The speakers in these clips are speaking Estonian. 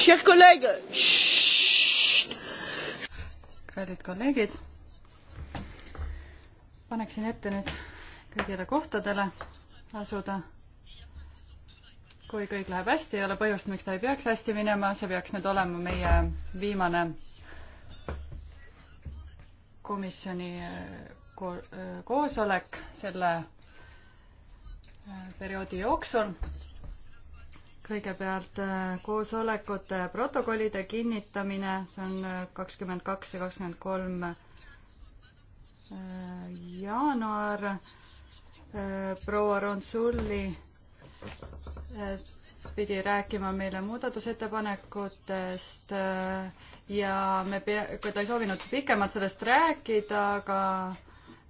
Chers collègues, kallid kolleegid, paneksin ette nüüd kõigile kohtadele asuda. kui kõik läheb hästi, ei ole põhjust, miks ta ei peaks hästi minema, see peaks nüüd olema meie viimane komisjoni eh, ko eh, koosolek selle eh, perioodi jooksul kõigepealt äh, koosolekute protokollide kinnitamine, see on äh, kakskümmend kaks ja kakskümmend kolm äh, jaanuar. proua Ronsulli pidi rääkima meile muudatusettepanekutest ja me pea-, kui ta ei soovinud pikemalt sellest rääkida, aga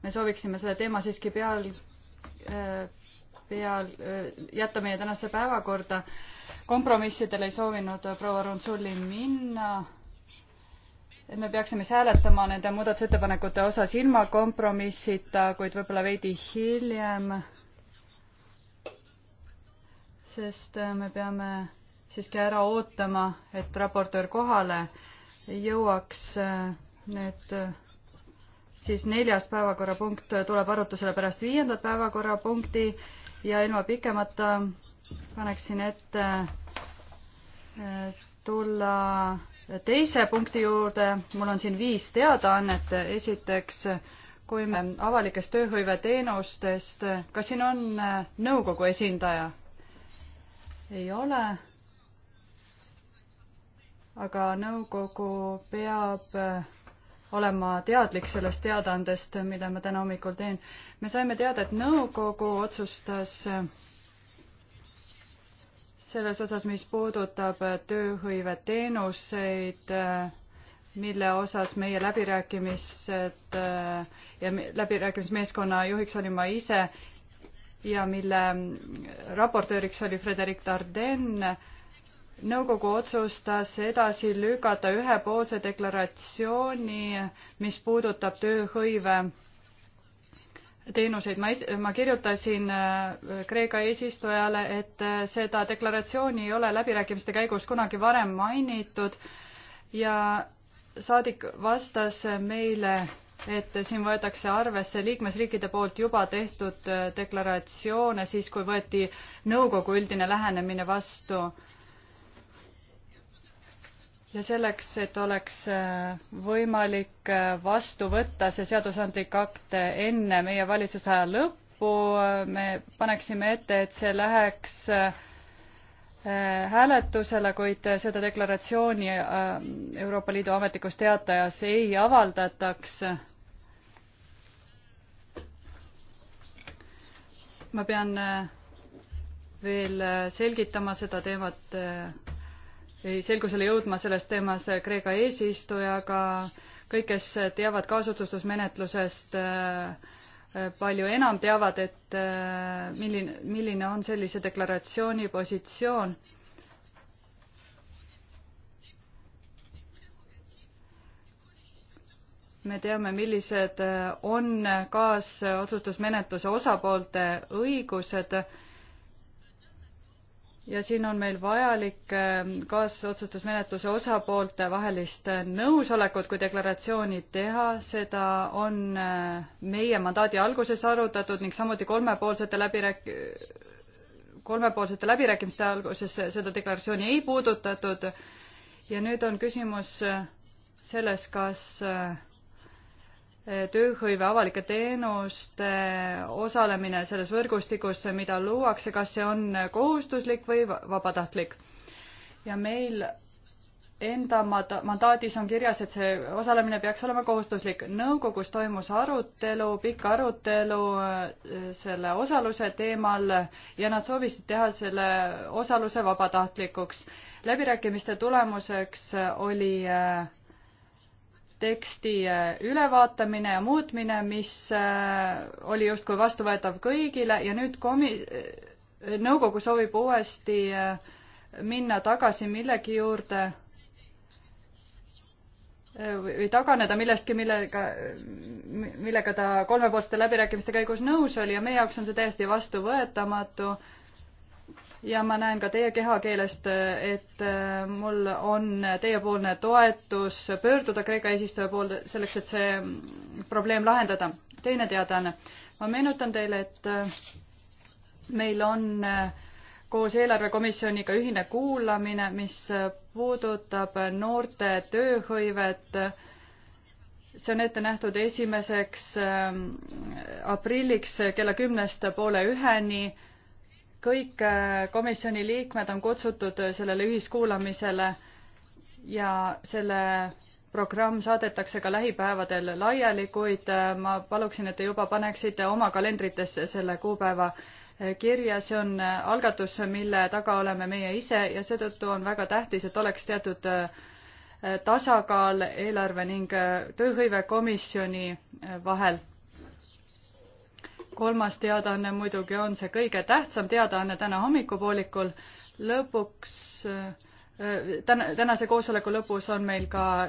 me sooviksime selle teema siiski peal peal, jätta meie tänase päevakorda kompromissidele ei soovinud proua Ronsulli minna. et me peaksime siis hääletama nende muudatusettepanekute osas ilma kompromissita, kuid võib-olla veidi hiljem. sest äh, me peame siiski ära ootama, et raportöör kohale jõuaks need äh, äh, siis neljas päevakorrapunkt tuleb arutusele pärast viiendat päevakorrapunkti ja ilma pikemata paneksin ette äh, tulla teise punkti juurde. mul on siin viis teadaannet. esiteks, kui me avalikest tööhõiveteenustest, kas siin on äh, nõukogu esindaja? ei ole. aga nõukogu peab äh, olema teadlik sellest teadaandest, mille ma täna hommikul teen. me saime teada, et nõukogu otsustas selles osas, mis puudutab äh, tööhõiveteenuseid, äh, mille osas meie läbirääkimised äh, ja läbirääkimismeeskonna juhiks olin ma ise ja mille mm, raportööriks oli Frederic Dardenne, nõukogu otsustas edasi lükata ühepoolse deklaratsiooni, mis puudutab tööhõive teenuseid, ma es-, ma kirjutasin äh, Kreeka eesistujale, et äh, seda deklaratsiooni ei ole läbirääkimiste käigus kunagi varem mainitud ja saadik vastas meile, et siin võetakse arvesse liikmesriikide poolt juba tehtud äh, deklaratsioone siis, kui võeti nõukogu üldine lähenemine vastu ja selleks, et oleks äh, võimalik äh, vastu võtta see seadusandlik akt äh, enne meie valitsuse aja lõppu, me paneksime ette, et see läheks hääletusele, kuid seda deklaratsiooni Euroopa Liidu ametlikus teatajas ei avaldataks. ma pean veel selgitama seda teemat selgusele jõudma selles teemas Kreeka eesistujaga, kõik, kes teavad kaasotsustusmenetlusest äh, palju enam, teavad, et äh, milline, milline on sellise deklaratsiooni positsioon. me teame, millised äh, on kaasotsustusmenetluse osapoolte õigused ja siin on meil vajalik ähm, kaasotsustusmenetluse osapoolte vahelist nõusolekut, kui deklaratsiooni teha, seda on äh, meie mandaadi alguses arutatud ning samuti kolmepoolsete läbirääk-, kolmepoolsete läbirääkimiste alguses seda deklaratsiooni ei puudutatud ja nüüd on küsimus äh, selles, kas äh, tööhõive avalike teenuste osalemine selles võrgustikus, mida luuakse, kas see on kohustuslik või vabatahtlik? ja meil enda mandaadis on kirjas, et see osalemine peaks olema kohustuslik. nõukogus toimus arutelu, pikk arutelu äh, selle osaluse teemal ja nad soovisid teha selle osaluse vabatahtlikuks. läbirääkimiste tulemuseks oli äh, teksti äh, ülevaatamine ja muutmine, mis äh, oli justkui vastuvõetav kõigile ja nüüd komi-, äh, nõukogu soovib uuesti minna tagasi millegi juurde või taganeda millestki, millega, millega ta kolmepoolsete läbirääkimiste käigus nõus oli ja meie jaoks on see täiesti vastuvõetamatu ja ma näen ka teie kehakeelest, et äh, mul on teiepoolne toetus pöörduda Kreeka eesistuja poolde selleks, et see mm, probleem lahendada. teine teadaanne. ma meenutan teile, et äh, meil on äh, koos eelarvekomisjoniga ühine kuulamine, mis puudutab noorte tööhõivet. see on ette nähtud esimeseks aprilliks kella kümnest poole üheni kõik äh, komisjoni liikmed on kutsutud äh, sellele ühiskuulamisele ja selle programm saadetakse ka lähipäevadel laiali, kuid äh, ma paluksin, et te juba paneksite oma kalendritesse selle kuupäeva kirja, see on algatus, mille taga oleme meie ise ja seetõttu on väga tähtis, et oleks teatud tasakaal eelarve ning tööhõivekomisjoni vahel kolmas teadaanne muidugi on see kõige tähtsam teadaanne täna hommikupoolikul. lõpuks äh, täna, tänase koosoleku lõpus on meil ka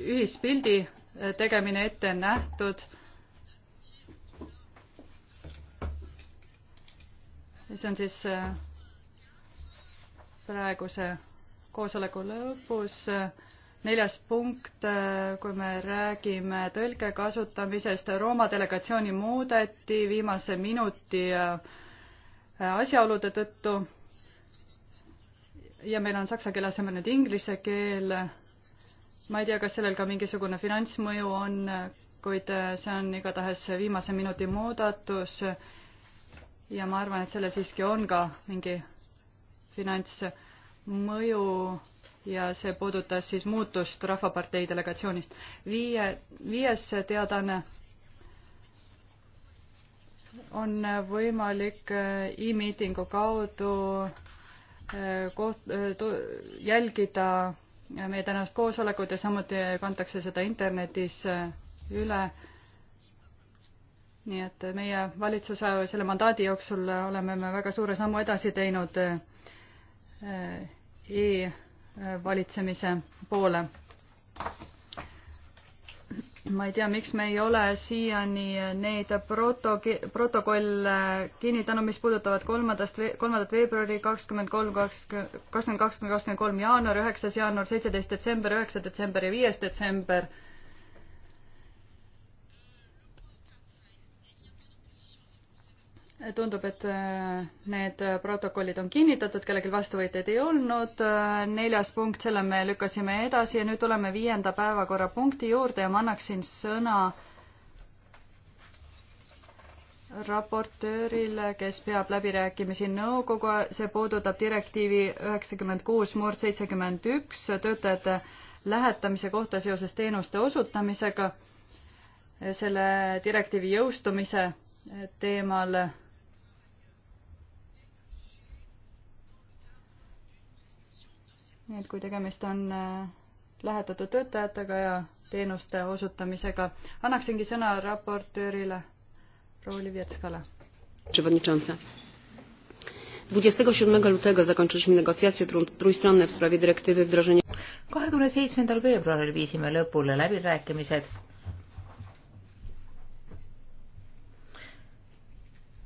ühispildi äh, tegemine ette nähtud. see on siis äh, praeguse koosoleku lõpus neljas punkt, äh, kui me räägime tõlke kasutamisest, Rooma delegatsiooni muudeti viimase minuti äh, asjaolude tõttu. ja meil on saksa keele asemel nüüd inglise keel. ma ei tea, kas sellel ka mingisugune finantsmõju on, kuid äh, see on igatahes viimase minuti muudatus. ja ma arvan, et sellel siiski on ka mingi finantsmõju ja see puudutas siis muutust Rahvapartei delegatsioonist. viie, viies teadaanne on võimalik äh, e-miitingu kaudu äh, koht-, äh, jälgida meie tänast koosolekut ja samuti kantakse seda internetis üle. nii et meie valitsuse selle mandaadi jooksul oleme me väga suure sammu edasi teinud e valitsemise poole. ma ei tea, miks me ei ole siiani neid proto-, protokolle kinnitanud, mis puudutavad kolmandast, kolmandat veebruari, kakskümmend kolm, kakskümmend, kakskümmend kaks kuni kakskümmend kolm jaanuar, üheksas jaanuar, seitseteist detsember, üheksa detsember ja viies detsember tundub, et äh, need protokollid on kinnitatud, kellelgi vastuvõtjaid ei olnud. Äh, neljas punkt, selle me lükkasime edasi ja nüüd tuleme viienda päevakorrapunkti juurde ja ma annaksin sõna raportöörile, kes peab läbirääkimisi nõukogu, see puudutab direktiivi üheksakümmend kuus murd seitsekümmend üks töötajate lähetamise kohta seoses teenuste osutamisega, selle direktiivi jõustumise teemal nii et kui tegemist on äh, lähetatud töötajatega ja teenuste osutamisega, annaksingi sõna raportöörile proua Livetskale. dwadzieścia siedem lutego zakończyliśmy negocjacje trójstronne w sprawie dyrektywy wdrożenia kahekümne seitsmendal veebruaril viisime lõpule läbirääkimised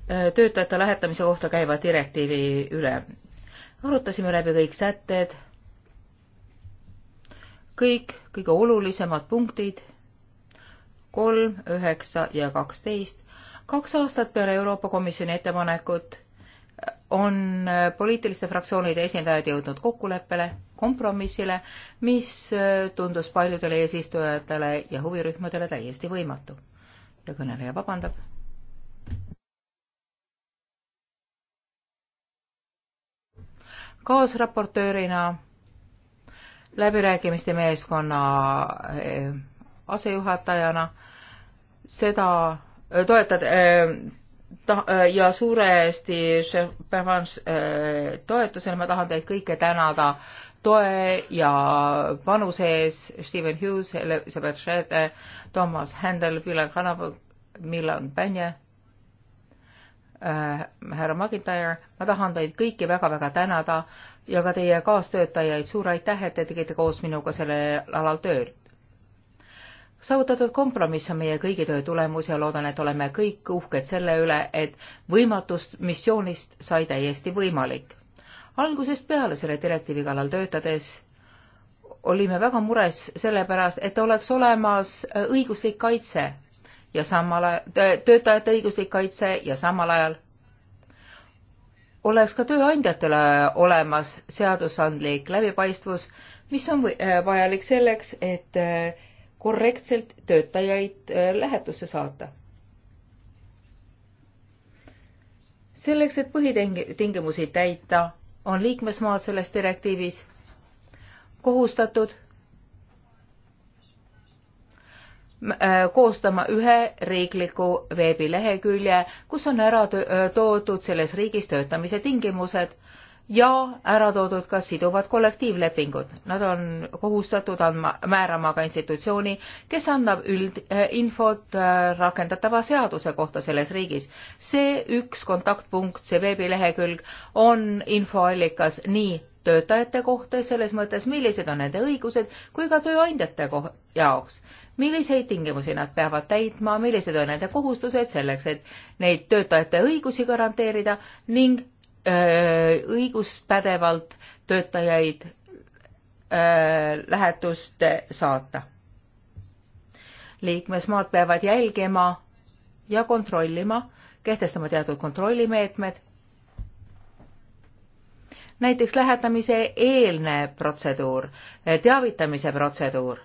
äh, töötajate lähetamise kohta käiva direktiivi üle. arutasime läbi kõik sätted kõik kõige olulisemad punktid kolm, üheksa ja kaksteist. kaks aastat peale Euroopa Komisjoni ettepanekut on poliitiliste fraktsioonide esindajad jõudnud kokkuleppele, kompromissile, mis tundus paljudele eesistujatele ja huvirühmadele täiesti võimatu. ja kõneleja vabandab. kaasraportöörina läbirääkimiste meeskonna eh, asejuhatajana, seda eh, toetad eh, ta, ja suuresti toetusel ma tahan teid kõiki tänada toe ja panuse ees, Steven Hughes, Elizabeth Schröder, Thomas Händel, Pilar Kanav, Milan Pänje Äh, härra McIntyre, ma tahan teid kõiki väga-väga tänada ja ka teie kaastöötajaid, suur aitäh, et te tegite koos minuga sellel alal tööd. saavutatud kompromiss on meie kõigi töö tulemus ja loodan, et oleme kõik uhked selle üle, et võimatust missioonist sai täiesti võimalik. algusest peale selle direktiivi kallal töötades olime väga mures selle pärast, et oleks olemas õiguslik kaitse ja samal ajal, töötajate õiguslik kaitse ja samal ajal oleks ka tööandjatele olemas seadusandlik läbipaistvus, mis on äh, vajalik selleks, et äh, korrektselt töötajaid äh, lähetusse saata. selleks, et põhitingimusi täita, on liikmesmaad selles direktiivis kohustatud Äh, koostama ühe riikliku veebilehekülje, kus on ära äh, toodud selles riigis töötamise tingimused ja ära toodud ka siduvad kollektiivlepingud. Nad on kohustatud andma, määrama ka institutsiooni, kes annab üldinfot äh, rakendatava seaduse kohta selles riigis. see üks kontaktpunkt, see veebilehekülg on infoallikas nii töötajate kohta selles mõttes, millised on nende õigused, kui ka tööandjate jaoks. milliseid tingimusi nad peavad täitma, millised on nende kohustused selleks, et neid töötajate õigusi garanteerida ning öö, õiguspädevalt töötajaid öö, lähetuste saata. liikmesmaad peavad jälgima ja kontrollima, kehtestama teatud kontrollimeetmed näiteks lähetamise eelne protseduur, teavitamise protseduur.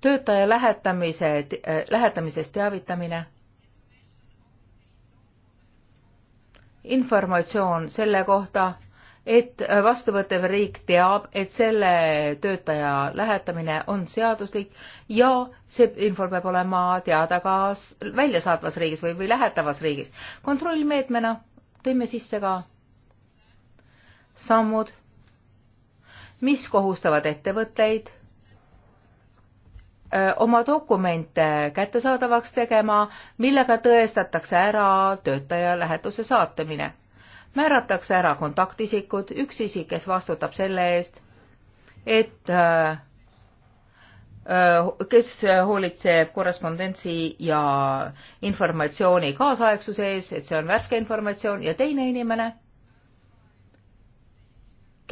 töötaja lähetamise, lähetamisest teavitamine. informatsioon selle kohta, et vastuvõttev riik teab, et selle töötaja lähetamine on seaduslik ja see info peab olema teada ka väljasaatvas riigis või, või lähetavas riigis. kontrollmeetmena tõime sisse ka sammud, mis kohustavad ettevõtteid oma dokumente kättesaadavaks tegema, millega tõestatakse ära töötaja lähetusse saatamine. määratakse ära kontaktisikud, üks isik, kes vastutab selle eest, et äh, Äh, kes äh, hoolitseb korrespondentsi ja informatsiooni kaasaegsuse ees, et see on värske informatsioon ja teine inimene,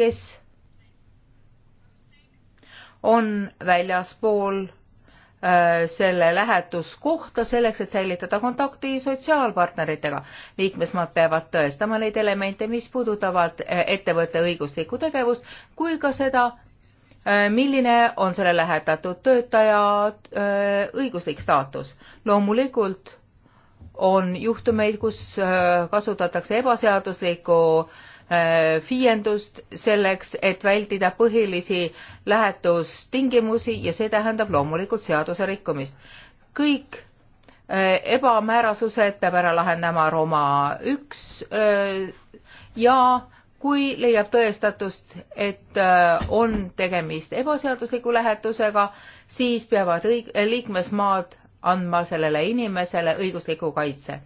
kes on väljaspool äh, selle lähetuskohta selleks, et säilitada kontakti sotsiaalpartneritega. liikmesmaad peavad tõestama neid elemente, mis puudutavad ettevõtte õiguslikku tegevust, kui ka seda, Äh, milline on selle lähetatud töötaja äh, õiguslik staatus. loomulikult on juhtumeid, kus äh, kasutatakse ebaseaduslikku viiendust selleks, et vältida põhilisi lähetustingimusi ja see tähendab loomulikult seaduse rikkumist. kõik ebamäärasused peab ära lahendama Roma üks ja kui leiab tõestatust, et äh, on tegemist ebaseadusliku lähetusega, siis peavad õig-, liikmesmaad andma sellele inimesele õigusliku kaitse.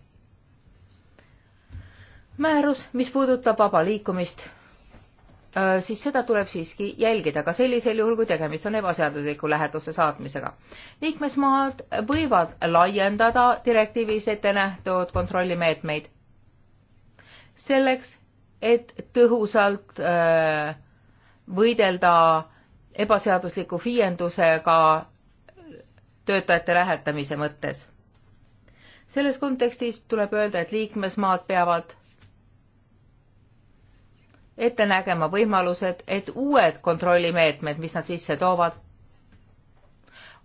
määrus, mis puudutab vaba liikumist, äh, siis seda tuleb siiski jälgida ka sellisel juhul, kui tegemist on ebaseadusliku lähetusse saatmisega. liikmesmaad võivad laiendada direktiivis ette nähtud kontrollimeetmeid selleks, et tõhusalt äh, võidelda ebaseadusliku viiendusega töötajate lähetamise mõttes. selles kontekstis tuleb öelda, et liikmesmaad peavad ette nägema võimalused, et uued kontrollimeetmed, mis nad sisse toovad,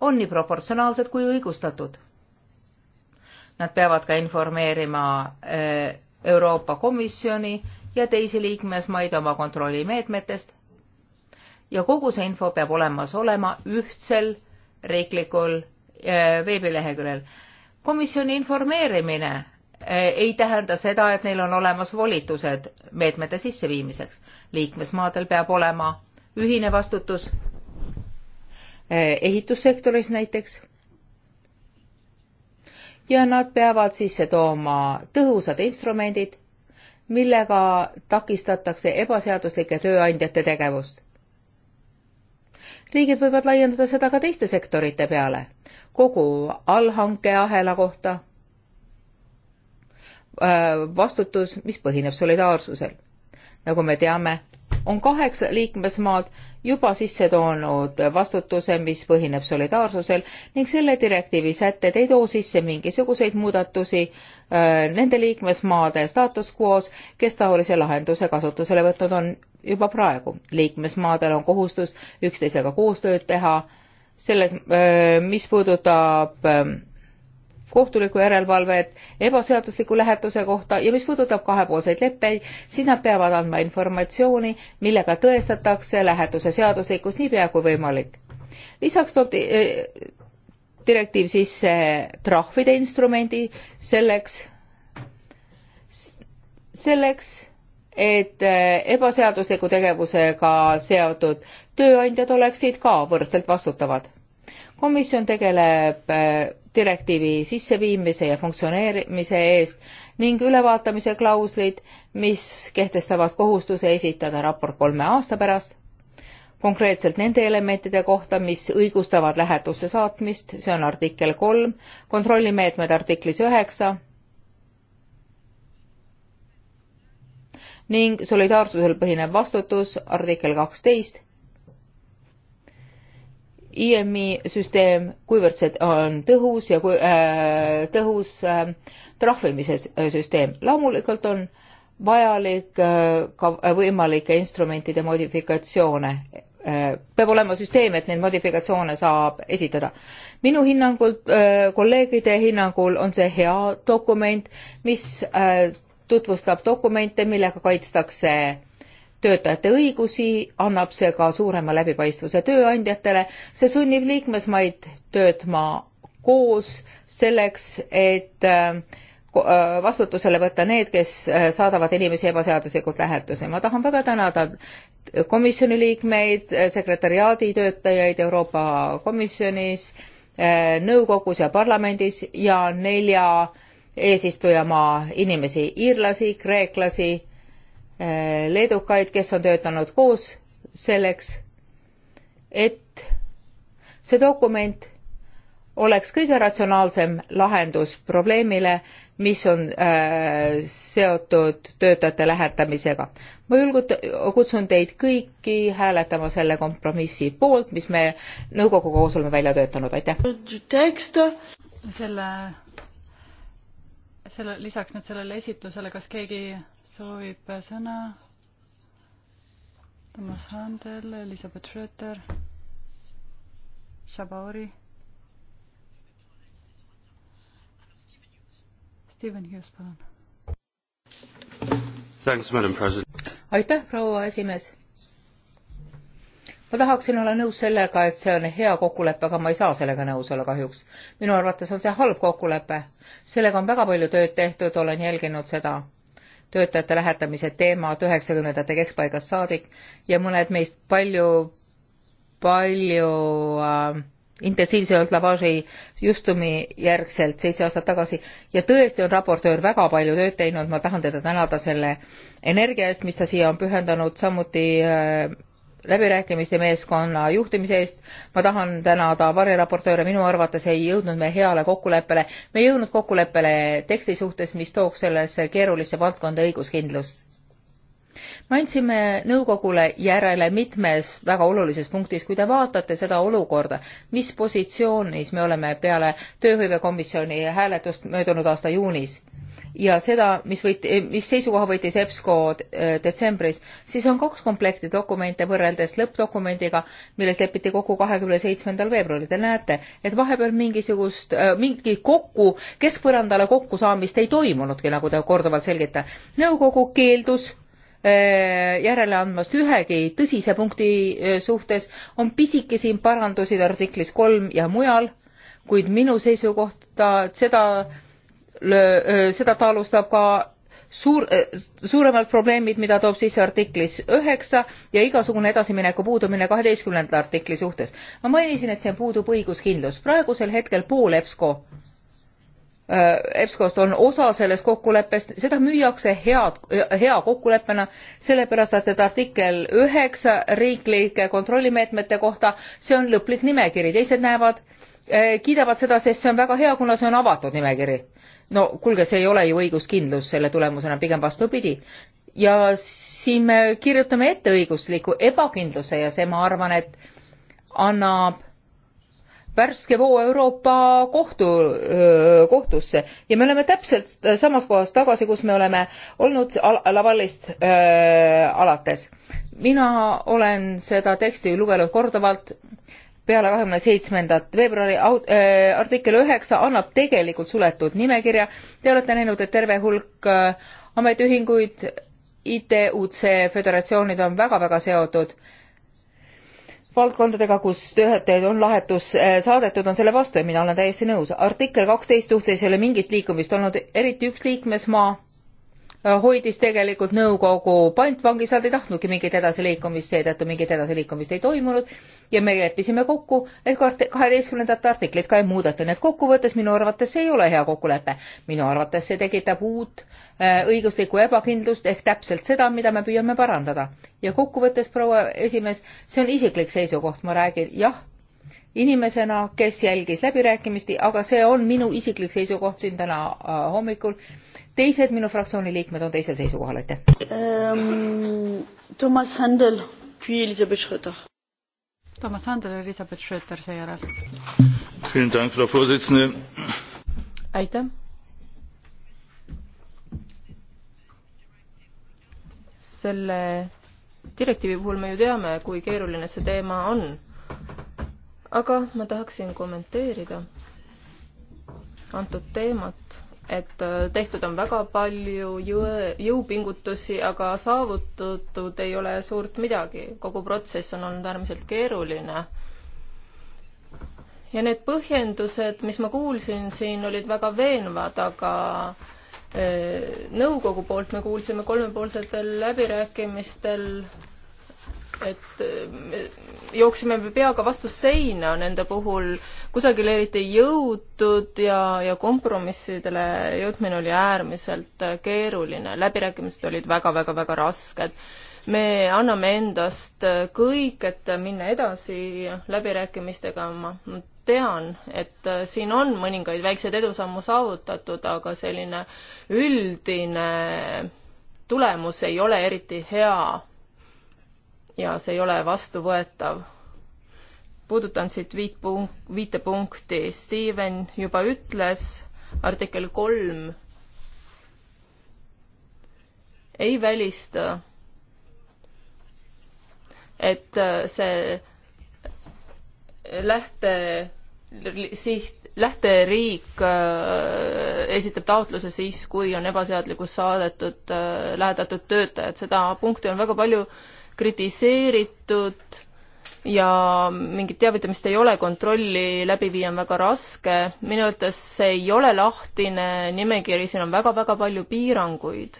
on nii proportsionaalsed kui õigustatud. Nad peavad ka informeerima äh, Euroopa Komisjoni ja teisi liikmesmaid oma kontrollimeetmetest ja kogu see info peab olemas olema ühtsel riiklikul äh, veebileheküljel. komisjoni informeerimine äh, ei tähenda seda, et neil on olemas volitused meetmete sisseviimiseks. liikmesmaadel peab olema ühine vastutus äh, ehitussektoris näiteks. ja nad peavad sisse tooma tõhusad instrumendid millega takistatakse ebaseaduslike tööandjate tegevust. riigid võivad laiendada seda ka teiste sektorite peale, kogu allhankeahela kohta. Äh, vastutus, mis põhineb solidaarsusel. nagu me teame, on kaheksa liikmesmaad, juba sisse toonud vastutuse, mis põhineb solidaarsusel ning selle direktiivi sätted ei too sisse mingisuguseid muudatusi äh, nende liikmesmaade staatus quo's, kes taolise lahenduse kasutusele võtnud on juba praegu. liikmesmaadel on kohustus üksteisega koostööd teha selles äh,, mis puudutab äh, kohtulikku järelevalvet ebaseadusliku lähetuse kohta ja mis puudutab kahepoolseid leppeid, siis nad peavad andma informatsiooni, millega tõestatakse lähetuse seaduslikkust niipea kui võimalik. lisaks toob eh, direktiiv sisse trahvide instrumendi selleks, selleks, et eh, ebaseadusliku tegevusega seotud tööandjad oleksid ka võrdselt vastutavad. komisjon tegeleb eh, direktiivi sisseviimise ja funktsioneerimise eest ning ülevaatamise klauslid, mis kehtestavad kohustuse esitada raport kolme aasta pärast, konkreetselt nende elementide kohta, mis õigustavad lähetusse saatmist, see on artikkel kolm, kontrollimeetmed artiklis üheksa ning solidaarsusel põhinev vastutus artikkel kaksteist IMI süsteem, kuivõrd see on tõhus ja kui, äh, tõhus äh, trahvimise äh, süsteem. loomulikult on vajalik äh, ka võimalike instrumentide modifikatsioone äh,. peab olema süsteem, et neid modifikatsioone saab esitada. minu hinnangul äh,, kolleegide hinnangul on see hea dokument, mis äh, tutvustab dokumente, millega kaitstakse äh, töötajate õigusi, annab see ka suurema läbipaistvuse tööandjatele, see sunnib liikmesmaid töötma koos selleks, et äh, vastutusele võtta need, kes äh, saadavad inimesi ebaseaduslikult lähetusse. ma tahan väga tänada komisjoni liikmeid, sekretäriaadi töötajaid Euroopa Komisjonis, äh, nõukogus ja parlamendis ja nelja eesistujamaa inimesi, iirlasi, kreeklasi, Äh, leedukaid, kes on töötanud koos selleks, et see dokument oleks kõige ratsionaalsem lahendus probleemile, mis on äh, seotud töötajate lähetamisega. ma julgut-, kutsun teid kõiki hääletama selle kompromissi poolt, mis me nõukogu koos oleme välja töötanud, aitäh! selle, selle, lisaks nüüd sellele esitlusele, kas keegi soovib sõna Thomas Handel, Elizabeth Schröter, Shabaori, Steven Hughes, palun. aitäh, proua esimees ma tahaksin olla nõus sellega, et see on hea kokkulepe, aga ma ei saa sellega nõus olla kahjuks. minu arvates on see halb kokkulepe. sellega on väga palju tööd tehtud, olen jälginud seda töötajate lähetamise teemad üheksakümnendate keskpaigast saadik ja mõned meist palju, palju äh, intensiivsemalt lavaaži justumi järgselt seitse aastat tagasi ja tõesti on raportöör väga palju tööd teinud, ma tahan teda tänada selle energia eest, mis ta siia on pühendanud, samuti äh, läbirääkimiste meeskonna juhtimise eest ma tahan tänada variraportööre minu arvates ei jõudnud me heale kokkuleppele me ei jõudnud kokkuleppele teksti suhtes mis tooks sellesse keerulisse valdkonda õiguskindlust me andsime nõukogule järele mitmes väga olulises punktis kui te vaatate seda olukorda mis positsioonis me oleme peale tööhõivekomisjoni hääletust möödunud aasta juunis ja seda mis võeti mis seisukoha võttis epsco äh, detsembris siis on kaks komplekti dokumente võrreldes lõppdokumendiga milles lepiti kokku 27. veebruaril te näete et vahepeal mingisugust äh, mingi kokku keskpõrandale kokkusaamist ei toimunudki nagu te korduvalt selgite nõukogu keeldus Äh, järele andmast ühegi tõsise punkti äh, suhtes on pisikesi parandusi artiklis 3 ja mujal kuid minu seisukohta seda äh, seda taalustab ka suur suuremad probleemid mida toob sisse artiklis 9 ja igasugune edasimineku puudumine 12 artikli suhtes ma mainisin et see on puudub õiguskindlus praegusel hetkel pool epsco Äh, EBSCO-st on osa sellest kokkuleppest, seda müüakse head, hea kokkuleppena, sellepärast et, et artikkel üheksa riiklike kontrollimeetmete kohta, see on lõplik nimekiri, teised näevad, äh, kiidavad seda, sest see on väga hea, kuna see on avatud nimekiri. no kuulge, see ei ole ju õiguskindlus selle tulemusena, pigem vastupidi. ja siin me kirjutame ette õigusliku ebakindluse ja see, ma arvan, et annab värske voo Euroopa kohtu, kohtusse ja me oleme täpselt samas kohas tagasi, kus me oleme olnud al Lavallist alates. mina olen seda teksti lugenud korduvalt peale kahekümne seitsmendat veebruari artikkel üheksa annab tegelikult suletud nimekirja. Te olete näinud, et terve hulk ametiühinguid, ITUC föderatsioonid on väga-väga seotud äh, valdkondadega kus töötajaid on lahetusse eh, saadetud on selle vastu ja mina olen täiesti nõus. artikkel 1 suhtes ei ole mingit liikumist olnud eriti üks liikmesmaa Äh, hoidis tegelikult nõukogu pantvangis nad ei tahtnudki mingit edasiliikumist seetõttu mingit edasiliikumist ei toimunud ja me leppisime kokku et kaheteistkümnendat artiklit ka ei muudeta nii et kokkuvõttes minu arvates see ei ole hea kokkulepe minu arvates see tekitab uut äh, õiguslikku ebakindlust ehk täpselt seda mida me püüame parandada ja kokkuvõttes proua esimees see on isiklik seisukoht ma räägin jah inimesena kes jälgis läbirääkimisi aga see on minu isiklik seisukoht siin täna äh, hommikul äh, teised minu fraktsiooni liikmed on teisel seisukohal, aitäh ähm,. Toomas Händel, puis Elizabeth Schröter. Toomas Händel, Elizabeth Schröter seejärel. aitäh. selle direktiivi puhul me ju teame, kui keeruline see teema on. aga ma tahaksin kommenteerida antud teemat et äh, tehtud on väga palju jõe, jõupingutusi, aga saavutatud ei ole suurt midagi. kogu protsess on olnud äärmiselt keeruline. ja need põhjendused, mis ma kuulsin siin, olid väga veenvad, aga äh, nõukogu poolt me kuulsime kolmepoolsetel läbirääkimistel et jooksime peaga vastu seina nende puhul, kusagile eriti ei jõutud ja, ja kompromissidele jõudmine oli äärmiselt keeruline, läbirääkimised olid väga-väga-väga rasked. me anname endast kõik, et minna edasi läbirääkimistega, ma tean, et siin on mõningaid väikseid edusammu saavutatud, aga selline üldine tulemus ei ole eriti hea ja see ei ole vastuvõetav. puudutan siit viit punk-, viite punkti. Steven juba ütles, artikkel kolm ei välista, et äh, see lähte siht, lähteriik äh, esitab taotluse siis, kui on ebaseadlikult saadetud äh, lähedatud töötajad, seda punkti on väga palju äh, kritiseeritud ja mingit teavitamist ei ole, kontrolli läbi viia on väga raske. minu arvates see ei ole lahtine nimekiri, siin on väga-väga palju piiranguid.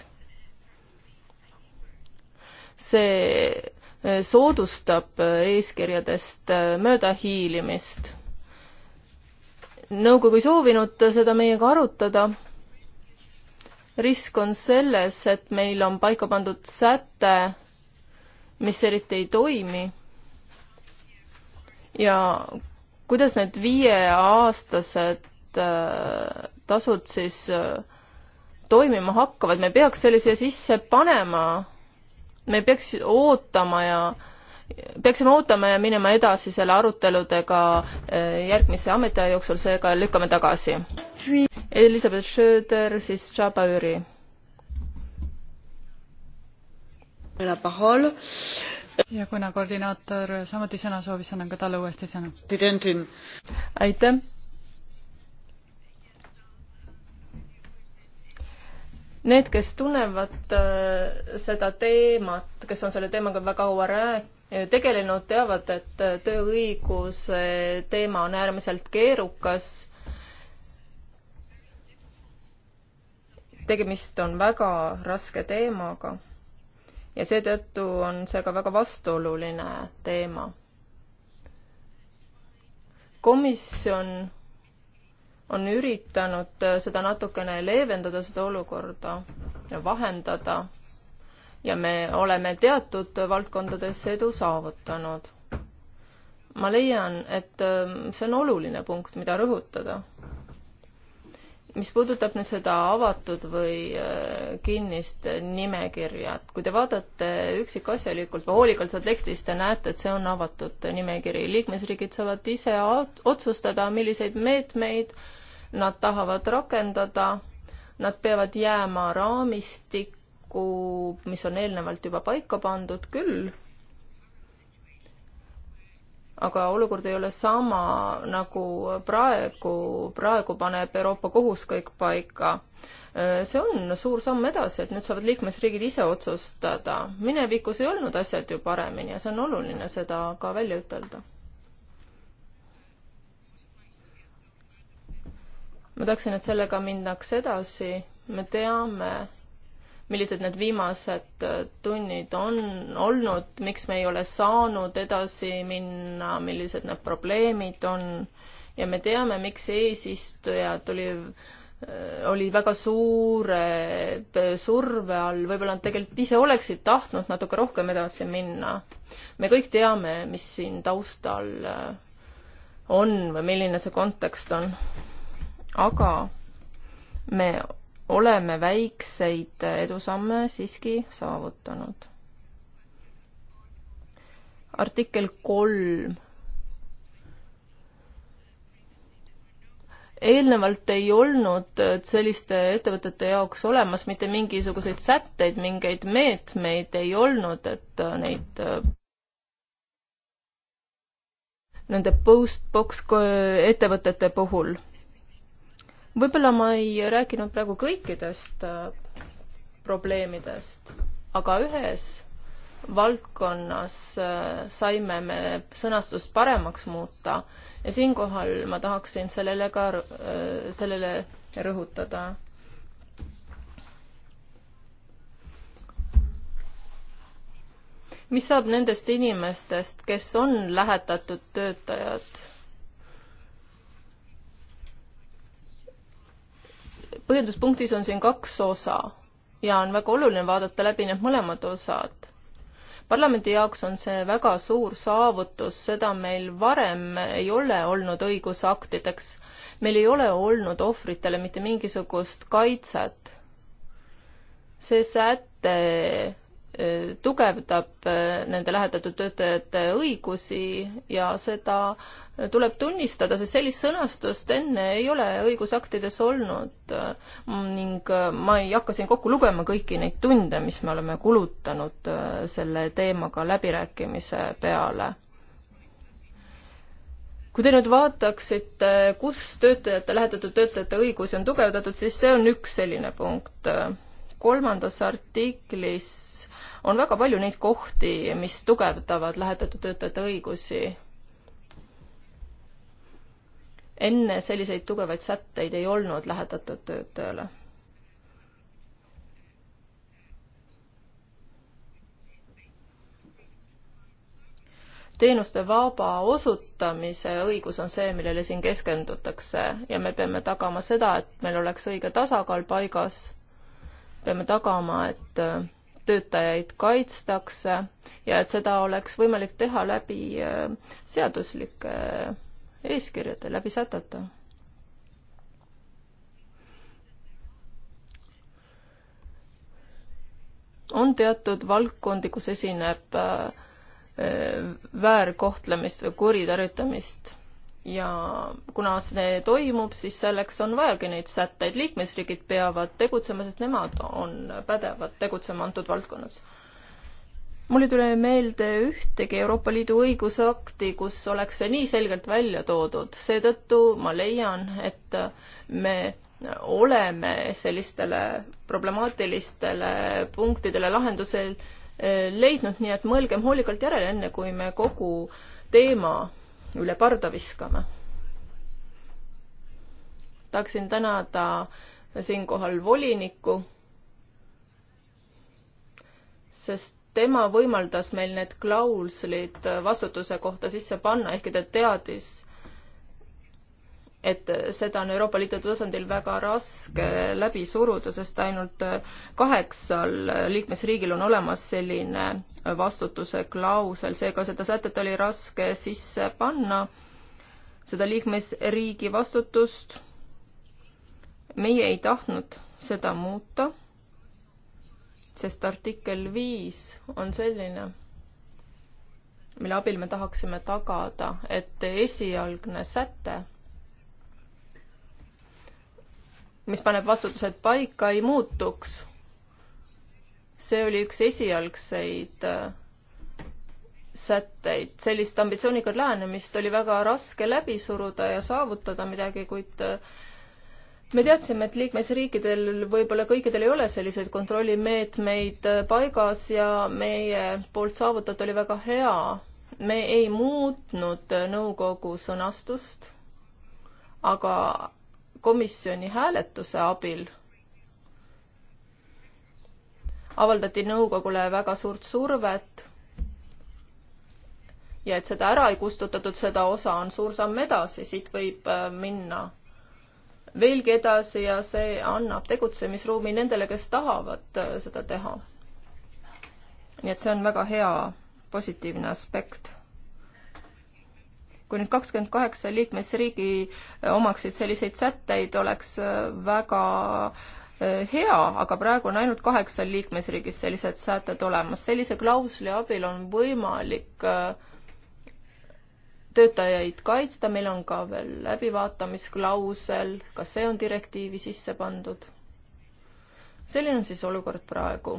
see eh, soodustab eh, eeskirjadest eh, möödahiilimist. nõukogu ei soovinud seda meiega arutada. risk on selles, et meil on paika pandud säte, mis eriti ei toimi. ja kuidas need viieaastased äh, tasud siis äh, toimima hakkavad, me peaks selle siia sisse panema. me peaks ootama ja peaksime ootama ja minema edasi selle aruteludega äh, järgmise ametiaja jooksul, seega lükkame tagasi. Elizabeth Schröder, siis Jabba Üri ja kuna koordinaator samuti sõna soovis, annan ka talle uuesti sõna. aitäh. Need, kes tunnevad äh, seda teemat, kes on selle teemaga väga kaua rääkinud, äh, tegelenud, teavad, et äh, tööõiguse teema on äärmiselt keerukas tegemist on väga raske teemaga ja seetõttu on see ka väga vastuoluline teema. komisjon on üritanud seda natukene leevendada, seda olukorda ja vahendada ja me oleme teatud valdkondades edu saavutanud. ma leian, et ähm, see on oluline punkt, mida rõhutada mis puudutab nüüd seda avatud või äh, kinnist nimekirja, et kui te vaatate üksikasjalikult või hoolikalt seda teksti, siis te näete, et see on avatud nimekiri. liikmesriigid saavad ise otsustada, milliseid meetmeid nad tahavad rakendada. Nad peavad jääma raamistikku, mis on eelnevalt juba paika pandud küll aga olukord ei ole sama nagu praegu, praegu paneb Euroopa Kohus kõik paika. see on suur samm edasi, et nüüd saavad liikmesriigid ise otsustada. minevikus ei olnud asjad ju paremini ja see on oluline seda ka välja ütelda. ma tahaksin, et sellega minnakse edasi, me teame, millised need viimased äh, tunnid on olnud, miks me ei ole saanud edasi minna, millised need probleemid on ja me teame, miks eesistuja tuli äh, oli väga suure äh, surve all, võib-olla nad tegelikult ise oleksid tahtnud natuke rohkem edasi minna. me kõik teame, mis siin taustal on või milline see kontekst on. aga me oleme väikseid edusamme siiski saavutanud. artikkel kolm. eelnevalt ei olnud selliste ettevõtete jaoks olemas mitte mingisuguseid sätteid, mingeid meetmeid ei olnud, et neid nende post-box ettevõtete puhul võib-olla ma ei rääkinud praegu kõikidest äh, probleemidest, aga ühes valdkonnas äh, saime me sõnastust paremaks muuta ja siinkohal ma tahaksin sellele ka, äh, sellele rõhutada. mis saab nendest inimestest, kes on lähetatud töötajad? põhjenduspunktis on siin kaks osa ja on väga oluline vaadata läbi need mõlemad osad. parlamendi jaoks on see väga suur saavutus, seda meil varem ei ole olnud õigusaktideks. meil ei ole olnud ohvritele mitte mingisugust kaitset. see säte tugevdab äh, nende lähetatud töötajate õigusi ja seda tuleb tunnistada, sest sellist sõnastust enne ei ole õigusaktides olnud ning äh, ma ei hakka siin kokku lugema kõiki neid tunde, mis me oleme kulutanud äh, selle teemaga läbirääkimise peale kui te nüüd vaataksite, kus töötajate, lähetatud töötajate õigusi on tugevdatud, siis see on üks selline punkt. kolmandas artiklis on väga palju neid kohti, mis tugevdavad lähetatud töötajate õigusi. enne selliseid tugevaid sätteid ei olnud lähetatud töötajale teenuste vaba osutamise õigus on see, millele siin keskendutakse ja me peame tagama seda, et meil oleks õige tasakaal paigas. peame tagama, et töötajaid kaitstakse ja et seda oleks võimalik teha läbi äh, seaduslike äh, eeskirjade, läbi sätete. on teatud valdkondi, kus esineb äh, väärkohtlemist või kuritarvitamist ja kuna see toimub, siis selleks on vajagi neid sätteid, liikmesriigid peavad tegutsema, sest nemad on pädevad tegutsema antud valdkonnas. mul ei tule meelde ühtegi Euroopa Liidu õigusakti, kus oleks see nii selgelt välja toodud, seetõttu ma leian, et me oleme sellistele problemaatilistele punktidele lahendusel leidnud, nii et mõelgem hoolikalt järele, enne kui me kogu teema üle parda viskama. tahaksin tänada siinkohal volinikku, sest tema võimaldas meil need klauslid vastutuse kohta sisse panna, ehkki ta teadis, et seda on Euroopa Liidu tasandil väga raske läbi suruda, sest ainult kaheksal liikmesriigil on olemas selline vastutuse klausel, seega seda sätet oli raske sisse panna, seda liikmesriigi vastutust. meie ei tahtnud seda muuta, sest artikkel viis on selline mille abil me tahaksime tagada, et esialgne säte mis paneb vastutused paika, ei muutuks. see oli üks esialgseid äh, sätteid, sellist ambitsioonikat lähenemist oli väga raske läbi suruda ja saavutada midagi, kuid äh, me teadsime, et liikmesriikidel võib-olla kõikidel ei ole selliseid kontrollimeetmeid äh, paigas ja meie poolt saavutatu oli väga hea. me ei muutnud nõukogu sõnastust, aga komisjoni hääletuse abil avaldati nõukogule väga suurt survet ja et seda ära ei kustutatud, seda osa on suur samm edasi, siit võib äh, minna veelgi edasi ja see annab tegutsemisruumi nendele, kes tahavad äh, seda teha. nii et see on väga hea positiivne aspekt kui nüüd kakskümmend kaheksa liikmesriigi eh, omaksid selliseid sätteid, oleks eh, väga eh, hea, aga praegu on ainult kaheksal liikmesriigis sellised sätted olemas. sellise klausli abil on võimalik töötajaid kaitsta, meil on ka veel läbivaatamisklausel, ka see on direktiivi sisse pandud. selline on siis olukord praegu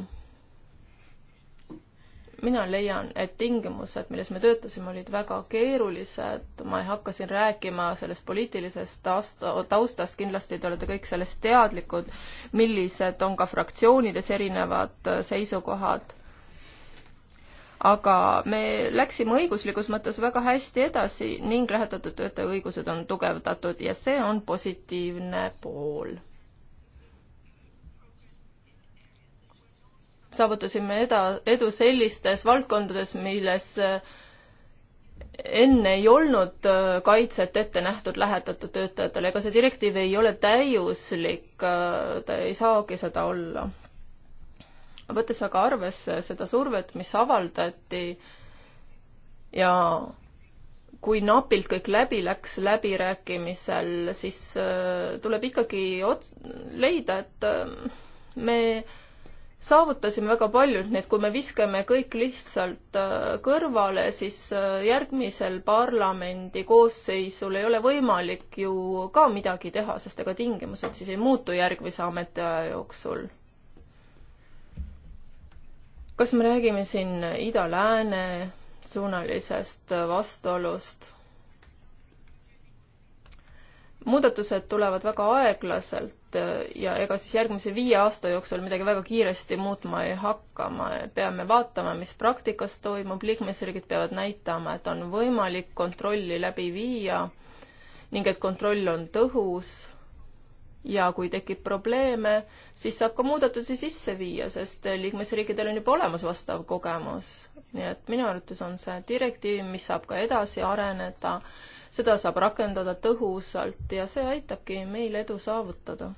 mina leian, et tingimused, milles me töötasime, olid väga keerulised, ma ei hakka siin rääkima sellest poliitilisest taust, taustast, kindlasti te olete kõik sellest teadlikud, millised on ka fraktsioonides erinevad seisukohad. aga me läksime õiguslikus mõttes väga hästi edasi ning lähetatud töötaja õigused on tugevdatud ja see on positiivne pool saavutasime eda-, edu sellistes valdkondades, milles äh, enne ei olnud äh, kaitset ette nähtud lähetatud töötajatele, ega see direktiiv ei ole täiuslik, äh, ta ei saagi seda olla. võttes aga arvesse seda survet, mis avaldati ja kui napilt kõik läbi läks läbirääkimisel, siis tuleb ikkagi ots-, leida, et me äh, saavutasime väga palju, nii et kui me viskame kõik lihtsalt äh, kõrvale, siis äh, järgmisel parlamendi koosseisul ei ole võimalik ju ka midagi teha, sest ega tingimused siis ei muutu järgmise ametiaja jooksul. kas me räägime siin ida-lääne suunalisest vastuolust? muudatused tulevad väga aeglaselt äh, ja ega siis järgmise viie aasta jooksul midagi väga kiiresti muutma ei hakka. me peame vaatama, mis praktikas toimub, liikmesriigid peavad näitama, et on võimalik kontrolli läbi viia ning et kontroll on tõhus ja kui tekib probleeme, siis saab ka muudatusi sisse viia, sest liikmesriikidel on juba olemas vastav kogemus. nii et minu arvates on see direktiiv, mis saab ka edasi areneda seda saab rakendada tõhusalt ja see aitabki meil edu saavutada.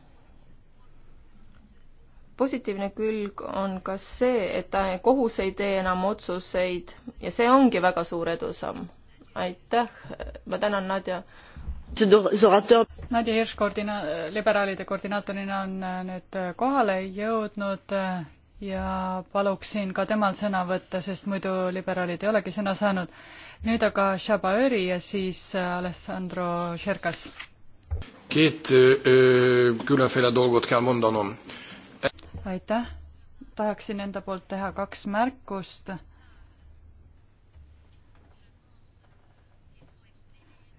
positiivne külg on ka see, et ta, kohus ei tee enam otsuseid ja see ongi väga suur edusamm. aitäh, ma tänan Nadja. Nadja Hirš koordina-, liberaalide koordinaatorina on äh, nüüd äh, kohale jõudnud äh, ja paluksin ka temal sõna võtta, sest muidu liberaalid ei olegi sõna saanud nüüd aga Shabaöri ja siis äh, Alessandro Sherkas. Két különféle dolgot kell mondanom. aitäh, tahaksin enda poolt teha kaks märkust.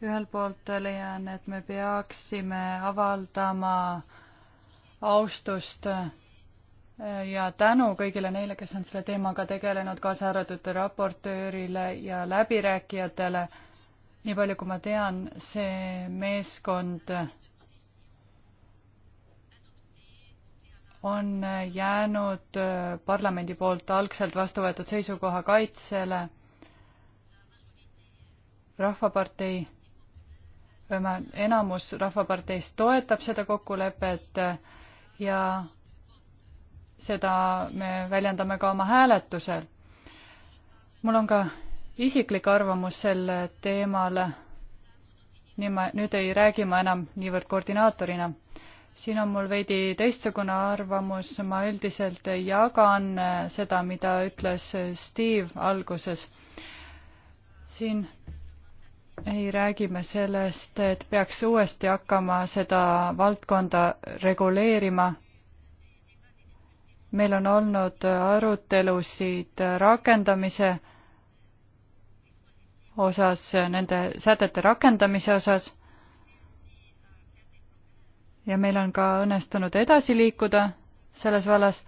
ühelt poolt leian, et me peaksime avaldama austust ja tänu kõigile neile, kes on selle teemaga tegelenud, kaasa arvatud raportöörile ja läbirääkijatele. nii palju, kui ma tean, see meeskond on jäänud parlamendi poolt algselt vastu võetud seisukoha kaitsele. rahvapartei, enamus Rahvaparteist toetab seda kokkulepet ja seda me väljendame ka oma hääletusel. mul on ka isiklik arvamus sel teemal. nii ma nüüd ei räägi ma enam niivõrd koordinaatorina. siin on mul veidi teistsugune arvamus, ma üldiselt jagan seda, mida ütles Steve alguses. siin ei räägi me sellest, et peaks uuesti hakkama seda valdkonda reguleerima meil on olnud arutelusid rakendamise osas, nende sätete rakendamise osas. ja meil on ka õnnestunud edasi liikuda selles vallas,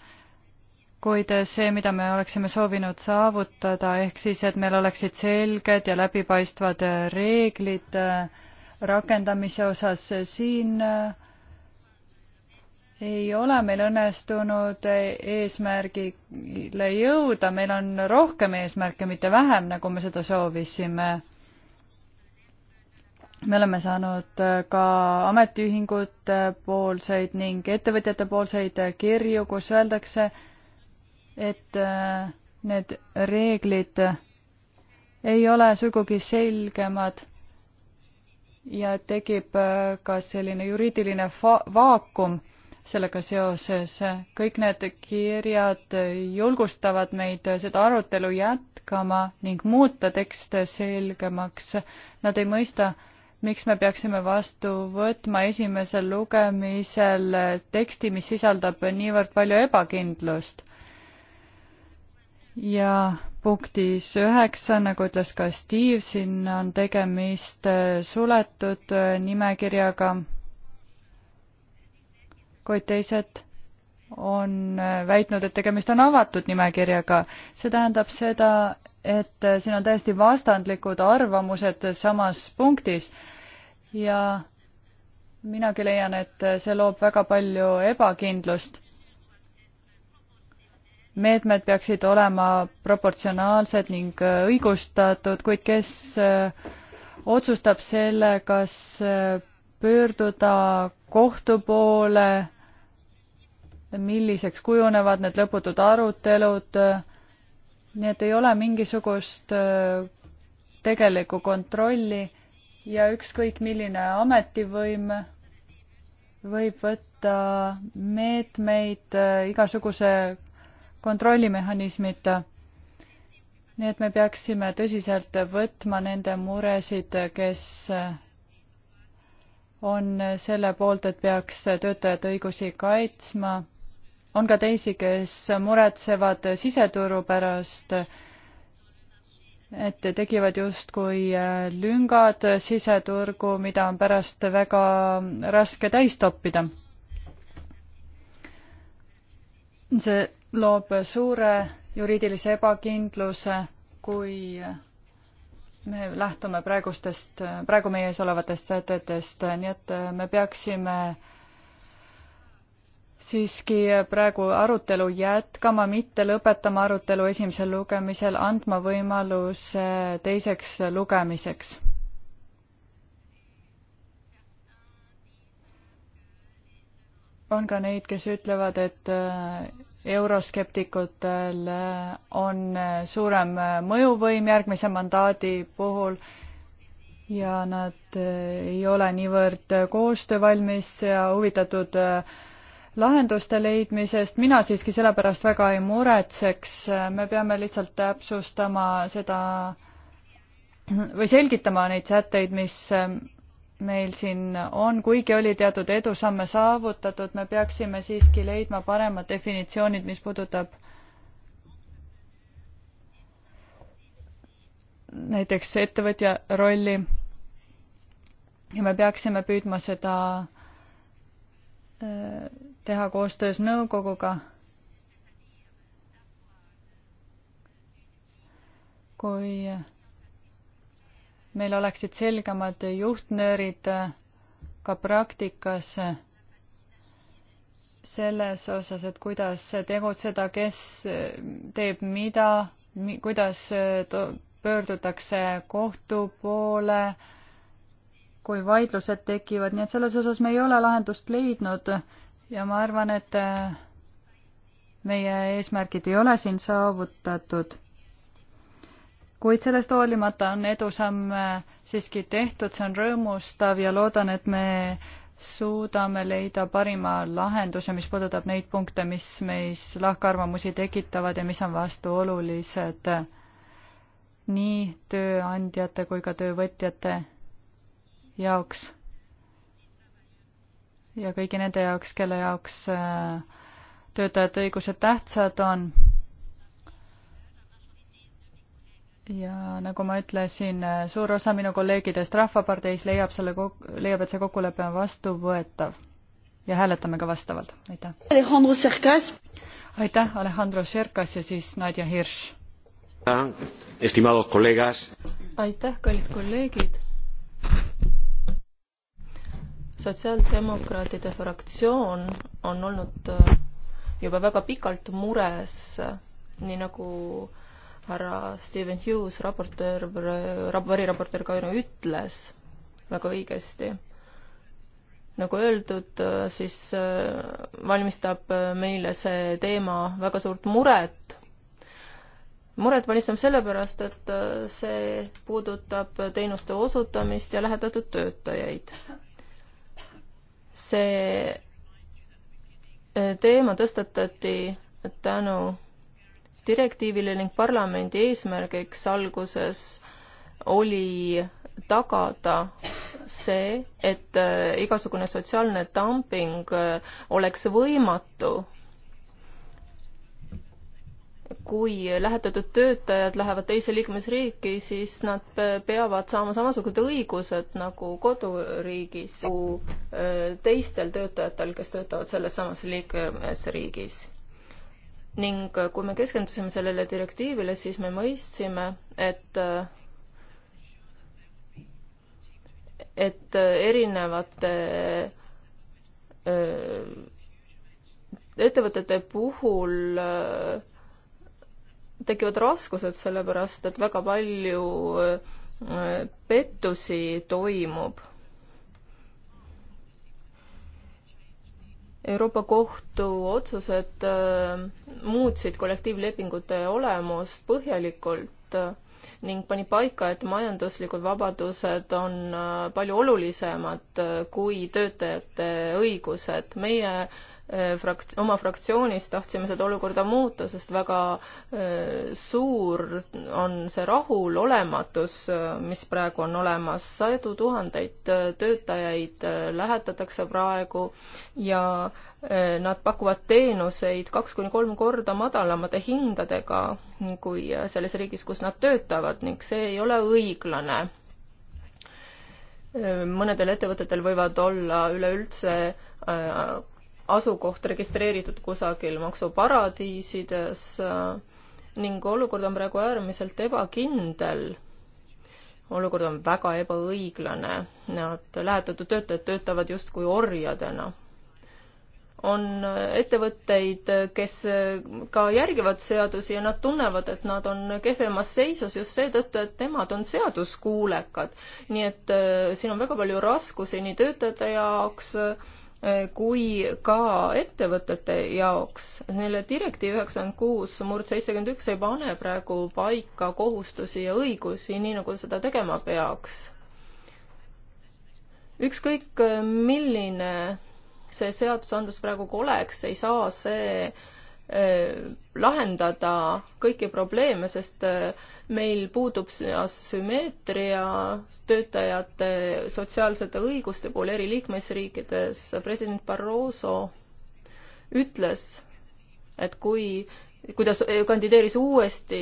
kuid see, mida me oleksime soovinud saavutada, ehk siis, et meil oleksid selged ja läbipaistvad reeglid rakendamise osas, siin äh, ei ole meil õnnestunud eesmärgile jõuda, meil on rohkem eesmärke, mitte vähem, nagu me seda soovisime. me oleme saanud ka ametiühingute poolseid ning ettevõtjate poolseid kirju, kus öeldakse, et äh, need reeglid ei ole sugugi selgemad ja tekib äh, ka selline juriidiline vaakum sellega seoses. kõik need kirjad julgustavad meid seda arutelu jätkama ning muuta tekste selgemaks. Nad ei mõista, miks me peaksime vastu võtma esimesel lugemisel teksti, mis sisaldab niivõrd palju ebakindlust. ja punktis üheksa, nagu ütles ka Steve, siin on tegemist suletud nimekirjaga kuid teised on äh, väitnud, et tegemist on avatud nimekirjaga. see tähendab seda, et äh, siin on täiesti vastandlikud arvamused samas punktis ja minagi leian, et äh, see loob väga palju ebakindlust. meetmed peaksid olema proportsionaalsed ning õigustatud, kuid kes otsustab selle, kas pöörduda kohtu poole milliseks kujunevad need lõputud arutelud, nii et ei ole mingisugust äh, tegelikku kontrolli ja ükskõik milline ametivõim võib võtta meetmeid äh, igasuguse kontrollimehhanismita. nii et me peaksime tõsiselt võtma nende muresid, kes äh, on selle poolt, et peaks töötajate õigusi kaitsma on ka teisi, kes muretsevad siseturu pärast, et tekivad justkui äh, lüngad siseturgu, mida on pärast väga raske täis toppida. see loob suure juriidilise ebakindluse, kui me lähtume praegustest, praegu meie ees olevatest sätetest, nii et me peaksime äh, siiski praegu arutelu jätkama, mitte lõpetama arutelu esimesel lugemisel, andma võimaluse teiseks lugemiseks. on ka neid, kes ütlevad, et äh, euroskeptikutel äh, on äh, suurem mõjuvõim järgmise mandaadi puhul ja nad ei ole niivõrd koostöövalmis ja huvitatud äh, lahenduste leidmisest mina siiski selle pärast väga ei muretseks, me peame lihtsalt täpsustama seda või selgitama neid sätteid, mis meil siin on, kuigi oli teatud edusamme saavutatud, me peaksime siiski leidma paremad definitsioonid, mis puudutab näiteks ettevõtja rolli. ja me peaksime püüdma seda äh, teha koostöös nõukoguga. kui meil oleksid selgemad juhtnöörid ka praktikas selles osas, et kuidas tegutseda, kes teeb mida, kuidas pöördutakse kohtu poole, kui vaidlused tekivad, nii et selles osas me ei ole lahendust leidnud ja ma arvan, et äh, meie eesmärgid ei ole siin saavutatud. kuid sellest hoolimata on edusamme äh, siiski tehtud, see on rõõmustav ja loodan, et me suudame leida parima lahenduse, mis puudutab neid punkte, mis meis lahkarvamusi tekitavad ja mis on vastuolulised äh, nii tööandjate kui ka töövõtjate jaoks ja kõigi nende jaoks, kelle jaoks äh, töötajate õigused tähtsad on. ja nagu ma ütlesin, äh, suur osa minu kolleegidest Rahvaparteis leiab selle, leiab, et see kokkulepe on vastuvõetav ja hääletame ka vastavalt, aitäh. aitäh, Alejandro Cercas ja siis Nadja Hirš. aitäh, kallid kolleegid sotsiaaldemokraatide fraktsioon on olnud äh, juba väga pikalt mures, nii nagu härra Steven Hughes, raportöör, variraportöör ka ütles väga õigesti. nagu öeldud, äh, siis äh, valmistab meile see teema väga suurt muret. muret valmistab sellepärast, et see puudutab teenuste osutamist ja lähetatud töötajaid see eh, teema tõstatati tänu direktiivile ning parlamendi eesmärgiks alguses oli tagada see, et eh, igasugune sotsiaalne dumping eh, oleks võimatu kui lähetatud töötajad lähevad teise liikmesriiki, siis nad peavad saama samasugused õigused nagu koduriigis, nagu teistel töötajatel, kes töötavad selles samas liikmesriigis. ning kui me keskendusime sellele direktiivile, siis me mõistsime, et et erinevate ettevõtete puhul öö, tekivad raskused, sellepärast et väga palju äh, pettusi toimub. Euroopa Kohtu otsused äh, muutsid kollektiivlepingute olemust põhjalikult äh, ning pani paika, et majanduslikud vabadused on palju olulisemad kui töötajate õigused. meie Äh, frakt-, oma fraktsioonis tahtsime seda olukorda muuta, sest väga äh, suur on see rahulolematus, äh, mis praegu on olemas, sadu tuhandeid töötajaid lähetatakse praegu ja nad pakuvad teenuseid kaks kuni kolm korda madalamate hindadega kui selles riigis, kus nad töötavad ning see ei ole õiglane mõnedel ettevõtetel võivad olla üleüldse asukoht registreeritud kusagil maksuparadiisides äh, ning olukord on praegu äärmiselt ebakindel. olukord on väga ebaõiglane, nad lähetatud töötajad töötavad justkui orjadena. on ettevõtteid, kes ka järgivad seadusi ja nad tunnevad, et nad on kehvemas seisus just seetõttu, et nemad on seaduskuulekad. nii et äh, siin on väga palju raskusi nii töötajate jaoks, Äh, kui ka ettevõtete jaoks. selle direktiiv üheksakümmend kuus murd seitsekümmend üks ei pane praegu paika kohustusi ja õigusi, nii nagu seda tegema peaks. ükskõik, milline see seadusandlus praegu ka oleks, ei saa see äh, Äh, lahendada kõiki probleeme, sest äh, meil puudub asümmeetria töötajate sotsiaalsete õiguste puhul eri liikmesriikides. president Barroso ütles, et kui, kui ta äh, kandideeris uuesti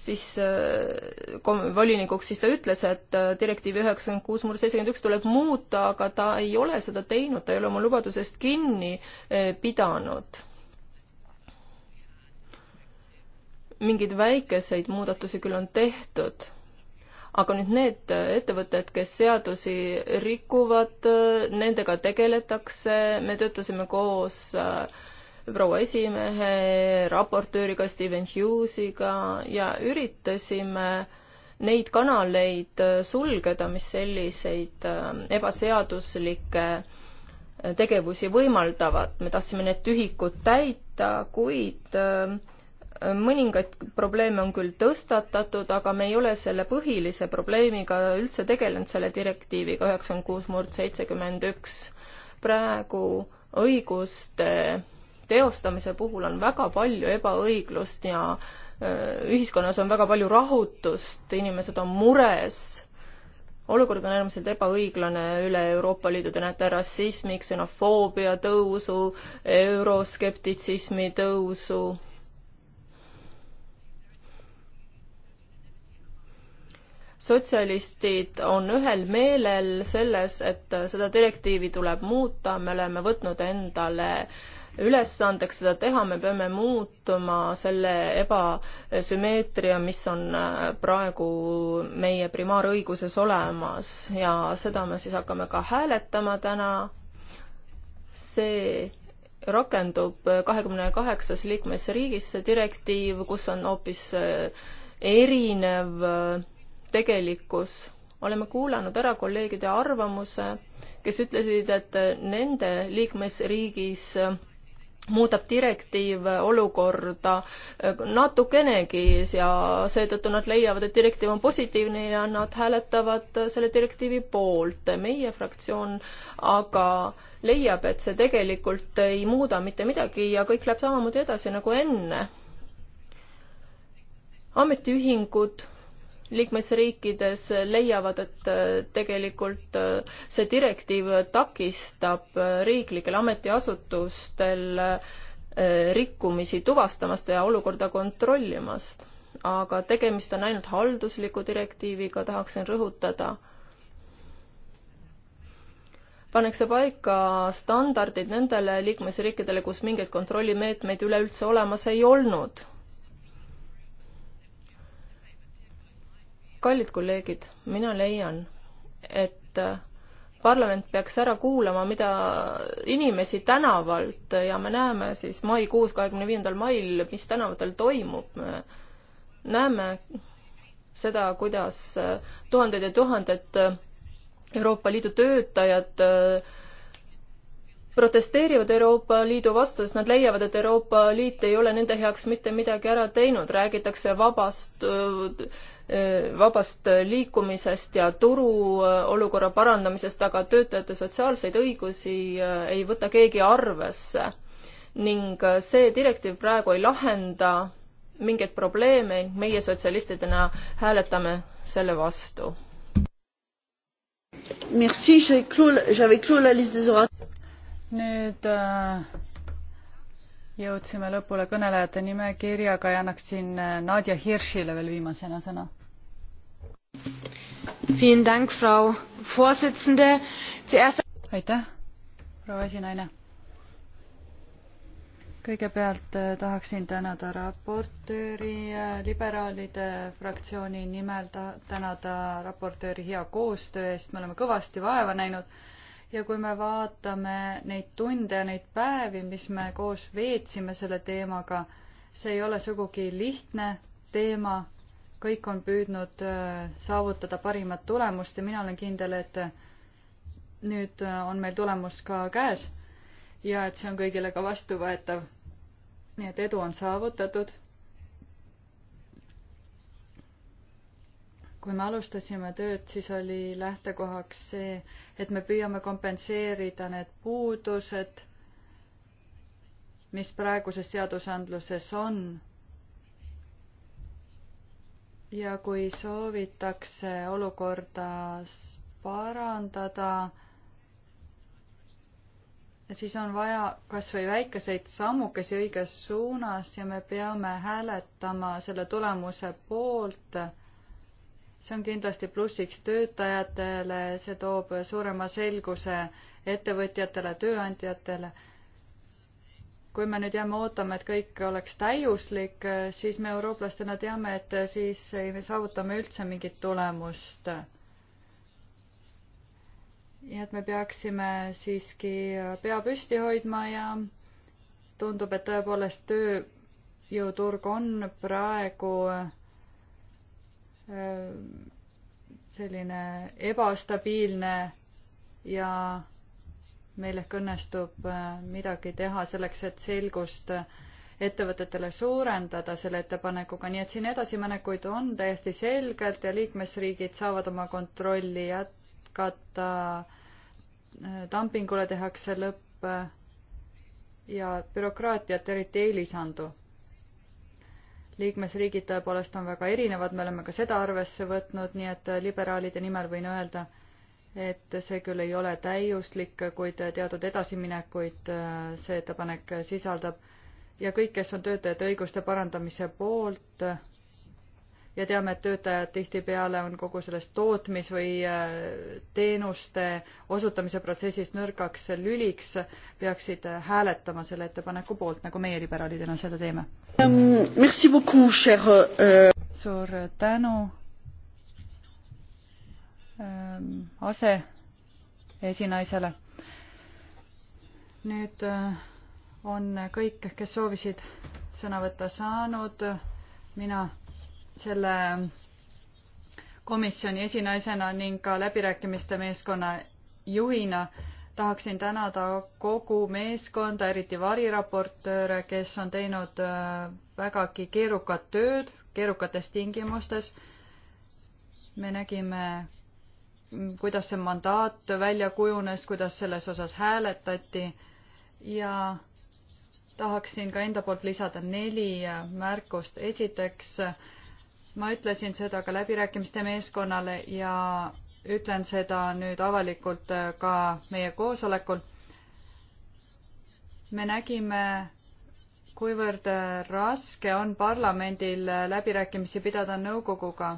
siis volinikuks, siis ta ütles, et direktiivi üheksakümmend kuus murd seitsekümmend üks tuleb muuta, aga ta ei ole seda teinud, ta ei ole oma lubadusest kinni pidanud mingeid väikeseid muudatusi küll on tehtud, aga nüüd need ettevõtted, kes seadusi rikuvad, nendega tegeletakse, me töötasime koos äh, proua esimehe, raportööriga Steven Hughesiga ja üritasime neid kanaleid sulgeda, mis selliseid äh, ebaseaduslikke äh, tegevusi võimaldavad. me tahtsime need tühikud täita, kuid äh, mõningaid probleeme on küll tõstatatud, aga me ei ole selle põhilise probleemiga üldse tegelenud, selle direktiiviga üheksakümmend kuus murd seitsekümmend üks. praegu õiguste teostamise puhul on väga palju ebaõiglust ja äh, ühiskonnas on väga palju rahutust, inimesed on mures, olukord on äärmiselt ebaõiglane üle Euroopa Liidu, te näete rassismi, ksenofoobia tõusu, euroskeptitsismi tõusu sotsialistid on ühel meelel selles, et seda direktiivi tuleb muuta, me oleme võtnud endale ülesandeks seda teha, me peame muutuma selle ebasümmeetria, mis on praegu meie primaarõiguses olemas ja seda me siis hakkame ka hääletama täna. see rakendub kahekümne kaheksas liikmesriigis, see direktiiv, kus on hoopis erinev tegelikkus. oleme kuulanud ära kolleegide arvamuse, kes ütlesid, et nende liikmesriigis muudab direktiiv olukorda natukenegi ja seetõttu nad leiavad, et direktiiv on positiivne ja nad hääletavad selle direktiivi poolt. meie fraktsioon aga leiab, et see tegelikult ei muuda mitte midagi ja kõik läheb samamoodi edasi nagu enne. ametiühingud liikmesriikides leiavad, et äh, tegelikult äh, see direktiiv takistab äh, riiklikel ametiasutustel rikkumisi tuvastamast ja olukorda kontrollimast. aga tegemist on ainult haldusliku direktiiviga, tahaksin rõhutada. pannakse paika standardid nendele liikmesriikidele, kus mingeid kontrollimeetmeid üleüldse olemas ei olnud kallid kolleegid, mina leian, et parlament peaks ära kuulama, mida inimesi tänavalt ja me näeme siis maikuus, kahekümne viiendal mail, mis tänavatel toimub. me näeme seda, kuidas tuhanded ja tuhanded Euroopa Liidu töötajad protesteerivad Euroopa Liidu vastu, sest nad leiavad, et Euroopa Liit ei ole nende heaks mitte midagi ära teinud, räägitakse vabast vabast liikumisest ja turu olukorra parandamisest, aga töötajate sotsiaalseid õigusi ei võta keegi arvesse. ning see direktiiv praegu ei lahenda mingeid probleeme, meie sotsialistidena hääletame selle vastu. nüüd äh, jõudsime lõpule kõnelejate nimekirjaga ja annaksin äh, Nadja Hirschile veel viimasena sõna aitäh, proua esinaine. kõigepealt äh, tahaksin tänada raportööri äh, liberaalide fraktsiooni nimel ta-, tänada raportööri hea koostöö eest, me oleme kõvasti vaeva näinud ja kui me vaatame neid tunde ja neid päevi, mis me koos veetsime selle teemaga, see ei ole sugugi lihtne teema kõik on püüdnud äh, saavutada parimat tulemust ja mina olen kindel, et äh, nüüd äh, on meil tulemus ka käes ja et see on kõigile ka vastuvõetav. nii et edu on saavutatud. kui me alustasime tööd, siis oli lähtekohaks see, et me püüame kompenseerida need puudused, mis praeguses seadusandluses on ja kui soovitakse olukorda parandada, siis on vaja kas või väikeseid sammukesi õiges suunas ja me peame hääletama selle tulemuse poolt. see on kindlasti plussiks töötajatele, see toob suurema selguse ettevõtjatele, tööandjatele kui me nüüd jääme ootama, et kõik oleks täiuslik, siis me eurooplastena teame, et siis ei saavuta me üldse mingit tulemust. nii et me peaksime siiski pea püsti hoidma ja tundub, et tõepoolest tööjõuturg on praegu äh, selline ebastabiilne ja meil ehk õnnestub äh, midagi teha selleks, et selgust äh, ettevõtetele suurendada selle ettepanekuga, nii et siin edasiminekuid on täiesti selgelt ja liikmesriigid saavad oma kontrolli jätkata. Äh, dumpingule tehakse lõpp ja bürokraatiat eriti ei lisandu. liikmesriigid tõepoolest on väga erinevad, me oleme ka seda arvesse võtnud, nii et liberaalide nimel võin öelda, et see küll ei ole täiuslik, kuid teatud edasiminekuid äh, see ettepanek sisaldab ja kõik, kes on töötajate õiguste parandamise poolt ja teame, et töötajad tihtipeale on kogu selles tootmis- või äh, teenuste osutamise protsessis nõrgaks lüliks, peaksid hääletama selle ettepaneku poolt, nagu meie liberaalidena seda teeme. Um, euh, suur tänu Ähm, aseesinaisele. nüüd äh, on kõik, kes soovisid sõna võtta saanud. mina selle komisjoni esinaisena ning ka läbirääkimiste meeskonna juhina tahaksin tänada kogu meeskonda, eriti variraportööre, kes on teinud äh, vägagi keerukat tööd keerukates tingimustes. me nägime kuidas see mandaat välja kujunes, kuidas selles osas hääletati ja tahaksin ka enda poolt lisada neli märkust. esiteks, ma ütlesin seda ka läbirääkimiste meeskonnale ja ütlen seda nüüd avalikult ka meie koosolekul. me nägime, kuivõrd raske on parlamendil läbirääkimisi pidada nõukoguga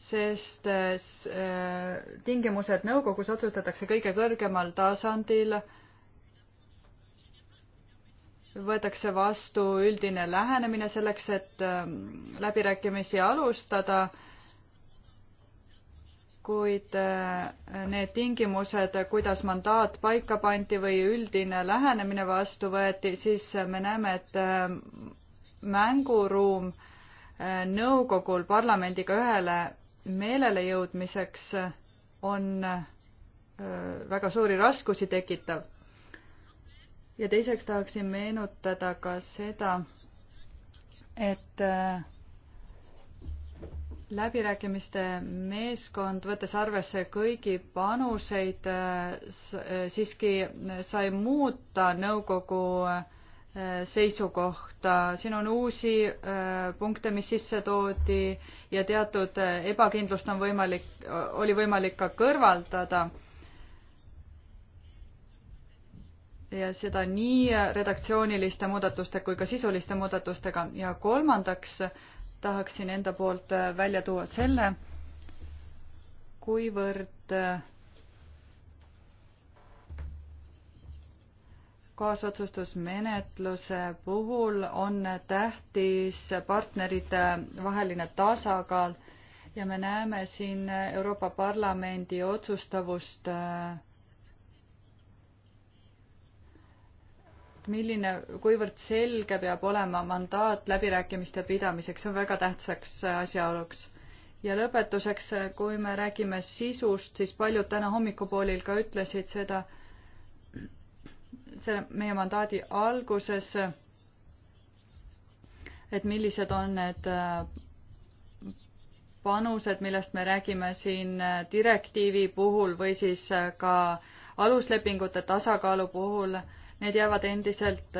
sest äh, äh, tingimused nõukogus otsustatakse kõige kõrgemal tasandil. võetakse vastu üldine lähenemine selleks, et ähm, läbirääkimisi alustada kuid äh, need tingimused, kuidas mandaat paika pandi või üldine lähenemine vastu võeti, siis me näeme, et ähm, mänguruum nõukogul parlamendiga ühele meelele jõudmiseks on väga suuri raskusi tekitav. ja teiseks tahaksin meenutada ka seda, et läbirääkimiste meeskond, võttes arvesse kõigi panuseid, siiski sai muuta nõukogu seisukohta, siin on uusi äh, punkte, mis sisse toodi ja teatud äh, ebakindlust on võimalik, oli võimalik ka kõrvaldada. ja seda nii redaktsiooniliste muudatuste kui ka sisuliste muudatustega ja kolmandaks tahaksin enda poolt äh, välja tuua selle, kuivõrd kaasotsustusmenetluse puhul on tähtis partnerite vaheline tasakaal ja me näeme siin Euroopa Parlamendi otsustavust milline, kuivõrd selge peab olema mandaat läbirääkimiste pidamiseks, see on väga tähtsaks asjaoluks. ja lõpetuseks, kui me räägime sisust, siis paljud täna hommikupoolil ka ütlesid seda, selle meie mandaadi alguses, et millised on need äh, panused, millest me räägime siin äh, direktiivi puhul või siis äh, ka aluslepingute tasakaalu puhul, need jäävad endiselt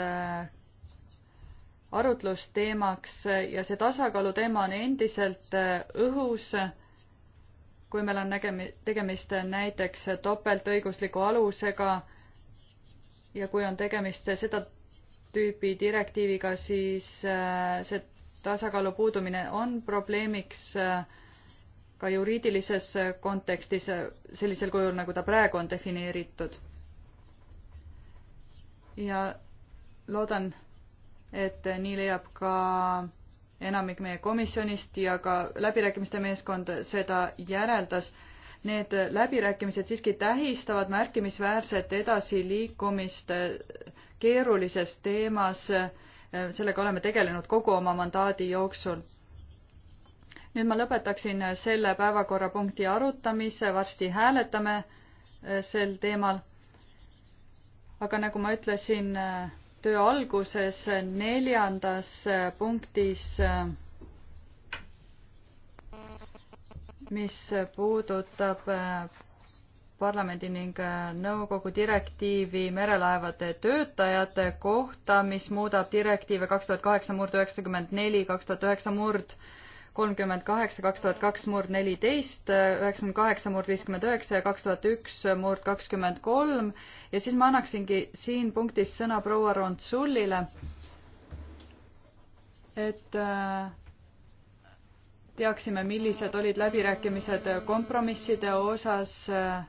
arutlusteemaks ja see tasakaalu teema on endiselt õhus, kui meil on nägemi-, tegemist näiteks topeltõigusliku alusega ja kui on tegemist seda tüüpi direktiiviga, siis äh, see tasakaalu puudumine on probleemiks äh, ka juriidilises äh, kontekstis sellisel kujul, nagu ta praegu on defineeritud. ja loodan, et nii leiab ka enamik meie komisjonist ja ka läbirääkimiste meeskond seda järeldas Need läbirääkimised siiski tähistavad märkimisväärset edasiliikumist eh, keerulises teemas. Eh, sellega oleme tegelenud kogu oma mandaadi jooksul nüüd ma lõpetaksin selle päevakorrapunkti arutamise, varsti hääletame eh, sel teemal. aga nagu ma ütlesin töö alguses, neljandas punktis mis puudutab äh, parlamendi ning äh, nõukogu direktiivi merelaevade töötajate kohta, mis muudab direktiive kaks tuhat kaheksa murd üheksakümmend neli, kaks tuhat üheksa murd kolmkümmend kaheksa, kaks tuhat kaks murd neliteist, üheksakümmend kaheksa murd viiskümmend üheksa ja kaks tuhat üks murd kakskümmend kolm ja siis ma annaksingi siin punktis sõna proua Rondsullile, et äh, teaksime, millised olid läbirääkimised kompromisside osas äh, äh,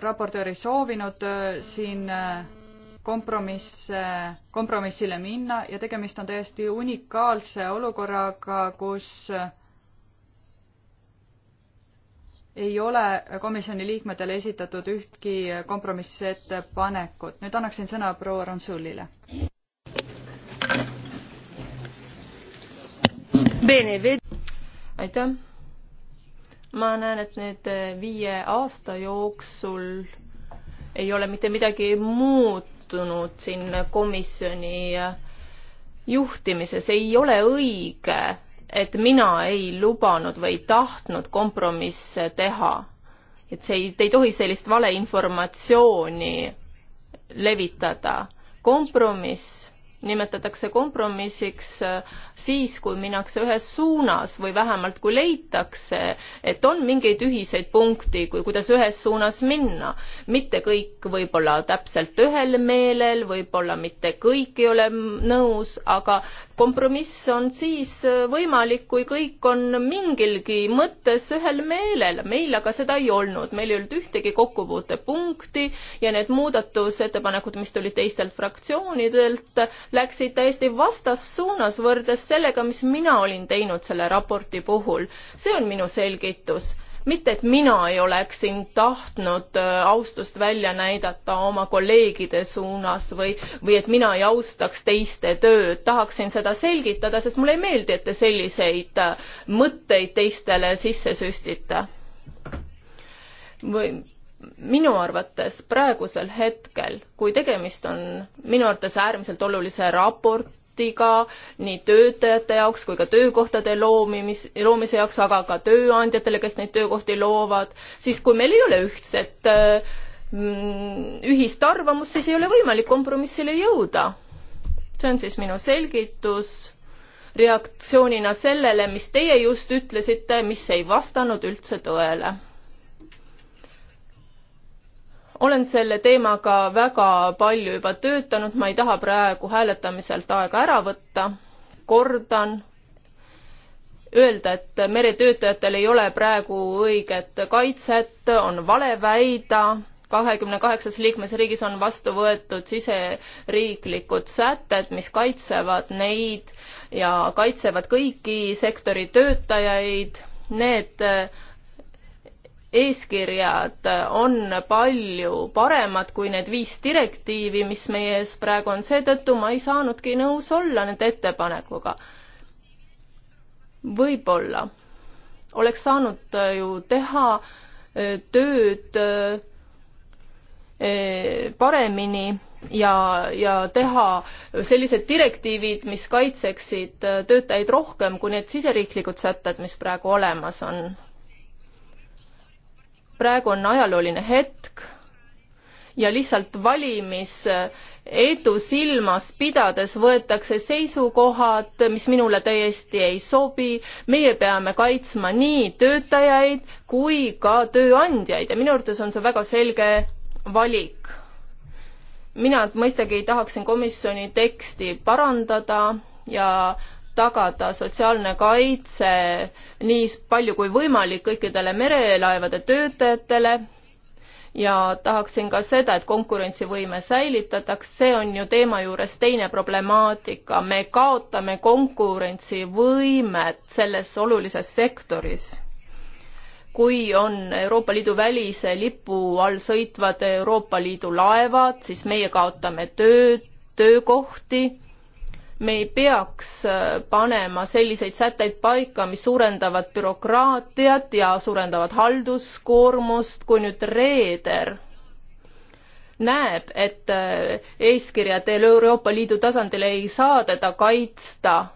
raportöör ei soovinud äh, siin kompromiss, kompromissile minna ja tegemist on täiesti unikaalse olukorraga, kus ei ole komisjoni liikmetele esitatud ühtki kompromissettepanekut. nüüd annaksin sõna proua Ronsulile. aitäh. ma näen, et nüüd äh, viie aasta jooksul ei ole mitte midagi muutunud siin komisjoni äh, juhtimises, ei ole õige, et mina ei lubanud või tahtnud kompromisse teha. et see ei, te ei tohi sellist valeinformatsiooni levitada. kompromiss nimetatakse kompromissiks äh, siis, kui minnakse ühes suunas või vähemalt kui leitakse, et on mingeid ühiseid punkti, kui, kuidas ühes suunas minna. mitte kõik võib-olla täpselt ühel meelel, võib-olla mitte kõik ei ole nõus, aga kompromiss on siis võimalik, kui kõik on mingilgi mõttes ühel meelel, meil aga seda ei olnud, meil ei olnud ühtegi kokkupuutepunkti ja need muudatusettepanekud, mis tulid teistelt fraktsioonidelt, läksid täiesti vastassuunas võrreldes sellega, mis mina olin teinud selle raporti puhul. see on minu selgitus mitte, et mina ei oleks siin tahtnud äh, austust välja näidata oma kolleegide suunas või, või et mina ei austaks teiste tööd, tahaksin seda selgitada, sest mulle ei meeldi, et te selliseid äh, mõtteid teistele sisse süstite. või minu arvates praegusel hetkel, kui tegemist on minu arvates äärmiselt olulise raport, ametiga nii töötajate jaoks kui ka töökohtade loomimis, loomise jaoks, aga ka tööandjatele, kes neid töökohti loovad, siis kui meil ei ole ühtset mm, ühist arvamust, siis ei ole võimalik kompromissile jõuda. see on siis minu selgitus reaktsioonina sellele, mis teie just ütlesite, mis ei vastanud üldse tõele olen selle teemaga väga palju juba töötanud, ma ei taha praegu hääletamiselt aega ära võtta, kordan, öelda, et meretöötajatel ei ole praegu õiget kaitset, on vale väida, kahekümne kaheksas liikmesriigis on vastu võetud siseriiklikud sätted, mis kaitsevad neid ja kaitsevad kõiki sektori töötajaid. Need eeskirjad on palju paremad kui need viis direktiivi, mis meie ees praegu on, seetõttu ma ei saanudki nõus olla nende ettepanekuga. võib-olla oleks saanud ju teha eh, tööd eh, paremini ja, ja teha sellised direktiivid, mis kaitseksid eh, töötajaid rohkem kui need siseriiklikud sätted, mis praegu olemas on praegu on ajalooline hetk ja lihtsalt valimis edu silmas pidades võetakse seisukohad, mis minule täiesti ei sobi. meie peame kaitsma nii töötajaid kui ka tööandjaid ja minu arvates on see väga selge valik. mina mõistagi tahaksin komisjoni teksti parandada ja äh, tagada sotsiaalne kaitse nii palju kui võimalik kõikidele merelaevade töötajatele ja tahaksin ka seda, et konkurentsivõime säilitataks, see on ju teema juures teine problemaatika, me kaotame konkurentsivõimet selles olulises sektoris kui on Euroopa Liidu välise lipu all sõitvad Euroopa Liidu laevad, siis meie kaotame tööd, töökohti me ei peaks äh, panema selliseid sätteid paika, mis suurendavad bürokraatiat ja suurendavad halduskoormust, kui nüüd reeder näeb, et äh, eeskirjad Euroopa Liidu tasandil ei saa teda kaitsta,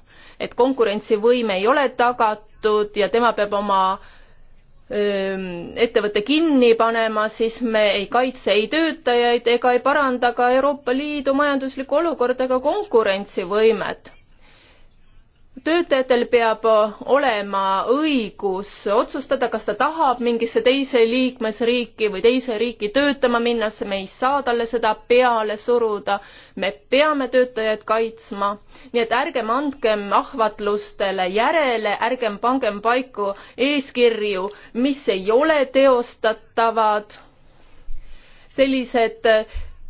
et konkurentsivõime ei ole tagatud ja tema peab oma äh, ettevõte kinni panema, siis me ei kaitse ei töötajaid ega ei paranda ka Euroopa Liidu majanduslikku olukorda ega konkurentsivõimet töötajatel peab olema õigus otsustada, kas ta tahab mingisse teise liikmesriiki või teise riiki töötama minna, me ei saa talle seda peale suruda. me peame töötajaid kaitsma, nii et ärgem andkem ahvatlustele järele, ärgem pangem paiku eeskirju, mis ei ole teostatavad sellised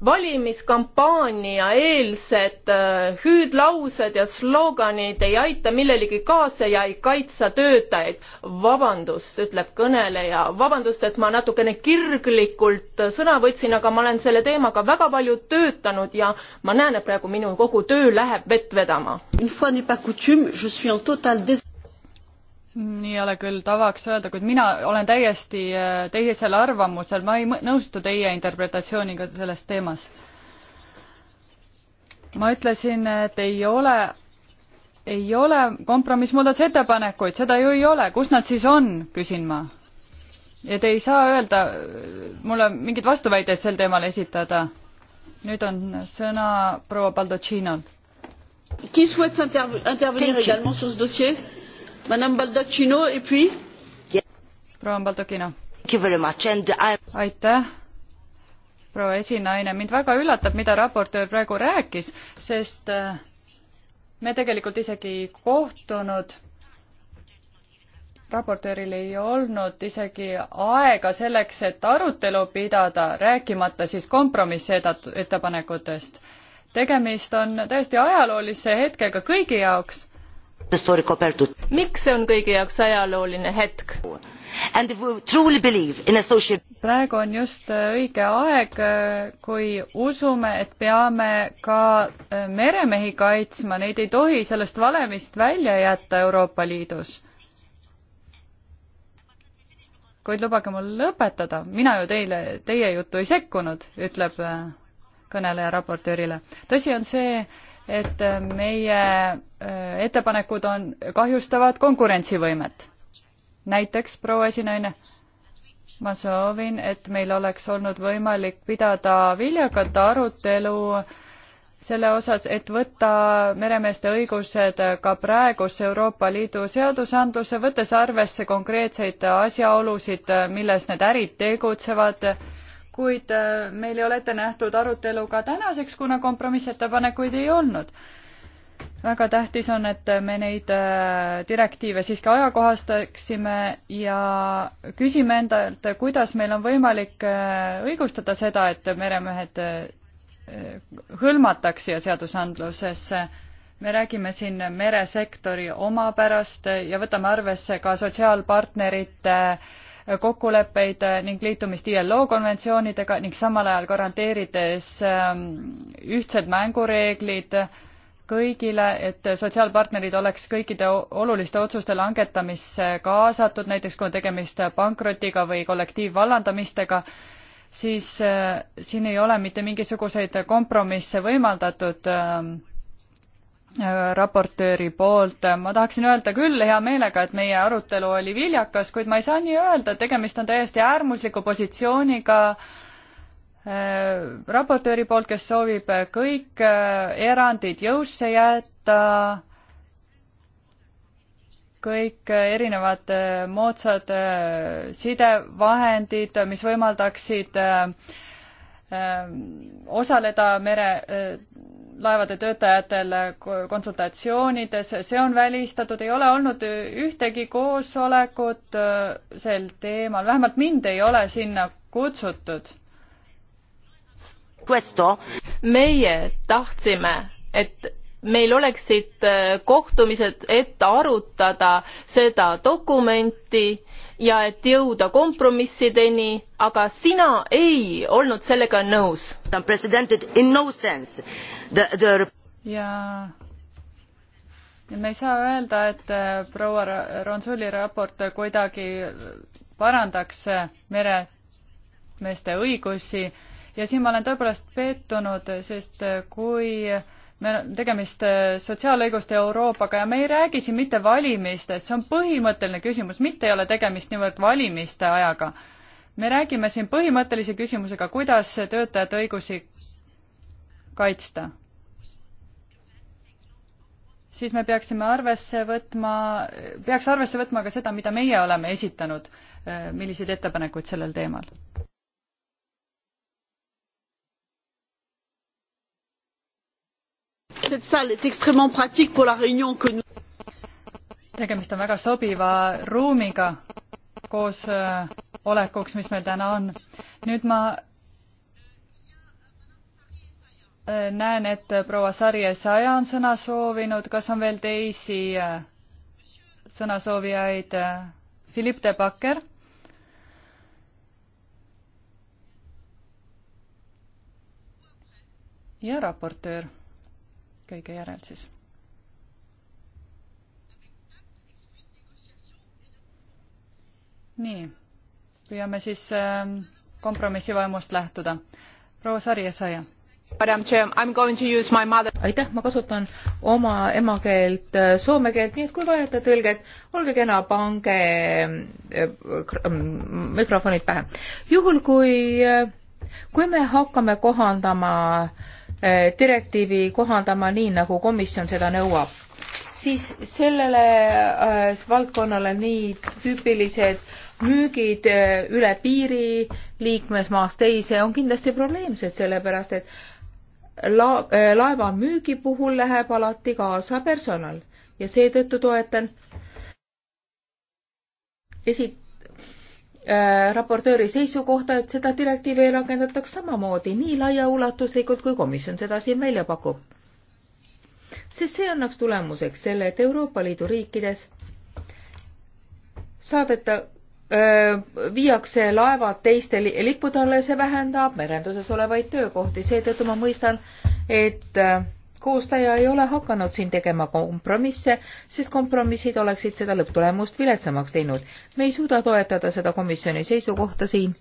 valimiskampaania eelsed äh, hüüdlaused ja sloganid ei aita millelegi kaasa ja ei kaitsa töötajaid. vabandust, ütleb kõneleja, vabandust, et ma natukene kirglikult sõna võtsin, aga ma olen selle teemaga väga palju töötanud ja ma näen, et praegu minu kogu töö läheb vett vedama nii ei ole küll tavaks öelda, kuid mina olen täiesti äh, teisel arvamusel, ma ei nõustu teie interpretatsiooniga selles teemas. ma ütlesin, et ei ole, ei ole kompromissmuudatusettepanekuid, seda ju ei ole, kus nad siis on, küsin ma. ja te ei saa öelda äh, mulle mingeid vastuväiteid sel teemal esitada. nüüd on sõna proua Baldaccinal. Qui souhaite intervenir également sur ce dossier? madame Baldacchino et puis proua Baldacchino. aitäh, proua esinaine, mind väga üllatab, mida raportöör praegu rääkis, sest äh, me tegelikult isegi kohtunud raportööril ei olnud isegi aega selleks, et arutelu pidada, rääkimata siis kompromissi ettepanekutest. tegemist on täiesti ajaloolise hetkega kõigi jaoks miks see on kõigi jaoks ajalooline hetk? Social... praegu on just äh, õige aeg, äh, kui usume, et peame ka äh, meremehi kaitsma, neid ei tohi sellest valemist välja jätta Euroopa Liidus. kuid lubage mul lõpetada, mina ju teile, teie juttu ei sekkunud, ütleb kõneleja raportöörile. tõsi on see, et äh, meie äh, ettepanekud on, kahjustavad konkurentsivõimet. näiteks, proua esinaine, ma soovin, et meil oleks olnud võimalik pidada viljakat arutelu selle osas, et võtta meremeeste õigused ka praeguse Euroopa Liidu seadusandluse, võttes arvesse konkreetseid asjaolusid, milles need ärid tegutsevad kuid äh, meil ei ole ette nähtud arutelu ka tänaseks, kuna kompromissettepanekuid ei olnud. väga tähtis on, et me neid äh, direktiive siiski ajakohastaksime ja küsime endalt, kuidas meil on võimalik äh, õigustada seda, et meremehed hõlmatakse ja seadusandlusesse me räägime siin meresektori omapärast ja võtame arvesse ka sotsiaalpartnerite äh, kokkuleppeid ning liitumist ILO konventsioonidega ning samal ajal garanteerides ähm, ühtsed mängureeglid kõigile, et sotsiaalpartnerid oleks kõikide oluliste otsuste langetamisse kaasatud, näiteks kui on tegemist pankrotiga või kollektiivvallandamistega, siis äh, siin ei ole mitte mingisuguseid kompromisse võimaldatud ähm, raportööri poolt. ma tahaksin öelda küll hea meelega, et meie arutelu oli viljakas, kuid ma ei saa nii öelda, tegemist on täiesti äärmusliku positsiooniga äh, raportööri poolt, kes soovib kõik äh, erandid jõusse jätta, kõik äh, erinevad moodsad sidevahendid, mis võimaldaksid osaleda mere laevade töötajatel konsultatsioonides, see on välistatud, ei ole olnud ühtegi koosolekut äh, sel teemal, vähemalt mind ei ole sinna kutsutud. meie tahtsime, et meil oleksid äh, kohtumised, et arutada seda dokumenti ja et jõuda kompromissideni, aga sina ei olnud sellega nõus. No ja me ei saa öelda, et äh, proua Ronsuli raport kuidagi parandaks äh, meremeeste õigusi ja siin ma olen tõepoolest pettunud, sest äh, kui meil on tegemist sotsiaalõiguste Euroopaga ja me ei räägi siin mitte valimistest, see on põhimõtteline küsimus, mitte ei ole tegemist niivõrd valimiste ajaga. me räägime siin põhimõttelise küsimusega, kuidas töötajate õigusi kaitsta. siis me peaksime arvesse võtma, peaks arvesse võtma ka seda, mida meie oleme esitanud, eh, milliseid ettepanekuid sellel teemal. cette salle est extrêmement pratique pour la réunion que nous tegemist on väga sobiva ruumiga koosolekuks, eh, mis meil täna on. nüüd ma näen, et proua Sarje Saja on sõna soovinud, kas on veel teisi äh, sõnasoovijaid? Philipp de Backer. ja raportöör kõige järel siis nii, püüame siis äh, kompromissi vaimust lähtuda. proua Sari Essaja aitäh, ma kasutan oma emakeelt, äh, soome keelt, nii et kui vajate tõlget, olge kena, pange äh, mm, mikrofonid pähe. juhul, kui, äh, kui me hakkame kohandama direktiivi kohandama nii, nagu komisjon seda nõuab, siis sellele äh, valdkonnale nii tüüpilised müügid äh, üle piiri liikmesmaast teise on kindlasti probleemsed, sellepärast et la-, äh, laeva müügi puhul läheb alati kaasa personal ja seetõttu toetan esi- äh,, raportööri seisukohta, et seda direktiivi rakendataks samamoodi, nii laiaulatuslikult, kui komisjon seda siin välja pakub. sest see annaks tulemuseks selle, et Euroopa Liidu riikides saadeta, viiakse laevad teiste lippude alla ja see vähendab merenduses olevaid töökohti. seetõttu ma mõistan, et koostaja ei ole hakanud siin tegema kompromisse, sest kompromissid oleksid seda lõpptulemust viletsamaks teinud. me ei suuda toetada seda komisjoni seisukohta siin.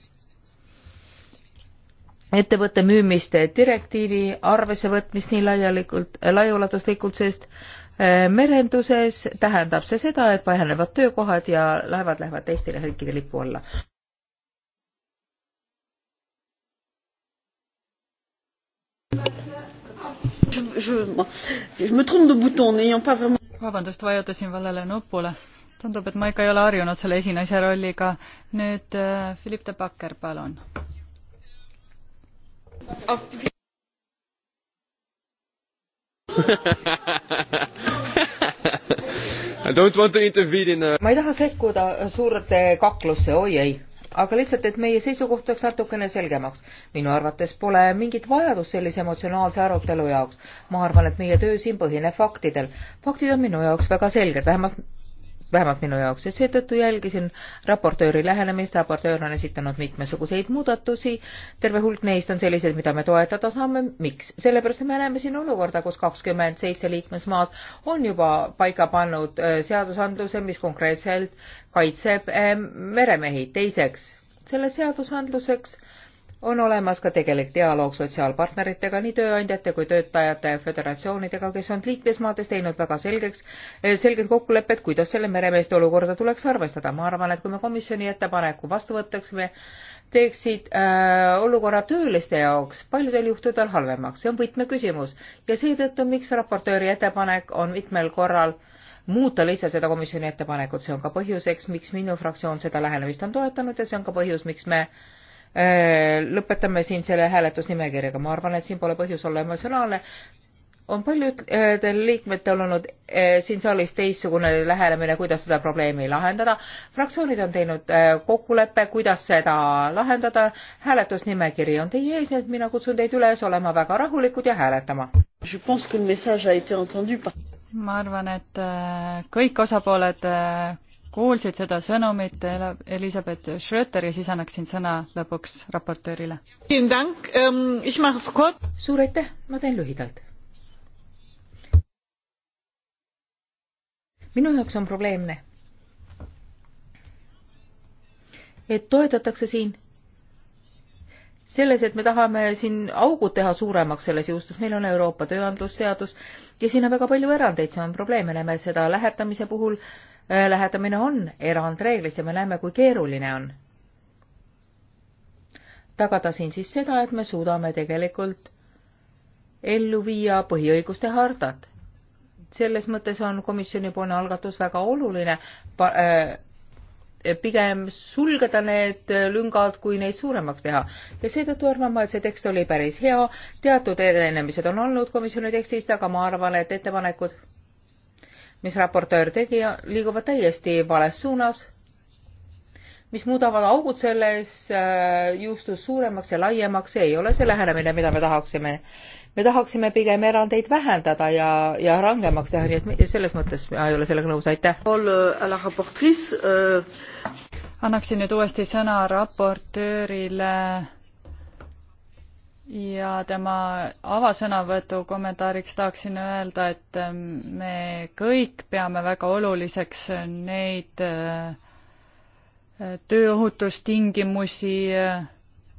ettevõtte müümiste direktiivi arvesse võtmist nii laialikult, laiaulatuslikult, sest äh, Äh, merenduses tähendab see seda, et vähenevad töökohad ja laevad lähevad teistele riikide lipu alla. vabandust, vajutasin valele nupule. tundub, et ma ikka ei ole harjunud selle esinaise rolliga. nüüd äh, Philipp de Backer, palun. I don't want to intervene in a... ma ei taha sekkuda suurde kaklusse, oi ei, aga lihtsalt, et meie seisukoht oleks natukene selgemaks. minu arvates pole mingit vajadust sellise emotsionaalse arutelu jaoks. ma arvan, et meie töö siin põhineb faktidel. faktid on minu jaoks väga selged, vähemalt vähemalt minu jaoks ja seetõttu jälgisin raportööri lähenemist, raportöör on esitanud mitmesuguseid muudatusi, terve hulk neist on sellised, mida me toetada saame, miks? sellepärast, et me näeme siin olukorda, kus kakskümmend seitse liikmesmaad on juba paika pannud äh, seadusandluse, mis konkreetselt kaitseb äh, meremehi, teiseks selle seadusandluseks on olemas ka tegelik dialoog sotsiaalpartneritega, nii tööandjate kui töötajate föderatsioonidega, kes on liikmesmaades teinud väga selgeks, eh, selged kokkulepped, kuidas selle meremeeste olukorda tuleks arvestada. ma arvan, et kui me komisjoni ettepaneku vastu võtaksime, teeksid äh, olukorra tööliste jaoks paljudel juhtudel halvemaks, see on võtmeküsimus ja seetõttu, miks raportööri ettepanek on mitmel korral muuta lihtsalt seda komisjoni ettepanekut, see on ka põhjuseks, miks minu fraktsioon seda lähenemist on toetanud ja see on ka põhjus, miks me äh, Äh, lõpetame siin selle hääletusnimekirjaga, ma arvan, et siin pole põhjus olla emotsionaalne. on paljudel äh, liikmetel olnud äh, siin saalis teistsugune lähenemine, kuidas seda probleemi lahendada. fraktsioonid on teinud kokkuleppe, kuidas seda lahendada. hääletusnimekiri on teie ees, nii et mina kutsun teid üles olema väga rahulikud ja hääletama. ma arvan, et kõik osapooled kuulsid seda sõnumit Elisabeth Schröter ja siis annaksin sõna lõpuks raportöörile. Ähm, suur aitäh, ma teen lühidalt. minu jaoks on probleemne, et toetatakse siin selles, et me tahame siin augud teha suuremaks selles juhustes, meil on Euroopa tööandlusseadus ja siin on väga palju erandeid, see on probleem, me näeme seda lähetamise puhul äh, Äh, lähetamine on erandreeglist ja me näeme, kui keeruline on tagada siin siis seda, et me suudame tegelikult ellu viia põhiõiguste hardat. selles mõttes on komisjonipoolne algatus väga oluline, äh, pigem sulgeda need lüngad, kui neid suuremaks teha. ja seetõttu arvan ma, et see tekst oli päris hea, teatud edenemised on olnud komisjoni tekstist, aga ma arvan, et ettepanekud mis raportöör tegi, liiguvad täiesti vales suunas, mis muudavad augud selles äh, juustus suuremaks ja laiemaks, see ei ole see lähenemine, mida me tahaksime. me tahaksime pigem erandeid vähendada ja, ja rangemaks teha, nii et selles mõttes ma ei ole sellega nõus, aitäh. Äh, äh, annaksin nüüd uuesti sõna raportöörile ja tema avasõnavõtu kommentaariks tahaksin öelda, et ähm, me kõik peame väga oluliseks neid äh, tööohutustingimusi äh,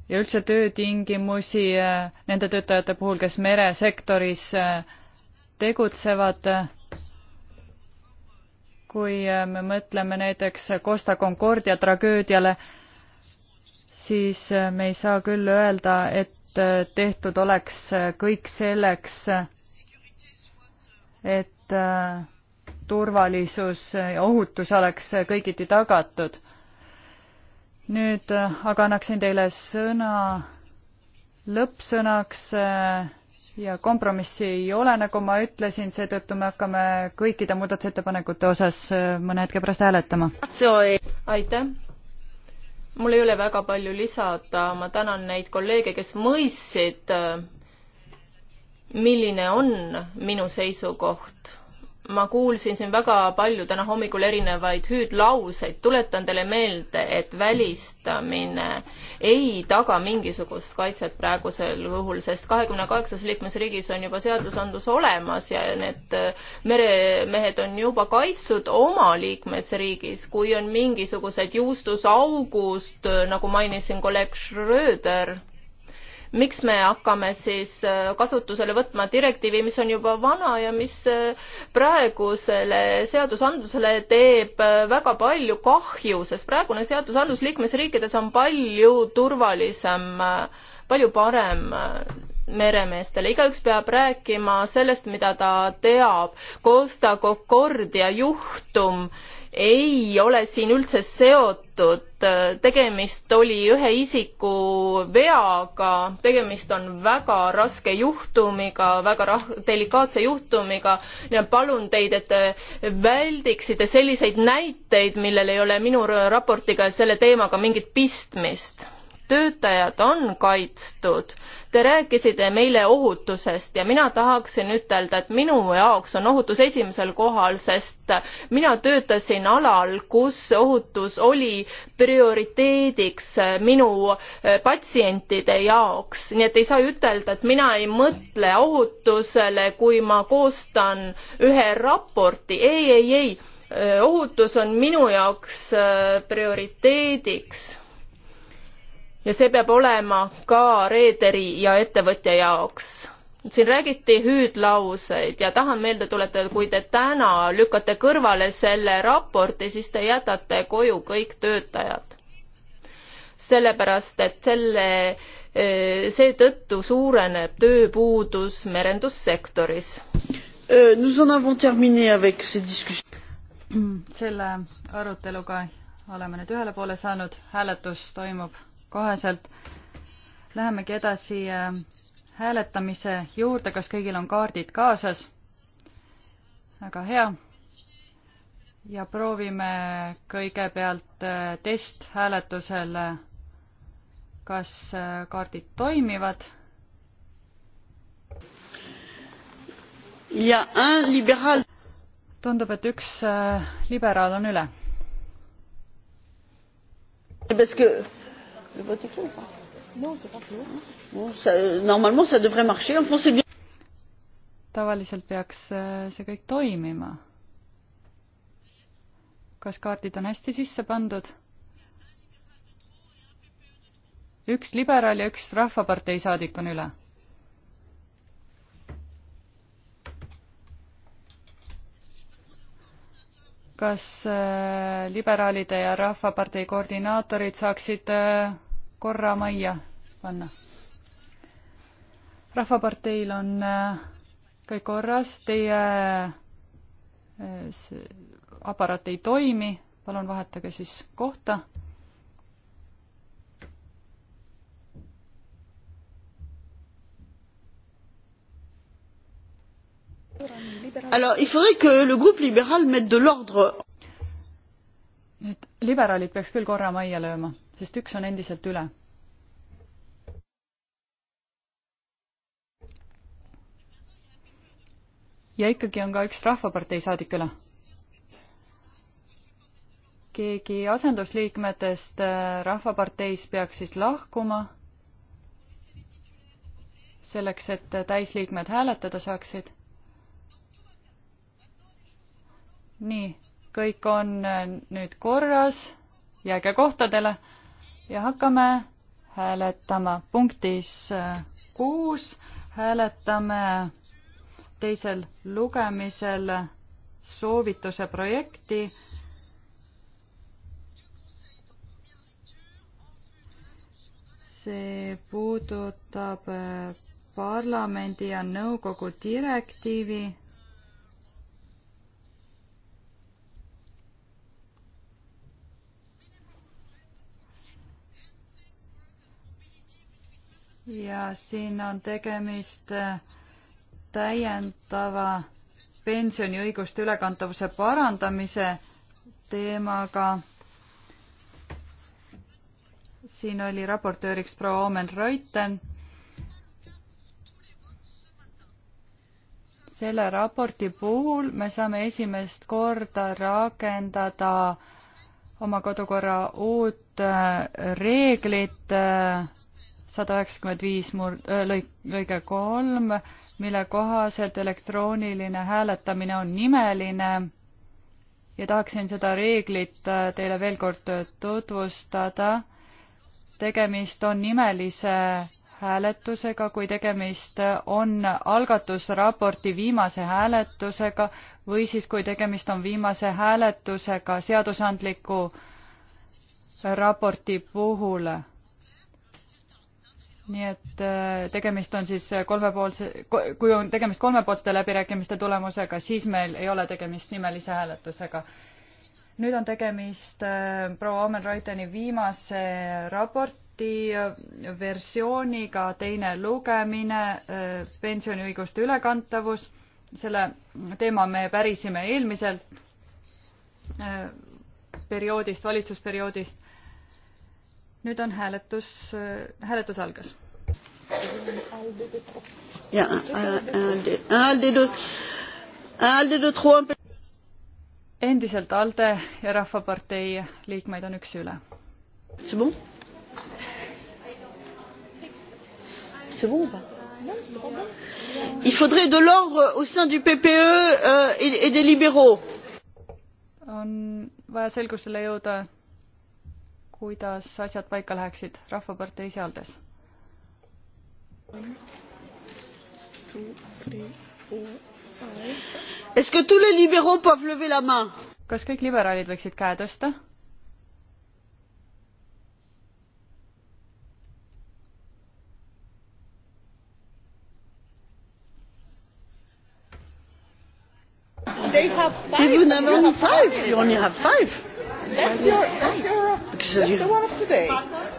ja üldse töötingimusi äh, nende töötajate puhul, kes meresektoris tegutsevad. kui me mõtleme näiteks Costa Concordia tragöödiale, siis me ei saa küll öelda, et et äh, tehtud oleks äh, kõik selleks, et äh, turvalisus ja ohutus oleks kõigiti tagatud. nüüd aga annaksin teile sõna lõppsõnaks ja kompromissi ei ole, nagu ma ütlesin, seetõttu me hakkame kõikide muudatusettepanekute osas mõne hetke pärast hääletama. aitäh! mul ei ole väga palju lisada, ma tänan neid kolleege, kes mõistsid, äh, milline on minu seisukoht ma kuulsin siin väga palju täna hommikul erinevaid hüüdlauseid. tuletan teile meelde, et välistamine ei taga mingisugust kaitset praegusel juhul, sest kahekümne kaheksas liikmesriigis on juba seadusandlus olemas ja need äh, meremehed on juba kaitstud oma liikmesriigis. kui on mingisugused juustusaugust, äh, nagu mainisin kolleeg Schröder, miks me hakkame siis äh, kasutusele võtma direktiivi, mis on juba vana ja mis äh, praegusele seadusandlusele teeb äh, väga palju kahju, sest praegune seadusandlus liikmesriikides on palju turvalisem, palju parem meremeestele, igaüks peab rääkima sellest, mida ta teab. Costa Concordia juhtum ei ole siin üldse seotud tehtud, äh, tegemist oli ühe isiku veaga, tegemist on väga raske juhtumiga, väga rah-, delikaatse juhtumiga ja palun teid, et te väldiksite selliseid näiteid, millel ei ole minu raportiga ja selle teemaga mingit pistmist töötajad on kaitstud Te rääkisite meile ohutusest ja mina tahaksin ütelda, et minu jaoks on ohutus esimesel kohal, sest mina töötasin alal, kus ohutus oli prioriteediks minu eh, patsientide jaoks, nii et ei saa ütelda, et mina ei mõtle ohutusele, kui ma koostan ühe raporti, ei, ei, ei eh, ohutus on minu jaoks eh, prioriteediks ja see peab olema ka reederi ja ettevõtja jaoks. siin räägiti hüüdlauseid ja tahan meelde tuletada, kui te täna lükkate kõrvale selle raporti, siis te jätate koju kõik töötajad. sellepärast, et selle, e, seetõttu suureneb tööpuudus merendussektoris. E, nous en avons terminé avec ces discussions. selle aruteluga oleme nüüd ühele poole saanud, hääletus toimub koheselt. Lähemegi edasi äh, hääletamise juurde, kas kõigil on kaardid kaasas? väga hea. ja proovime kõigepealt äh, testhääletusel, äh, kas kaardid toimivad. tundub, et üks liberaal on üle. Parce que Le vote est clos ou pas Non, c'est pas clos. Bon, ça, normalement, ça devrait marcher. Enfin, c'est bien. tavaliselt peaks äh, see kõik toimima. kas kaardid on hästi sisse pandud? üks liberaal ja üks Rahvapartei saadik on üle kas äh, liberaalide ja rahvapartei koordinaatorid saaksid äh, korra majja panna. rahvaparteil on äh, kõik korras, teie äh, aparaat ei toimi, palun vahetage siis kohta alors il faudrait que le groupe libéral mette de l'ordre. nüüd liberaalid peaks küll korra majja lööma sest üks on endiselt üle. ja ikkagi on ka üks Rahvapartei saadik üle. keegi asendusliikmetest äh, Rahvaparteis peaks siis lahkuma selleks, et täisliikmed hääletada saaksid. nii, kõik on äh, nüüd korras, jääge kohtadele ja hakkame hääletama punktis äh, kuus, hääletame teisel lugemisel soovituse projekti see puudutab äh, parlamendi ja nõukogu direktiivi ja siin on tegemist äh, täiendava pensioniõiguste ülekantavuse parandamise teemaga. siin oli raportööriks proua Omen Reuten. selle raporti puhul me saame esimest korda rakendada oma kodukorra uut äh, reeglit äh, sada üheksakümmend viis murd-, lõik, lõige kolm, mille kohaselt elektrooniline hääletamine on nimeline ja tahaksin seda reeglit äh, teile veel kord äh, tutvustada. tegemist on nimelise hääletusega, kui tegemist äh, on algatusraporti viimase hääletusega või siis kui tegemist on viimase hääletusega seadusandliku raporti puhul nii et äh, tegemist on siis äh, kolmepoolse, kui on tegemist kolmepoolsete läbirääkimiste tulemusega, siis meil ei ole tegemist nimelise hääletusega. nüüd on tegemist äh, proua Omen Reuteni viimase raporti versiooniga, teine lugemine, pensioniõiguste ülekantavus, selle teema me pärisime eelmiselt perioodist, valitsusperioodist nüüd on hääletus, äh, hääletus algas. Äh, äh, endiselt ALDE ja Rahvapartei liikmeid on üks üle. Il faudrait de l'ordre au sein du PPE euh, et, et des libéraux. on vaja selgusele jõuda kuidas asjad paika läheksid Rahvapartei sealdes? kas kõik liberaalid võiksid käe tõsta? They have five. You, you have five. You only have five. That's your, that's your because That's you the one of today.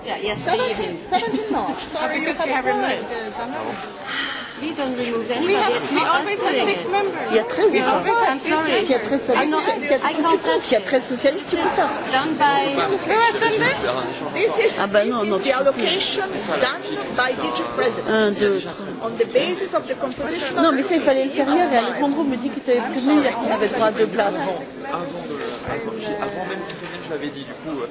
Yeah, yes, 17, 17 March. Sorry, because you have removed the panel. We don't remove anybody. We, have, we always have six members. Il y a 13 membres. I'm sorry. S'il y a 13 socialistes, s'il y a 13 socialistes, tu peux ça. Done by... Ah ben non, non, tu peux plus. Un, deux, trois. Non, mais ça, il fallait le faire hier. Et Alex Monroe me dit que tu avais prévenu hier qu'il avait droit à deux places. Avant même qu'il revienne, je l'avais dit, du coup... Euh,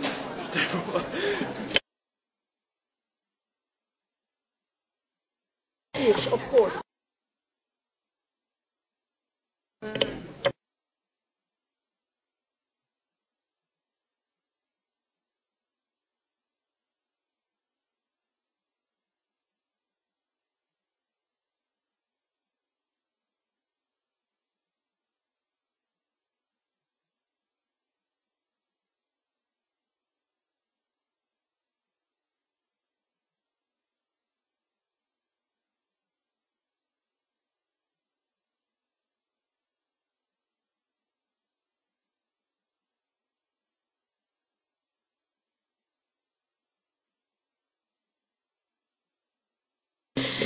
Of course.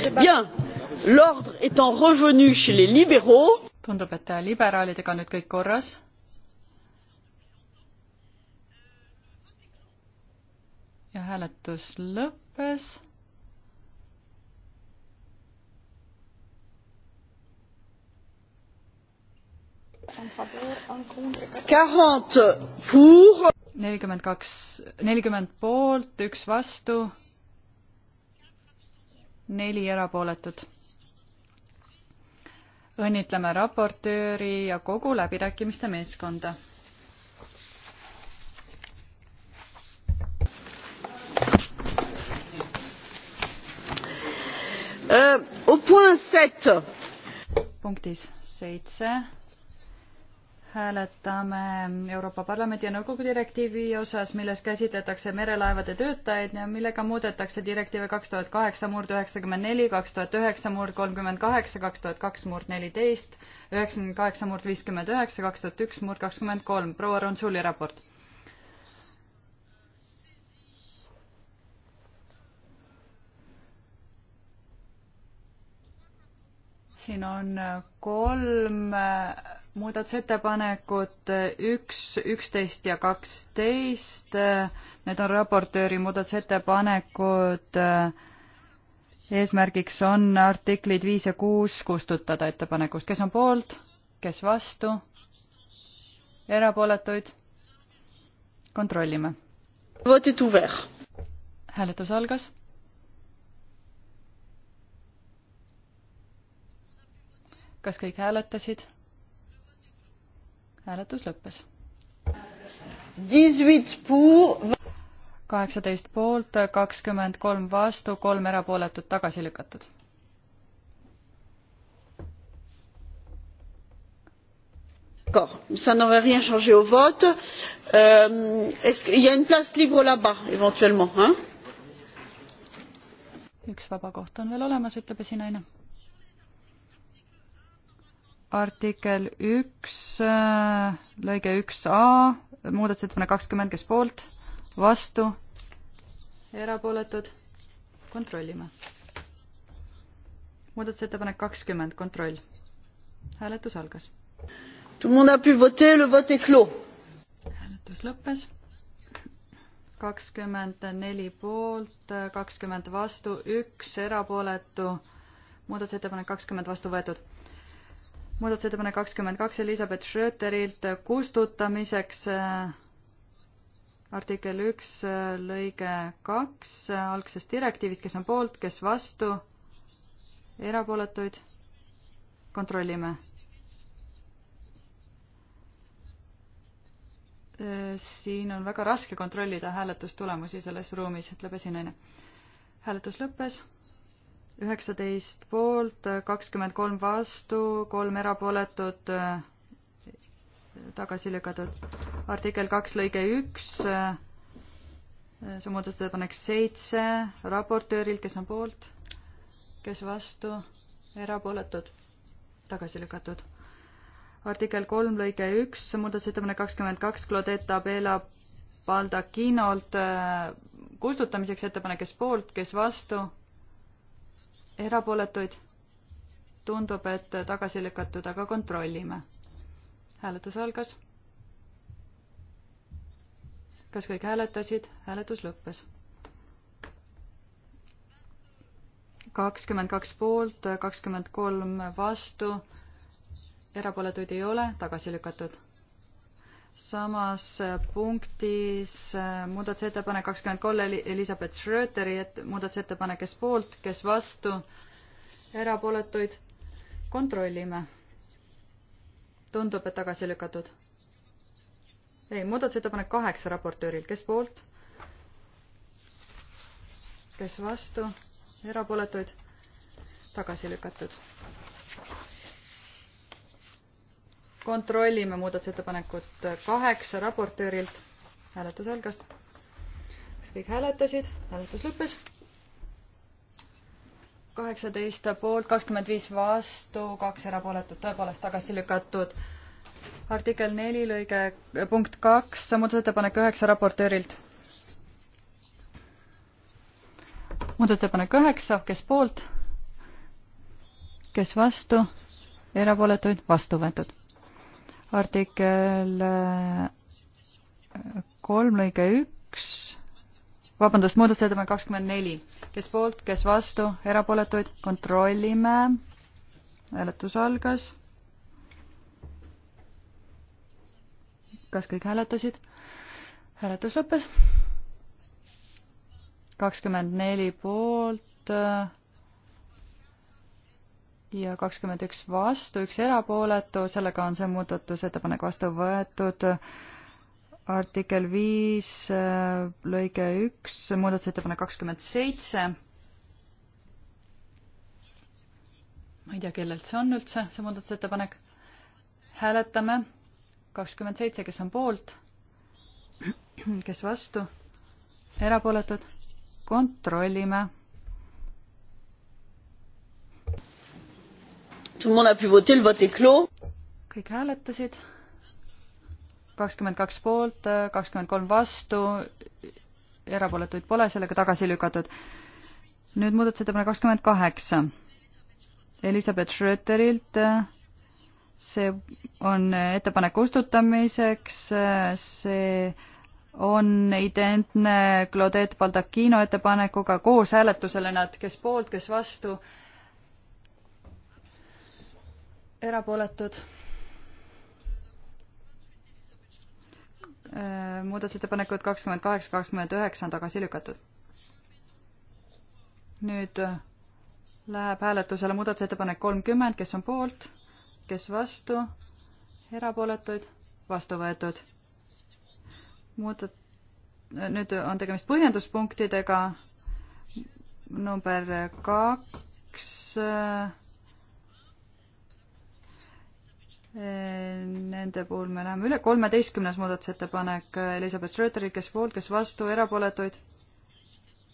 Eh bien, l'ordre étant revenu chez les libéraux. tundub, et liberaalidega on nüüd kõik korras. ja hääletus lõppes nelikümmend kaks nelikümmend poolt üks vastu neli erapooletut. õnnitleme raportööri ja kogu läbirääkimiste meeskonda. Euh, punktis seitse hääletame Euroopa Parlamendi ja Nõukogu direktiivi osas, milles käsitletakse merelaevade töötajaid ja millega muudetakse direktiive kaks tuhat kaheksa murd üheksakümmend neli, kaks tuhat üheksa murd kolmkümmend kaheksa, kaks tuhat kaks murd neliteist, üheksakümmend kaheksa murd viiskümmend üheksa, kaks tuhat üks murd kakskümmend kolm. proua Ronsuli raport. siin on kolm muudatusettepanekud üks, üksteist ja kaksteist, need on raportööri muudatusettepanekud, eesmärgiks on artiklid viis ja kuus kustutada ettepanekust, kes on poolt, kes vastu, erapooletuid, kontrollime. hääletus algas kas kõik hääletasid? hääletus lõppes. kaheksateist poolt, kakskümmend kolm vastu, kolm erapooletut tagasi lükatud. d'accord cela n'aurait rien changé au vote. Euh, il y a une place libre là bas éventuellement. Hein? üks vaba koht on veel olemas, ütleb esinaine artikkel üks, lõige üks A, muudatusettepanek kakskümmend, kes poolt, vastu, erapooletud, kontrollime. muudatusettepanek kakskümmend, kontroll. hääletus algas. hääletus lõppes. kakskümmend neli poolt, kakskümmend vastu, üks erapooletu, muudatusettepanek kakskümmend vastu võetud muudatusettepanek kakskümmend kaks Elizabeth Schröterilt kustutamiseks äh, artikkel üks äh, lõige kaks äh, algsest direktiivist, kes on poolt, kes vastu, erapooletuid kontrollime. siin on väga raske kontrollida hääletustulemusi selles ruumis, ütleb esinaine. hääletus lõppes üheksateist poolt, kakskümmend kolm vastu, kolm erapooletut, äh, tagasi lükatud. artikkel kaks lõige üks, äh, see on muudatusettepanek seitse, raportööril, kes on poolt, kes vastu, erapooletud, tagasi lükatud. artikkel kolm lõige üks, muudatusettepanek kakskümmend kaks, Claudette Abela Baldacchinolt äh, kustutamiseks ettepanek, kes poolt, kes vastu erapooletuid? tundub, et tagasi lükatud, aga kontrollime. hääletus algas. kas kõik hääletasid? hääletus lõppes. kakskümmend kaks poolt, kakskümmend kolm vastu, erapooletuid ei ole, tagasi lükatud samas punktis äh, muudatusettepanek kakskümmend kolm Elizabeth Schröteri et muudatusettepanek, kes poolt, kes vastu, erapooletuid, kontrollime. tundub, et tagasi lükatud. ei, muudatusettepanek kaheksa raportööril, kes poolt, kes vastu, erapooletuid, tagasi lükatud kontrollime muudatusettepanekut kaheksa raportöörilt. hääletus algas. kas kõik hääletasid? hääletus lõppes. kaheksateist poolt, kakskümmend viis vastu, kaks erapooletut, tõepoolest tagasi lükatud. artikkel neli lõige punkt kaks, muudatusettepanek üheksa raportöörilt. muudatusettepanek üheksa, kes poolt? kes vastu? erapooletuid vastu võetud artikkel äh, kolm lõige üks, vabandust, muudatusettepanek kakskümmend neli, kes poolt, kes vastu, erapooletuid, kontrollime. hääletus algas. kas kõik hääletasid? hääletus lõppes. kakskümmend neli poolt äh, ja kakskümmend üks vastu, üks erapooletu, sellega on see muudatusettepanek vastu võetud. artikkel viis äh, lõige üks, muudatusettepanek kakskümmend seitse. ma ei tea, kellelt see on üldse, see muudatusettepanek. hääletame kakskümmend seitse, kes on poolt, kes vastu, erapooletud, kontrollime Tout le monde a pu voter, le vote est clos. kõik hääletasid. kakskümmend kaks poolt, kakskümmend kolm vastu, erapooletuid pole, sellega tagasi lükatud. nüüd muudatusettepanek kakskümmend kaheksa. Elizabeth Schröterilt, see on ettepanek kustutamiseks, see on identne Claudette Baldacchino ettepanekuga koos hääletusele nad, kes poolt, kes vastu erapooletud. Äh, muudatusettepanekud kakskümmend kaheksa, kakskümmend üheksa on tagasi lükatud. nüüd äh, läheb hääletusele muudatusettepanek kolmkümmend, kes on poolt, kes vastu, erapooletuid, vastu võetud. muudat-, äh, nüüd on tegemist põhjenduspunktidega number kaks Nende puhul me läheme üle. kolmeteistkümnes muudatusettepanek Elizabeth Schröderi, kes poolt, kes vastu, erapooletuid.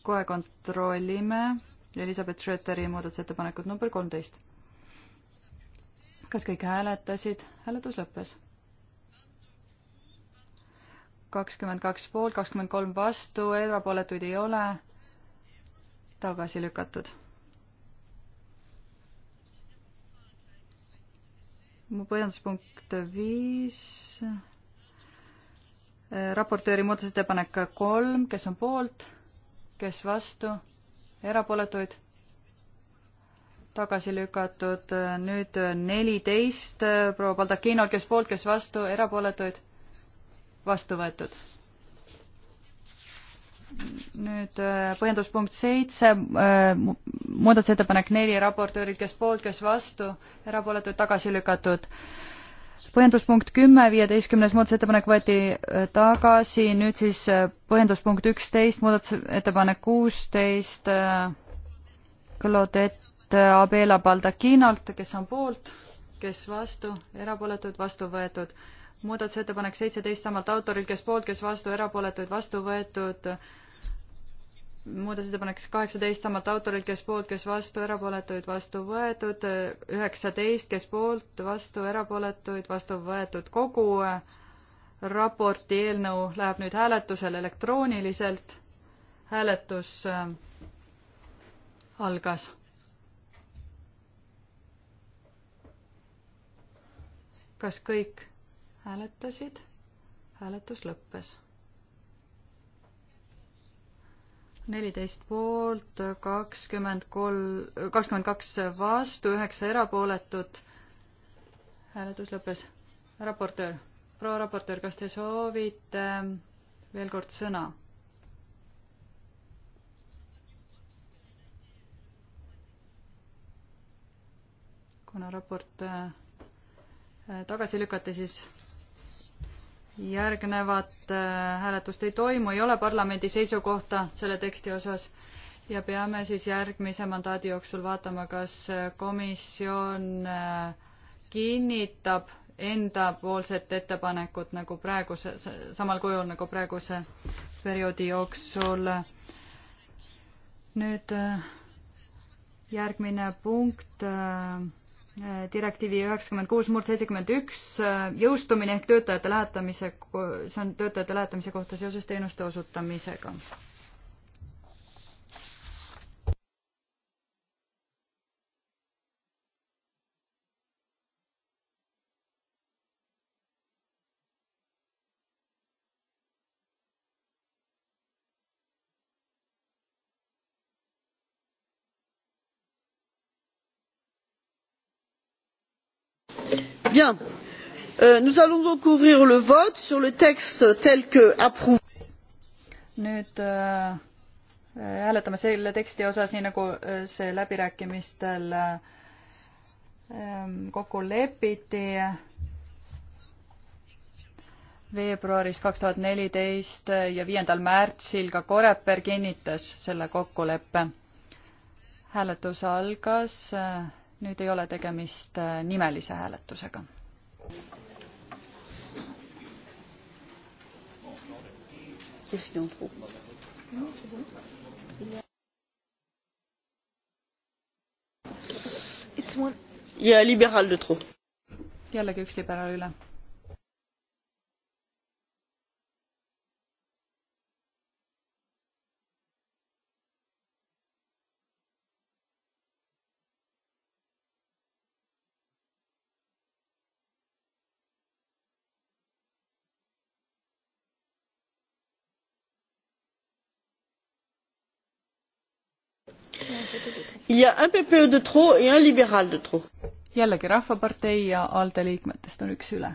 kohe kontrollime Elizabeth Schröderi muudatusettepanekut number kolmteist. kas kõik hääletasid? hääletus lõppes. kakskümmend kaks poolt, kakskümmend kolm vastu, erapooletuid ei ole. tagasi lükatud mu põhjenduspunkt viis, äh, raportööri muudatusettepanek kolm, kes on poolt, kes vastu, erapooletuid, tagasi lükatud, äh, nüüd neliteist, äh, proua Baldakinol, kes poolt, kes vastu, erapooletuid, vastu võetud nüüd äh, põhjenduspunkt seitse, äh, muudatusettepanek neli, raportöörid, kes poolt, kes vastu, erapooletuid tagasi lükatud. põhjenduspunkt kümme, viieteistkümnes muudatusettepanek võeti äh, tagasi, nüüd siis põhjenduspunkt üksteist, muudatusettepanek kuusteist, Claudette Abela Baldacinalt, kes on poolt, kes vastu, erapooletud, vastu võetud muudatusettepanek seitseteist samalt autorilt, kes poolt, kes vastu, erapooletuid vastu võetud. muudatusettepanek kaheksateist samalt autorilt, kes poolt, kes vastu, erapooletuid vastu võetud. üheksateist, kes poolt, vastu, erapooletuid vastu võetud. kogu raporti eelnõu läheb nüüd hääletusele elektrooniliselt. hääletus äh, algas kas kõik hääletasid, hääletus lõppes. neliteist poolt, kakskümmend kolm, kakskümmend kaks vastu, üheksa erapooletut. hääletus lõppes. raportöör, proua raportöör, kas te soovite veel kord sõna? kuna raport äh, tagasi lükati, siis järgnevat äh, hääletust ei toimu, ei ole parlamendi seisukohta selle teksti osas ja peame siis järgmise mandaadi jooksul vaatama, kas äh, komisjon äh, kinnitab endapoolset ettepanekut nagu praeguse, samal kujul nagu praeguse perioodi jooksul. nüüd järgmine punkt direktiivi üheksakümmend kuus murd seitsekümmend üks jõustumine ehk töötajate lähetamise, see on töötajate lähetamise kohta seoses teenuste osutamisega Bien. Euh, nous allons donc ouvrir le vote sur le texte tel que approuvé. nüüd äh, äh, hääletame äh, selle teksti osas nii nagu äh, see läbirääkimistel äh, kokku lepiti veebruaris kaks tuhat neliteist ja viiendal märtsil ka Koreper kinnitas selle kokkuleppe. hääletus algas äh, nüüd ei ole tegemist äh, nimelise hääletusega. Question pro. Non, c'est bon. Il y a... It's one. Il y a un libéral de trop. jällegi üks liberaal üle y a un PPE de trop et un libéral de trop. jällegi Rahvapartei ja ALDE liikmetest on üks üle.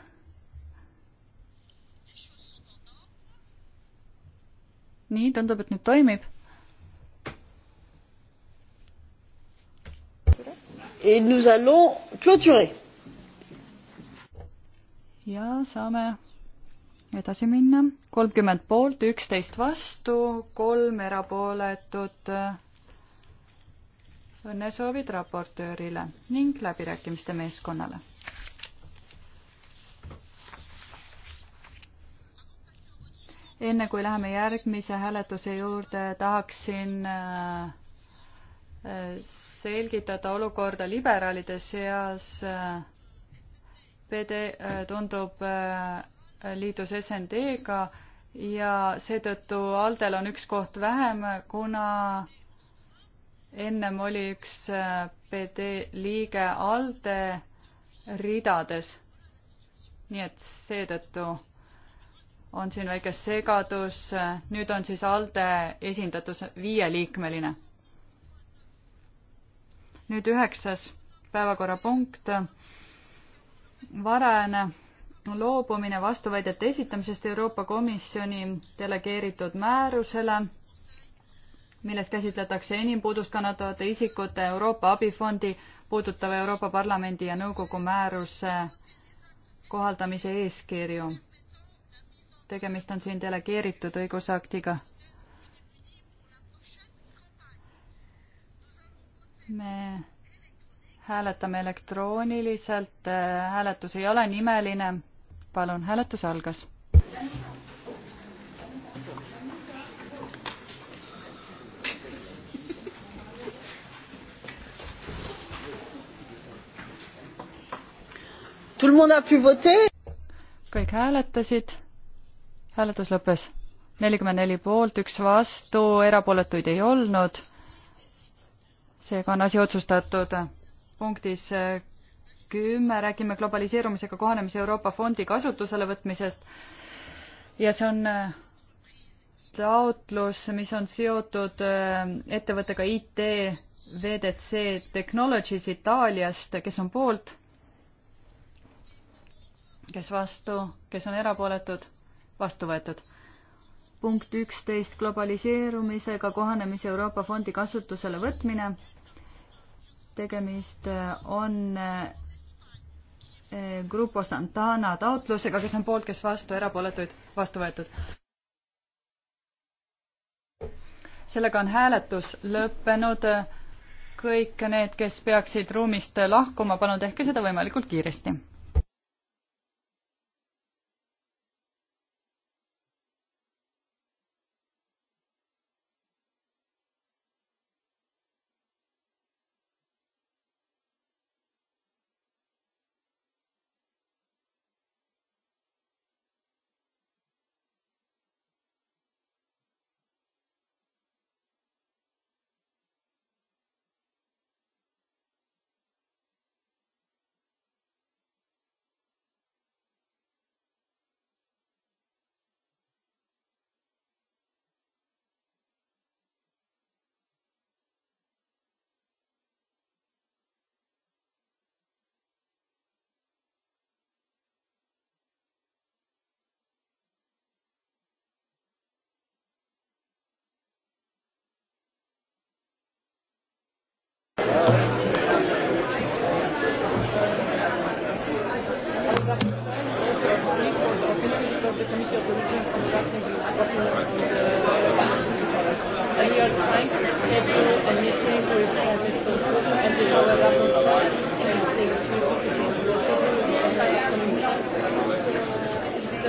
nii, tundub, et nüüd toimib. Et nous allons clôturer. ja saame edasi minna. kolmkümmend poolt, üksteist vastu, kolm erapooletut õnnesoovid raportöörile ning läbirääkimiste meeskonnale. enne kui läheme järgmise hääletuse juurde, tahaksin äh, äh, selgitada olukorda liberaalide seas. PD äh, tundub liidus SND-ga ja seetõttu Aldel on üks koht vähem, kuna ennem oli üks äh, PD liige ALDE ridades. nii et seetõttu on siin väike segadus, nüüd on siis ALDE esindatus viieliikmeline. nüüd üheksas päevakorrapunkt, varajane loobumine vastuväidete esitamisest Euroopa Komisjoni delegeeritud määrusele milles käsitletakse enim puudust kannatavate isikute Euroopa abifondi puudutava Euroopa Parlamendi ja Nõukogu määruse kohaldamise eeskirju. tegemist on siin delegeeritud õigusaktiga. me hääletame elektrooniliselt, hääletus ei ole nimeline. palun, hääletus algas. kõik hääletasid, hääletus lõppes nelikümmend neli poolt, üks vastu, erapooletuid ei olnud. seega on asi otsustatud. punktis eh, kümme räägime globaliseerumisega kohanemise Euroopa Fondi kasutusele võtmisest ja see on eh, taotlus, mis on seotud eh, ettevõttega IT VDC Technologies Itaaliast, kes on poolt kes vastu, kes on erapooletud, vastu võetud. punkt üksteist, globaliseerumisega kohanemise Euroopa Fondi kasutusele võtmine. tegemist eh, on eh, Grupo Santana taotlusega, kes on poolt, kes vastu, erapooletuid, vastu võetud. sellega on hääletus lõppenud. kõik need, kes peaksid ruumist lahkuma, palun tehke seda võimalikult kiiresti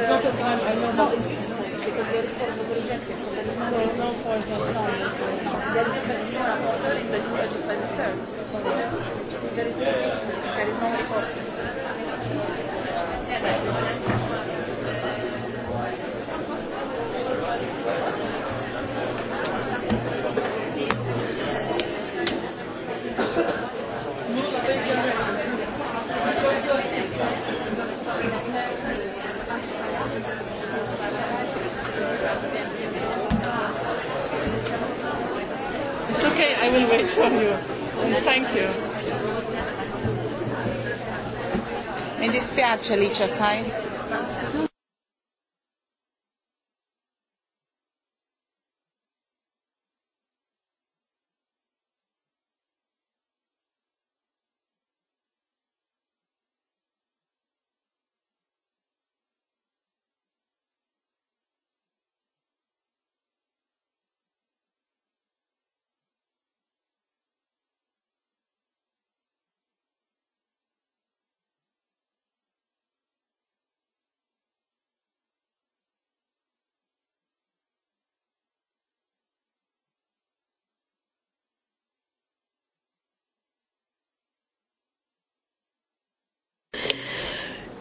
It's not a time. I know. No, it's useless because the report was rejected, so there is no, no point on trying. There is a new rapporteur in the new legislative term. There is it's useless. There is no report. Thank you. It's okay, I will wait for you. And thank you. Mi dispiace Licia, sai?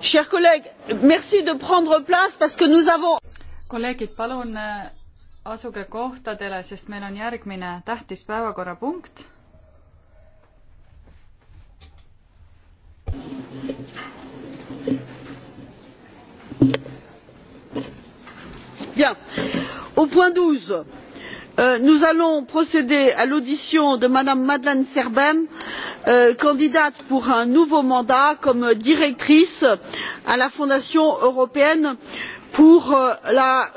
chers collègues merci de prendre place parce que nous avons. kolleegid palun äh, asuge kohtadele sest meil on järgmine tähtis päevakorrapunkt. Bien. Au point 12 Euh, nous allons procéder à l'audition de mme madeleine serben euh, candidate pour un nouveau mandat comme directrice à la fondation européenne pour euh, la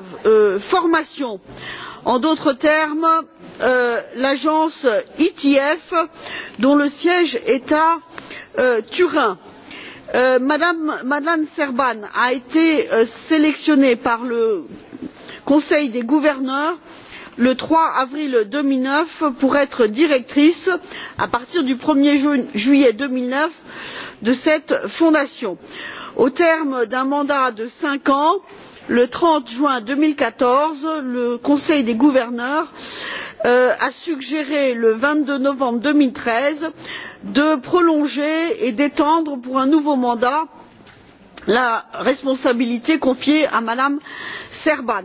formation en d'autres termes l'agence itf e dont le siège est à turin. mme madeleine serban a été sélectionnée par le conseil des gouverneurs le trois avril deux mille neuf pour être directrice à partir du un er juillet deux mille neuf de cette fondation. au terme d'un mandat de cinq ans le trente juin deux mille quatorze le conseil des gouverneurs euh, a suggéré le vingt deux novembre deux mille treize de prolonger et d'étendre pour un nouveau mandat la responsabilité confiée à mme serban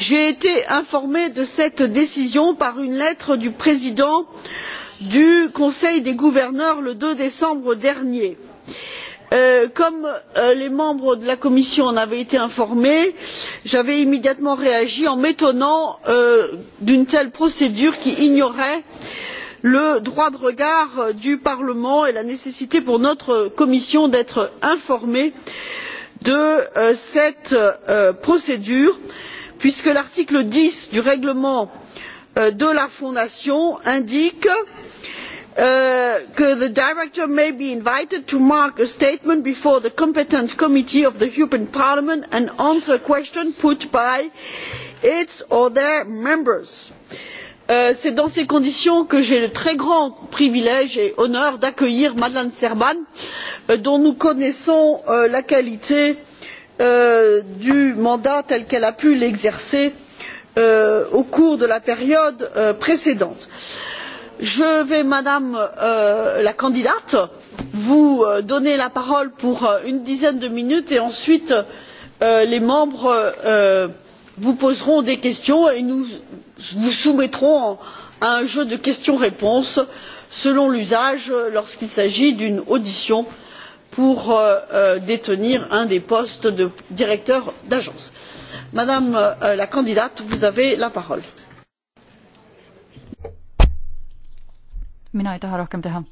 j'ai été informée de cette décision par une lettre du président du conseil des gouverneurs le deux décembre dernier. Euh, comme euh, les membres de la commission en avaient été informés j'avais immédiatement réagi en m'étonnant euh, d'une telle procédure qui ignorait le droit de regard du parlement et la nécessité pour notre commission d'être informée de cette procédure qui puisque l'article dix du règlement euh, de la fondation indique euh, que the director may be invited to make a statement before the competent committee of the european parliament and answer questions put by its or their members. Euh, c'est dans ces conditions que j'ai le très grand privilège et l'honneur d'accueillir madeleine serban dont nous connaissons la qualité Euh, du mandat tel qu'elle a pu l'exercer euh, au cours de la période euh, précédente. je vais madame la candidate vous donner la parole pour une dizaine de minutes et ensuite les membres vous poseront des questions et nous vous soumettrons à un jeu de questions réponses selon l'usage lorsqu'il s'agit d'une audition pour euh, euh, détenir un des postes de directeur d'agence. madame euh, la candidate vous avez la parole. mina ei taha rohkem teha.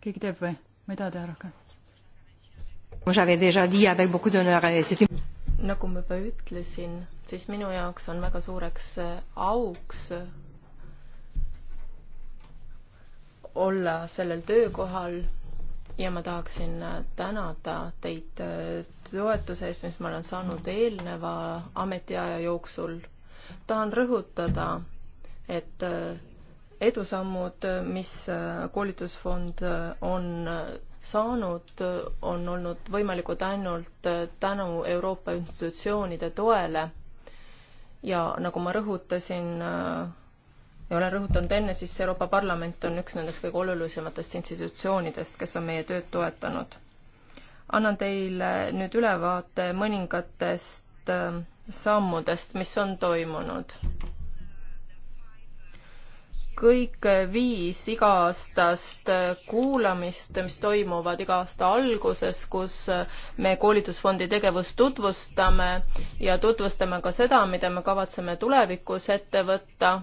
keegi teeb või? ma ei taha teha rohkem. nagu ma juba ütlesin, siis minu jaoks on väga suureks äh, auks olla sellel töökohal ja ma tahaksin tänada teid toetuse eest, mis ma olen saanud eelneva ametiaja jooksul. tahan rõhutada, et edusammud, mis koolitusfond on saanud, on olnud võimalikud ainult tänu Euroopa institutsioonide toele. ja nagu ma rõhutasin ja olen rõhutanud enne, siis Euroopa Parlament on üks nendest kõige olulisematest institutsioonidest, kes on meie tööd toetanud. annan teile nüüd ülevaate mõningatest ähm, sammudest, mis on toimunud. kõik viis iga-aastast äh, kuulamist, mis toimuvad iga aasta alguses, kus äh, me koolitusfondi tegevust tutvustame ja tutvustame ka seda, mida me kavatseme tulevikus ette võtta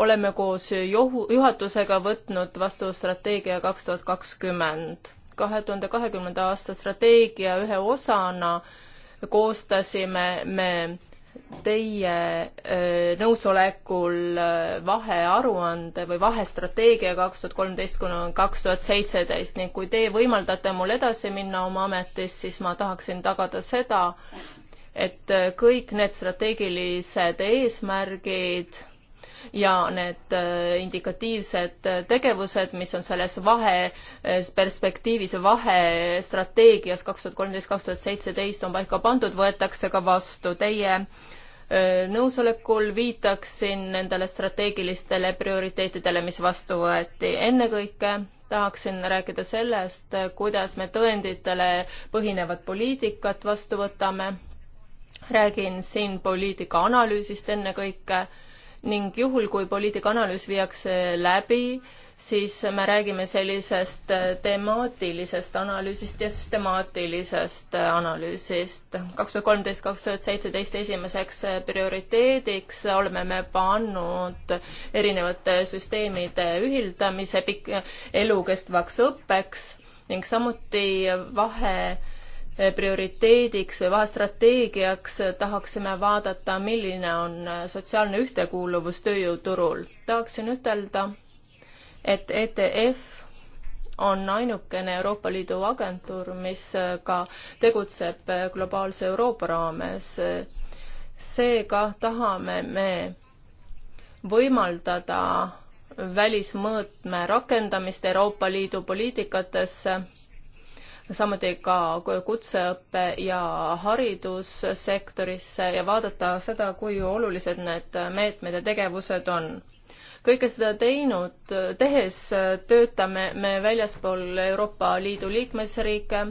oleme koos johu-, juhatusega võtnud vastu strateegia kaks tuhat kakskümmend. kahe tuhande kahekümnenda aasta strateegia ühe osana koostasime me teie nõusolekul vahearuande või vahestrateegia kaks tuhat kolmteist kuni kaks tuhat seitseteist ning kui teie võimaldate mul edasi minna oma ametis, siis ma tahaksin tagada seda, et kõik need strateegilised eesmärgid ja need äh, indikatiivsed tegevused, mis on selles vahe, äh, perspektiivis vahestrateegias kaks tuhat kolmteist, kaks tuhat seitseteist on paika pandud, võetakse ka vastu. Teie äh, nõusolekul viitaksin nendele strateegilistele prioriteetidele, mis vastu võeti. ennekõike tahaksin rääkida sellest, kuidas me tõenditele põhinevat poliitikat vastu võtame. räägin siin poliitika analüüsist ennekõike ning juhul, kui poliitikaanalüüs viiakse läbi, siis me räägime sellisest temaatilisest analüüsist ja süstemaatilisest analüüsist. kaks tuhat kolmteist, kaks tuhat seitseteist esimeseks prioriteediks oleme me pannud erinevate süsteemide ühildamise pikk, elukestvaks õppeks ning samuti vahe prioriteediks või vahestrateegiaks tahaksime vaadata, milline on sotsiaalne ühtekuuluvus tööjõuturul. tahaksin ütelda, et ETF on ainukene Euroopa Liidu agentuur, mis ka tegutseb globaalse Euroopa raames. seega tahame me võimaldada välismõõtme rakendamist Euroopa Liidu poliitikatesse samuti ka kutseõppe ja haridussektorisse ja vaadata seda, kui olulised need meetmed ja tegevused on kõike seda teinud, tehes töötame me väljaspool Euroopa Liidu liikmesriike,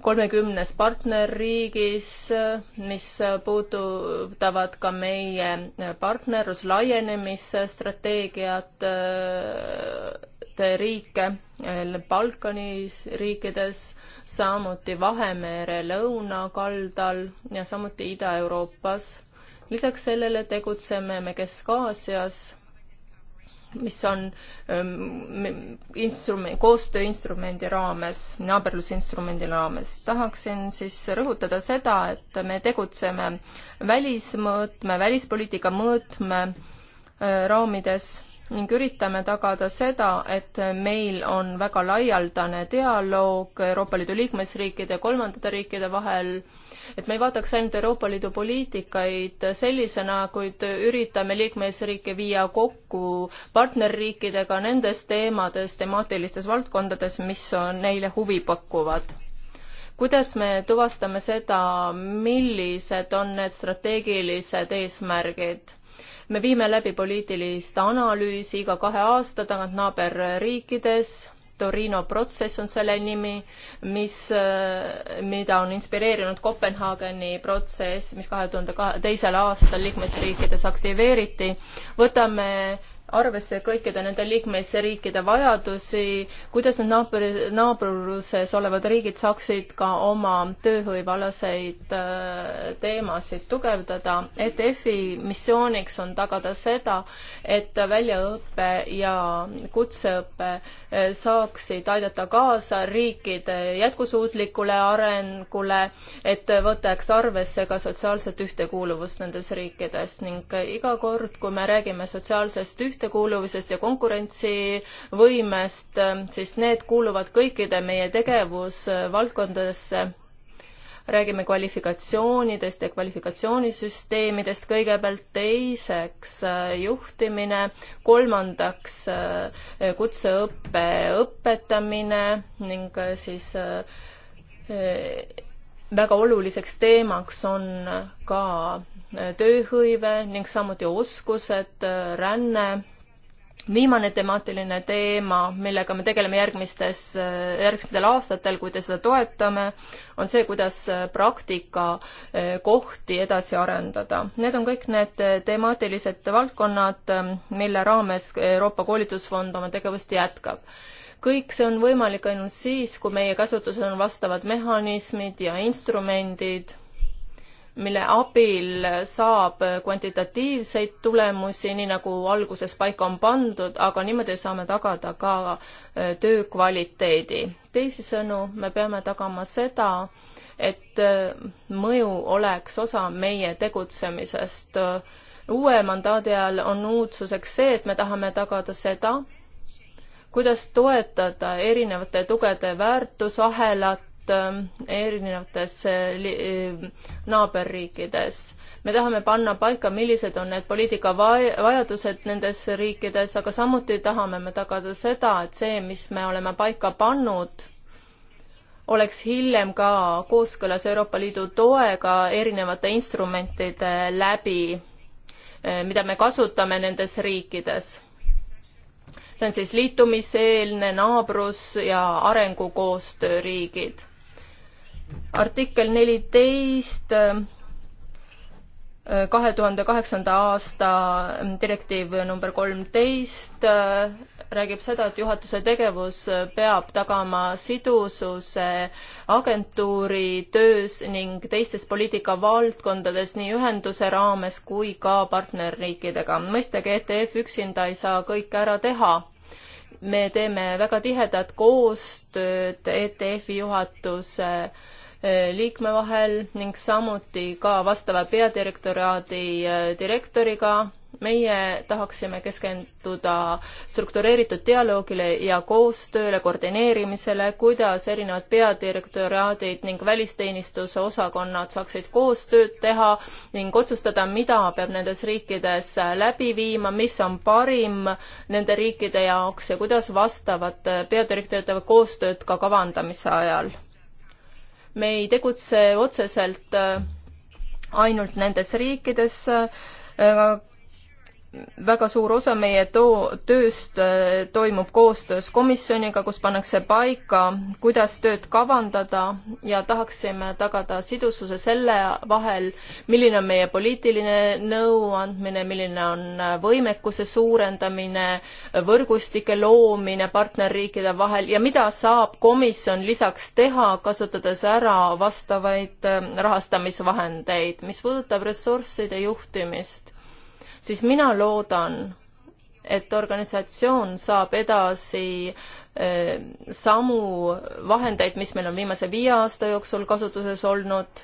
kolmekümnes partnerriigis, mis puudutavad ka meie partnerlus laienemisstrateegiat riike Balkanis riikides, samuti Vahemere lõunakaldal ja samuti Ida-Euroopas. lisaks sellele tegutseme me Kesk-Aasias, mis on ähm, instrument, koostööinstrumendi raames, naaberlusinstrumendi raames. tahaksin siis rõhutada seda, et me tegutseme välismõõtme, välispoliitika mõõtme äh, raamides ning üritame tagada seda, et meil on väga laialdane dialoog Euroopa Liidu liikmesriikide ja kolmandate riikide vahel, et me ei vaataks ainult Euroopa Liidu poliitikaid sellisena, kuid üritame liikmesriike viia kokku partnerriikidega nendes teemades, temaatilistes valdkondades, mis on neile huvi pakuvad kuidas me tuvastame seda, millised on need strateegilised eesmärgid? me viime läbi poliitilist analüüsi iga kahe aasta tagant naaberriikides. Torino protsess on selle nimi, mis, mida on inspireerinud Kopenhaageni protsess, mis kahe tuhande teisel aastal liikmesriikides aktiveeriti. võtame arvesse kõikide nende liikmesriikide vajadusi, kuidas need naabri, naabruses olevad riigid saaksid ka oma tööhõivealaseid äh, teemasid tugevdada. ETF-i missiooniks on tagada seda, et väljaõpe ja kutseõpe äh, saaksid aidata kaasa riikide jätkusuutlikule arengule, et võtaks arvesse ka sotsiaalset ühtekuuluvust nendes riikides ning iga kord, kui me räägime sotsiaalsest ühtekuuluvusest, ühtekuuluvusest ja konkurentsivõimest, siis need kuuluvad kõikide meie tegevusvaldkondadesse. räägime kvalifikatsioonidest ja kvalifikatsioonisüsteemidest kõigepealt, teiseks äh, juhtimine, kolmandaks äh, kutseõppe õpetamine ning äh, siis väga oluliseks teemaks on ka tööhõive ning samuti oskused, ränne viimane temaatiline teema, millega me tegeleme järgmistes, järgmistel aastatel, kui te seda toetame, on see, kuidas praktika eh, kohti edasi arendada. Need on kõik need temaatilised valdkonnad, mille raames Euroopa Koolitusfond oma tegevust jätkab kõik see on võimalik ainult siis, kui meie käsutuses on vastavad mehhanismid ja instrumendid mille abil saab kvantitatiivseid tulemusi, nii nagu alguses paika on pandud, aga niimoodi saame tagada ka äh, töö kvaliteedi. teisisõnu, me peame tagama seda, et äh, mõju oleks osa meie tegutsemisest. uue mandaadi ajal on uudsuseks see, et me tahame tagada seda, kuidas toetada erinevate tugede väärtusahelat, Ähm, erinevates äh, äh, naaberriikides. me tahame panna paika, millised on need poliitika vajadused nendes riikides, aga samuti tahame me tagada seda, et see, mis me oleme paika pannud, oleks hiljem ka kooskõlas Euroopa Liidu toega erinevate instrumentide läbi, äh, mida me kasutame nendes riikides see on siis liitumiseelne naabrus ja arengukoostööriigid artikkel neliteist äh, kahe tuhande kaheksanda aasta äh, direktiiv number kolmteist äh, räägib seda, et juhatuse tegevus peab tagama sidususe agentuuri töös ning teistes poliitikavaldkondades nii ühenduse raames kui ka partnerriikidega. mõistagi ETF e üksinda ei saa kõike ära teha me teeme väga tihedat koostööd ETF-i juhatuse äh, Eh, liikme vahel ning samuti ka vastava peadirektoraadi eh, direktoriga. meie tahaksime keskenduda struktureeritud dialoogile ja koostööle, koordineerimisele, kuidas erinevad peadirektoraadid ning välisteenistuse osakonnad saaksid koostööd teha ning otsustada, mida peab nendes riikides eh, läbi viima, mis on parim nende riikide jaoks ja kuidas vastavad peadirektorid teevad koostööd ka kavandamise ajal me ei tegutse otseselt äh, ainult nendes riikides, äh, väga suur osa meie too, tööst äh, toimub koostöös komisjoniga, kus pannakse paika, kuidas tööd kavandada ja tahaksime tagada sidususe selle vahel, milline on meie poliitiline nõuandmine, milline on äh, võimekuse suurendamine, võrgustike loomine partnerriikide vahel ja mida saab komisjon lisaks teha, kasutades ära vastavaid äh, rahastamisvahendeid. mis puudutab ressursside juhtimist siis mina loodan, et organisatsioon saab edasi eh, samu vahendeid, mis meil on viimase viie aasta jooksul kasutuses olnud,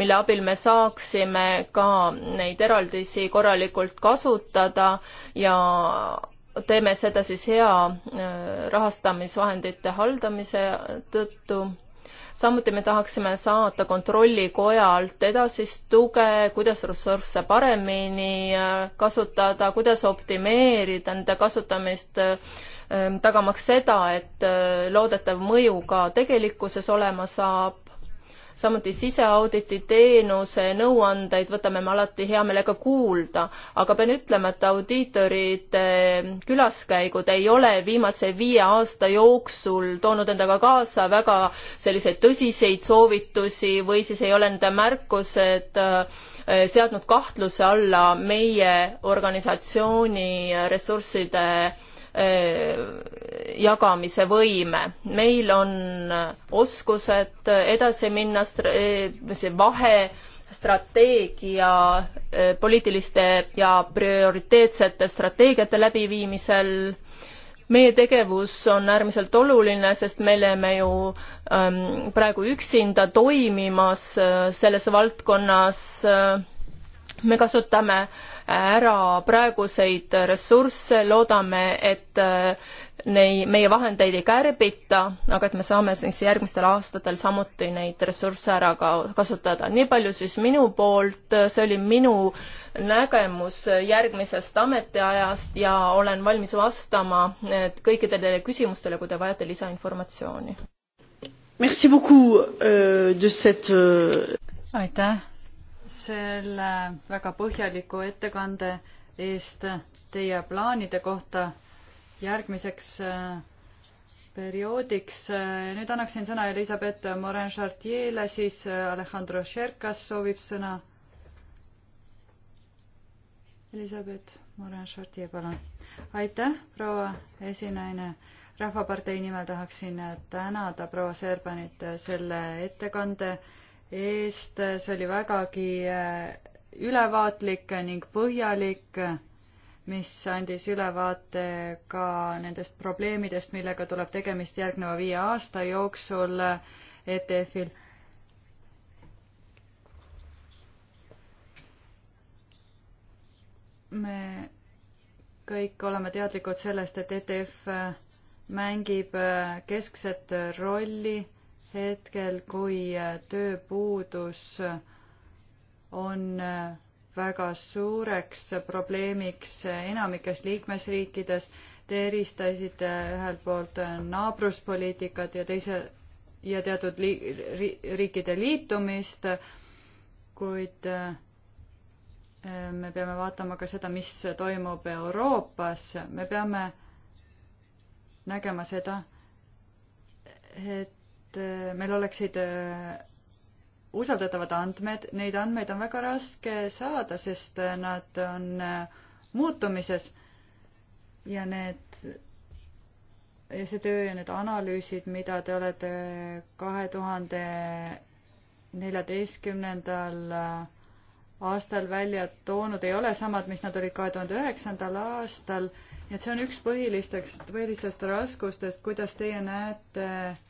mille abil me saaksime ka neid eraldisi korralikult kasutada ja teeme seda siis hea eh, rahastamisvahendite haldamise tõttu samuti me tahaksime saada Kontrollikojalt edasist tuge, kuidas ressursse paremini äh, kasutada, kuidas optimeerida nende kasutamist, äh, tagamaks seda, et äh, loodetav mõju ka tegelikkuses olema saab samuti siseauditi teenuse nõuandeid võtame me alati hea meelega kuulda, aga pean ütlema, et audiitorite külaskäigud ei ole viimase viie aasta jooksul toonud endaga kaasa väga selliseid tõsiseid soovitusi või siis ei ole nende märkused äh, seadnud kahtluse alla meie organisatsiooni ressursside Äh, jagamise võime. meil on oskused edasi minna, äh, see vahe strateegia, äh, poliitiliste ja prioriteetsete strateegiate läbiviimisel meie tegevus on äärmiselt oluline, sest me oleme ju ähm, praegu üksinda toimimas äh, selles valdkonnas äh,. me kasutame äh, ära praeguseid ressursse, loodame, et äh, nei-, meie vahendeid ei kärbita, aga et me saame siis järgmistel aastatel samuti neid ressursse ära ka kasutada. nii palju siis minu poolt, see oli minu nägemus järgmisest ametiajast ja olen valmis vastama äh, kõikidele küsimustele, kui te vajate lisainformatsiooni. Merci beaucoup euh, de cette euh... aitäh selle väga põhjaliku ettekande eest teie plaanide kohta järgmiseks äh, perioodiks. Äh, nüüd annaksin sõna Elizabeth Morin-Chartier'le, siis äh, Alejandro Šerkas soovib sõna. Elizabeth Morin-Chartier, palun. aitäh, proua esinaine rahvapartei nimel tahaksin tänada proua Serbanit selle ettekande eest, see oli vägagi äh, ülevaatlik ning põhjalik, mis andis ülevaate ka nendest probleemidest, millega tuleb tegemist järgneva viie aasta jooksul äh, ETF-il. me kõik oleme teadlikud sellest, et ETF äh, mängib keskset rolli hetkel, kui äh, tööpuudus äh, on äh, väga suureks probleemiks enamikes liikmesriikides. Te eristasite ühelt poolt naabruspoliitikat ja teise ja teatud li-, ri, riikide liitumist, kuid me peame vaatama ka seda, mis toimub Euroopas, me peame nägema seda, et et äh, meil oleksid äh, usaldatavad andmed, neid andmeid on väga raske saada, sest äh, nad on muutumises ja need ja see töö ja need analüüsid, mida te olete kahe tuhande neljateistkümnendal aastal välja toonud, ei ole samad, mis nad olid kahe tuhande üheksandal aastal. nii et see on üks põhilistest, põhilistest raskustest, kuidas teie näete äh,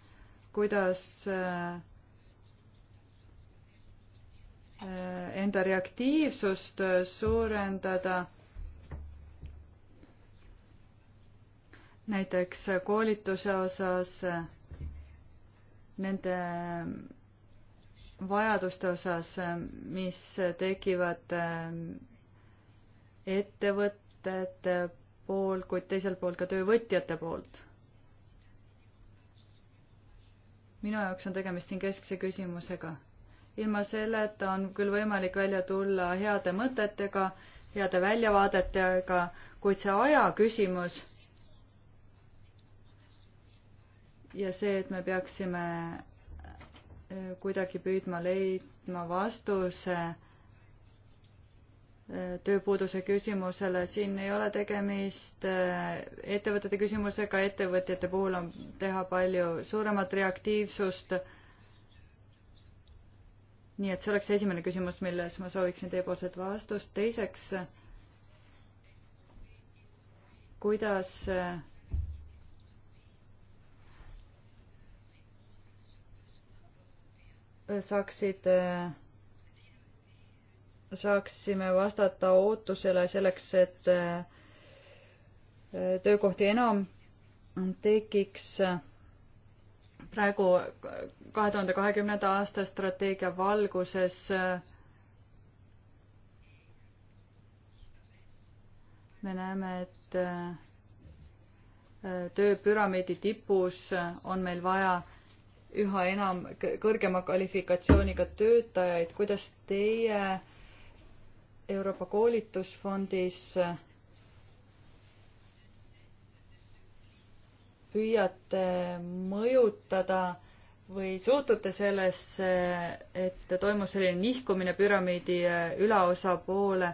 kuidas äh, enda reaktiivsust äh, suurendada. näiteks koolituse osas, äh, nende vajaduste osas, mis tekivad ettevõtete pool, kuid teiselt poolt ka töövõtjate poolt minu jaoks on tegemist siin keskse küsimusega. ilma selleta on küll võimalik välja tulla heade mõtetega, heade väljavaadetega, kuid see aja küsimus ja see, et me peaksime eh, kuidagi püüdma leidma vastuse tööpuuduse küsimusele, siin ei ole tegemist äh, ettevõtete küsimusega, ettevõtjate puhul on teha palju suuremat reaktiivsust. nii et see oleks esimene küsimus, milles ma sooviksin teiepoolset vastust. teiseks, kuidas äh, saaksid äh, saaksime vastata ootusele selleks, et äh, töökohti enam tekiks. praegu kahe tuhande kahekümnenda aasta strateegia valguses äh, me näeme, et äh, tööpüramiidi tipus on meil vaja üha enam kõrgema kvalifikatsiooniga töötajaid. kuidas teie Euroopa koolitusfondis püüate mõjutada või suhtute sellesse, et toimus selline nihkumine püramiidi äh, ülaosa poole?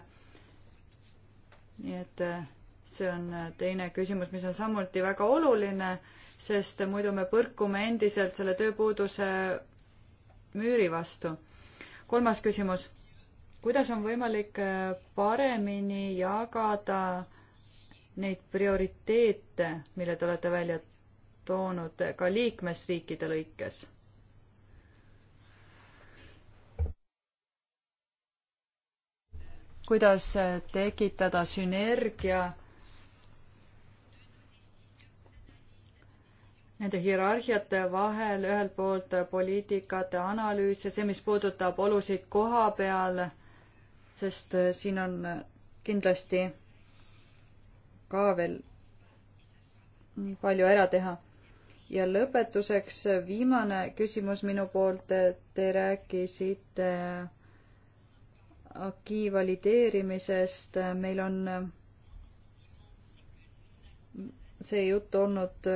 nii et äh, see on äh, teine küsimus, mis on samuti väga oluline, sest muidu me põrkume endiselt selle tööpuuduse müüri vastu. kolmas küsimus kuidas on võimalik äh, paremini jagada neid prioriteete, mille te olete välja toonud äh, ka liikmesriikide lõikes? kuidas äh, tekitada sünergia nende hierarhiate vahel, ühelt poolt poliitikate analüüs ja see, mis puudutab olusid koha peal sest äh, siin on äh, kindlasti ka veel palju ära teha. ja lõpetuseks äh, viimane küsimus minu poolt. Te rääkisite AKI valideerimisest. meil on see jutt olnud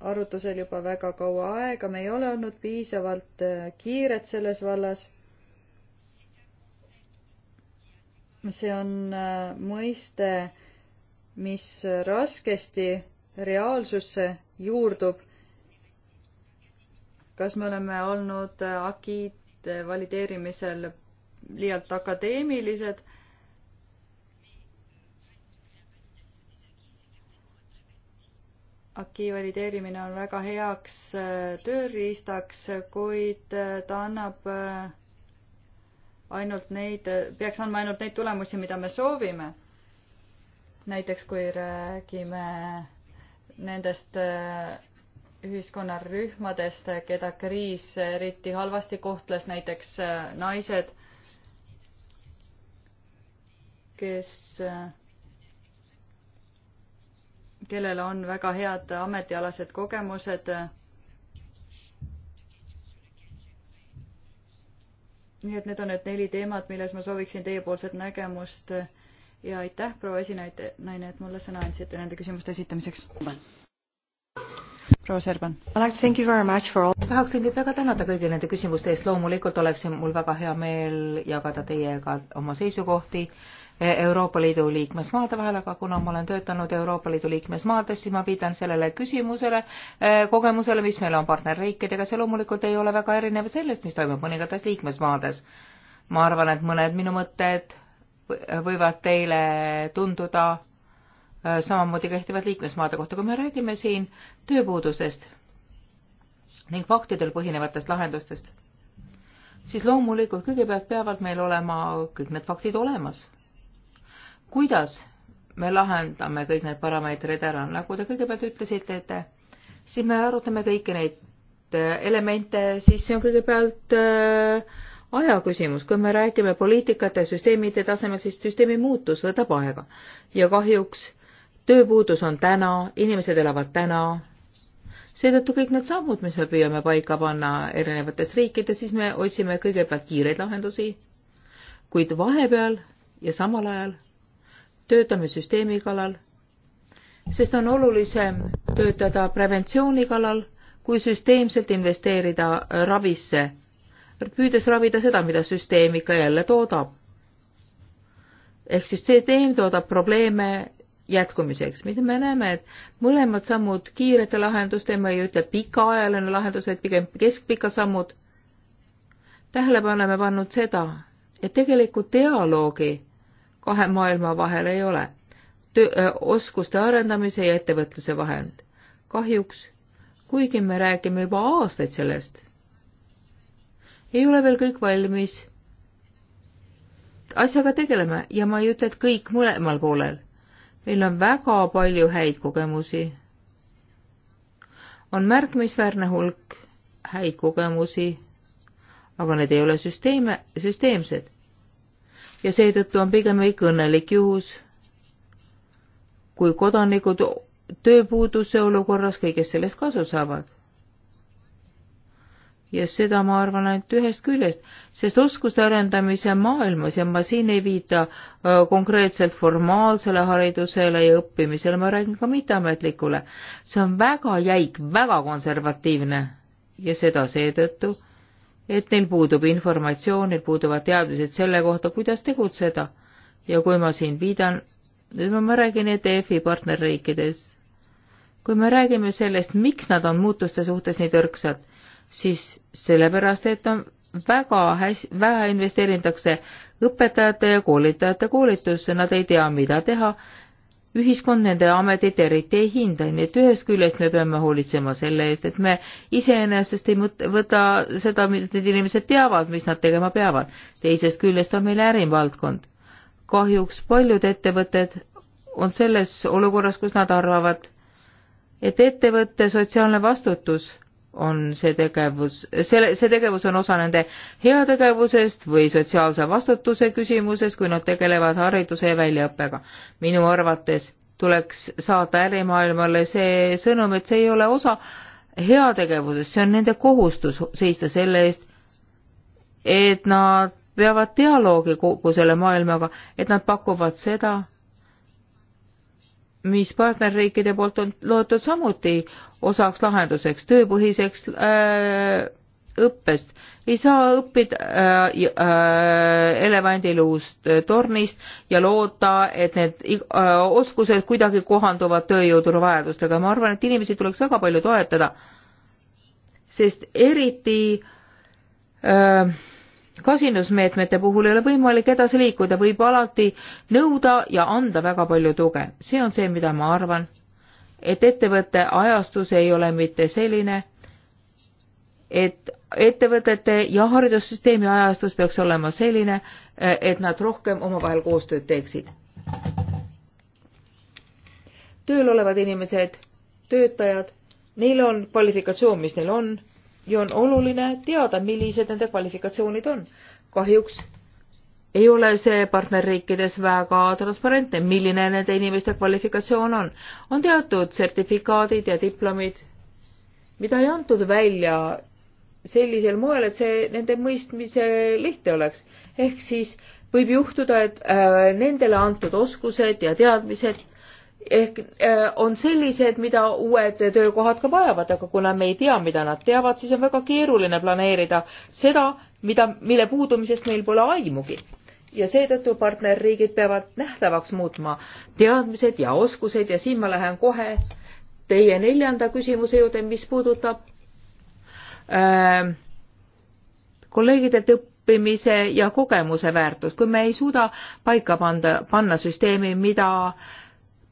arutusel juba väga kaua aega, me ei ole olnud piisavalt kiired selles vallas see on äh, mõiste, mis raskesti reaalsusse juurdub. kas me oleme olnud äh, akiid äh, valideerimisel liialt akadeemilised? aki valideerimine on väga heaks tööriistaks, kuid ta annab ainult neid, peaks andma ainult neid tulemusi, mida me soovime. näiteks kui räägime nendest äh, ühiskonnarühmadest, keda kriis eriti halvasti kohtles, näiteks äh, naised, kes, äh, kellel on väga head ametialased kogemused nii et need on need neli teemat, milles ma sooviksin teiepoolset nägemust ja aitäh, proua esinaine, naine, et mulle sõna andsite nende küsimuste esitamiseks. proua Serban. tahaksin teid väga tänada kõigi nende küsimuste eest, loomulikult oleks mul väga hea meel jagada teiega oma seisukohti äh, Euroopa Liidu liikmesmaade vahel, aga kuna ma olen töötanud Euroopa Liidu liikmesmaades, siis ma viitan sellele küsimusele, eh, kogemusele, mis meil on partnerriikidega, see loomulikult ei ole väga erinev sellest, mis toimub mõningates liikmesmaades. ma arvan, et mõned minu mõtted võivad teile tunduda eh, samamoodi kehtivad liikmesmaade kohta, kui me räägime siin tööpuudusest ning faktidel põhinevatest lahendustest, siis loomulikult kõigepealt peavad meil olema kõik need faktid olemas kuidas me lahendame kõik need parameetrid ära, nagu te kõigepealt ütlesite, et siis me arutame kõiki neid äh, elemente, siis see on kõigepealt äh, aja küsimus, kui me räägime poliitikate, süsteemide tasemel, siis süsteemi muutus võtab aega ja kahjuks tööpuudus on täna, inimesed elavad täna, seetõttu kõik need sammud, mis me püüame paika panna erinevates riikides, siis me otsime kõigepealt kiireid lahendusi, kuid vahepeal ja samal ajal töötame süsteemi kallal, sest on olulisem töötada preventsiooni kallal kui süsteemselt investeerida ravisse, püüdes ravida seda, mida süsteem ikka jälle toodab. ehk siis süsteem toodab probleeme jätkumiseks, mida me näeme, et mõlemad sammud, kiirete lahenduste, ma ei ütle pikaajaline lahendus, vaid pigem keskpikad sammud, tähele paneme pannud seda, et tegelikult dialoogi kahe maailma vahel ei ole. oskuste arendamise ja ettevõtluse vahend. kahjuks, kuigi me räägime juba aastaid sellest, ei ole veel kõik valmis. asjaga tegeleme ja ma ei ütle, et kõik mõlemal poolel. meil on väga palju häid kogemusi. on märkimisväärne hulk häid kogemusi, aga need ei ole süsteeme, süsteemsed ja seetõttu on pigem kõik õnnelik juhus, kui kodanikud tööpuuduse olukorras kõigest sellest kasu saavad. ja seda ma arvan ainult ühest küljest, sest oskuste arendamise maailmas ja ma siin ei viita äh, konkreetselt formaalsele haridusele ja õppimisele, ma räägin ka mitteametlikule, see on väga jäik, väga konservatiivne ja seda seetõttu et neil puudub informatsioon, neil puuduvad teadmised selle kohta, kuidas tegutseda. ja kui ma siin viidan, nüüd ma räägin ETF-i partnerriikides. kui me räägime sellest, miks nad on muutuste suhtes nii tõrksad, siis sellepärast, et on väga hästi, vähe investeeritakse õpetajate ja koolitajate koolitusse, nad ei tea, mida teha ühiskond nende ameteid eriti ei hinda, nii et ühest küljest me peame hoolitsema selle eest, et me iseenesest ei mõt-, võta seda, mida need inimesed teavad, mis nad tegema peavad. teisest küljest on meil ärivaldkond. kahjuks paljud ettevõtted on selles olukorras, kus nad arvavad, et ettevõtte sotsiaalne vastutus on see tegevus, selle, see tegevus on osa nende heategevusest või sotsiaalse vastutuse küsimusest, kui nad tegelevad hariduse ja väljaõppega. minu arvates tuleks saada ärimaailmale see sõnum, et see ei ole osa heategevusest, see on nende kohustus seista selle eest, et nad peavad dialoogi kogu selle maailmaga, et nad pakuvad seda, mis partnerriikide poolt on loetud samuti osaks lahenduseks, tööpõhiseks äh, õppest. ei saa õppida äh, äh, elevandiluust äh, tornist ja loota, et need äh, oskused kuidagi kohanduvad tööjõuturu vajadustega. ma arvan, et inimesi tuleks väga palju toetada, sest eriti äh, kasinusmeetmete puhul ei ole võimalik edasi liikuda, võib alati nõuda ja anda väga palju tuge. see on see, mida ma arvan, et ettevõtte ajastus ei ole mitte selline, et ettevõtete ja haridussüsteemi ajastus peaks olema selline, et nad rohkem omavahel koostööd teeksid. tööl olevad inimesed, töötajad, neil on kvalifikatsioon, mis neil on ja on oluline teada, millised nende kvalifikatsioonid on. kahjuks ei ole see partnerriikides väga transparentne, milline nende inimeste kvalifikatsioon on. on teatud sertifikaadid ja diplomid, mida ei antud välja sellisel moel, et see nende mõistmise lihtne oleks. ehk siis võib juhtuda, et äh, nendele antud oskused ja teadmised ehk äh, on sellised, mida uued töökohad ka vajavad, aga kuna me ei tea, mida nad teavad, siis on väga keeruline planeerida seda, mida, mille puudumisest meil pole aimugi. ja seetõttu partnerriigid peavad nähtavaks muutma teadmised ja oskused ja siin ma lähen kohe teie neljanda küsimuse juurde, mis puudutab äh, kolleegidelt õppimise ja kogemuse väärtust, kui me ei suuda paika panda, panna süsteemi, mida äh,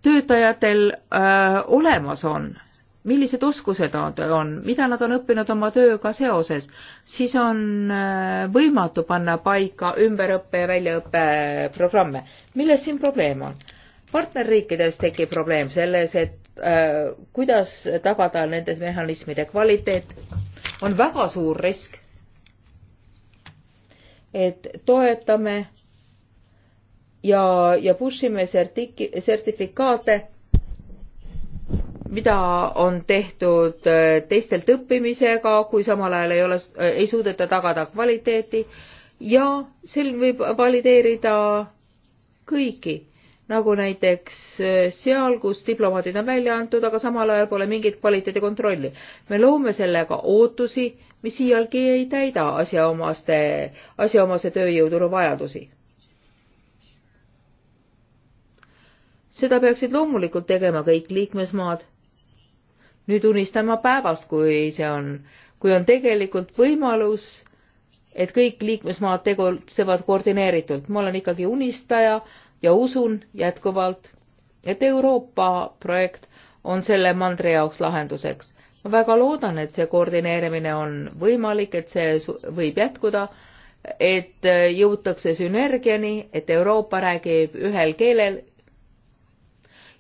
töötajatel öö, äh, olemas on, millised oskused nad on, mida nad on õppinud oma tööga seoses, siis on öö, äh, võimatu panna paika ümberõppe ja väljaõppeprogramme. milles siin probleem on? partnerriikides tekib probleem selles, et öö, äh, kuidas tagada nendes mehhanismide kvaliteet, on väga suur risk, et toetame ja, ja push ime sertiki-, sertifikaate, mida on tehtud äh, teistelt õppimisega, kui samal ajal ei ole, äh, ei suudeta tagada kvaliteeti ja siin võib valideerida kõiki, nagu näiteks äh, seal, kus diplomaadid on välja antud, aga samal ajal pole mingit kvaliteedikontrolli. me loome sellega ootusi, mis iialgi ei täida asjaomaste, asjaomase tööjõuturu vajadusi seda peaksid loomulikult tegema kõik liikmesmaad. nüüd unistama päevast, kui see on, kui on tegelikult võimalus, et kõik liikmesmaad tegutsevad koordineeritult. ma olen ikkagi unistaja ja usun jätkuvalt, et Euroopa projekt on selle mandri jaoks lahenduseks. ma väga loodan, et see koordineerimine on võimalik, et see võib jätkuda, et jõutakse sünergiani, et Euroopa räägib ühel keelel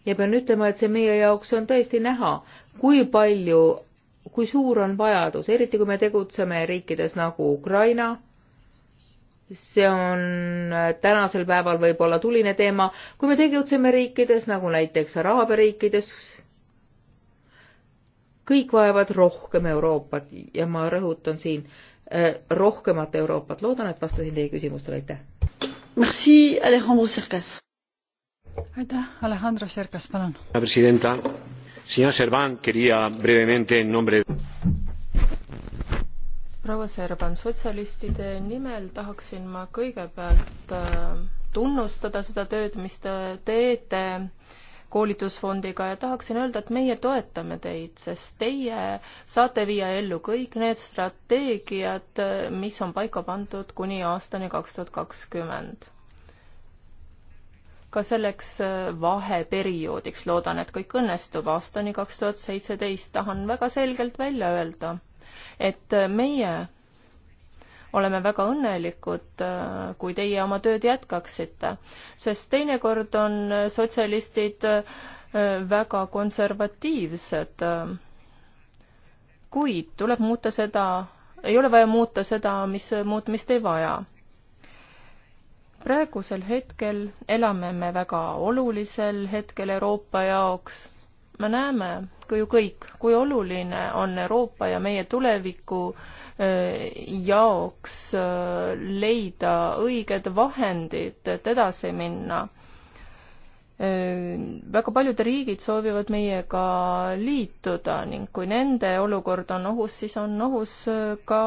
ja pean ütlema, et see meie jaoks on tõesti näha, kui palju, kui suur on vajadus, eriti kui me tegutseme riikides nagu Ukraina, see on äh, tänasel päeval võib-olla tuline teema, kui me tegutseme riikides nagu näiteks Araabia riikides, kõik vajavad rohkem Euroopat ja ma rõhutan siin eh, rohkemat Euroopat. loodan, et vastasin teie küsimustele, aitäh! Merci, Alejandro Serkas aitäh, Alejandro Serkas, palun. presidenta, senor Servan, quería brevemente en nombre proua Serban, sotsialistide nimel tahaksin ma kõigepealt äh, tunnustada seda tööd, mis te teete koolitusfondiga ja tahaksin öelda, et meie toetame teid, sest teie saate viia ellu kõik need strateegiad, äh, mis on paika pandud kuni aastani kaks tuhat kakskümmend ka selleks äh, vaheperioodiks. loodan, et kõik õnnestub. aastani kaks tuhat seitseteist tahan väga selgelt välja öelda, et äh, meie oleme väga õnnelikud, äh, kui teie oma tööd jätkaksite, sest teinekord on sotsialistid väga konservatiivsed. kuid tuleb muuta seda, ei ole vaja muuta seda, mis muutmist ei vaja praegusel hetkel elame me väga olulisel hetkel Euroopa jaoks. me näeme ka ju kõik, kui oluline on Euroopa ja meie tuleviku jaoks leida õiged vahendid, et edasi minna. väga paljud riigid soovivad meiega liituda ning kui nende olukord on ohus, siis on ohus ka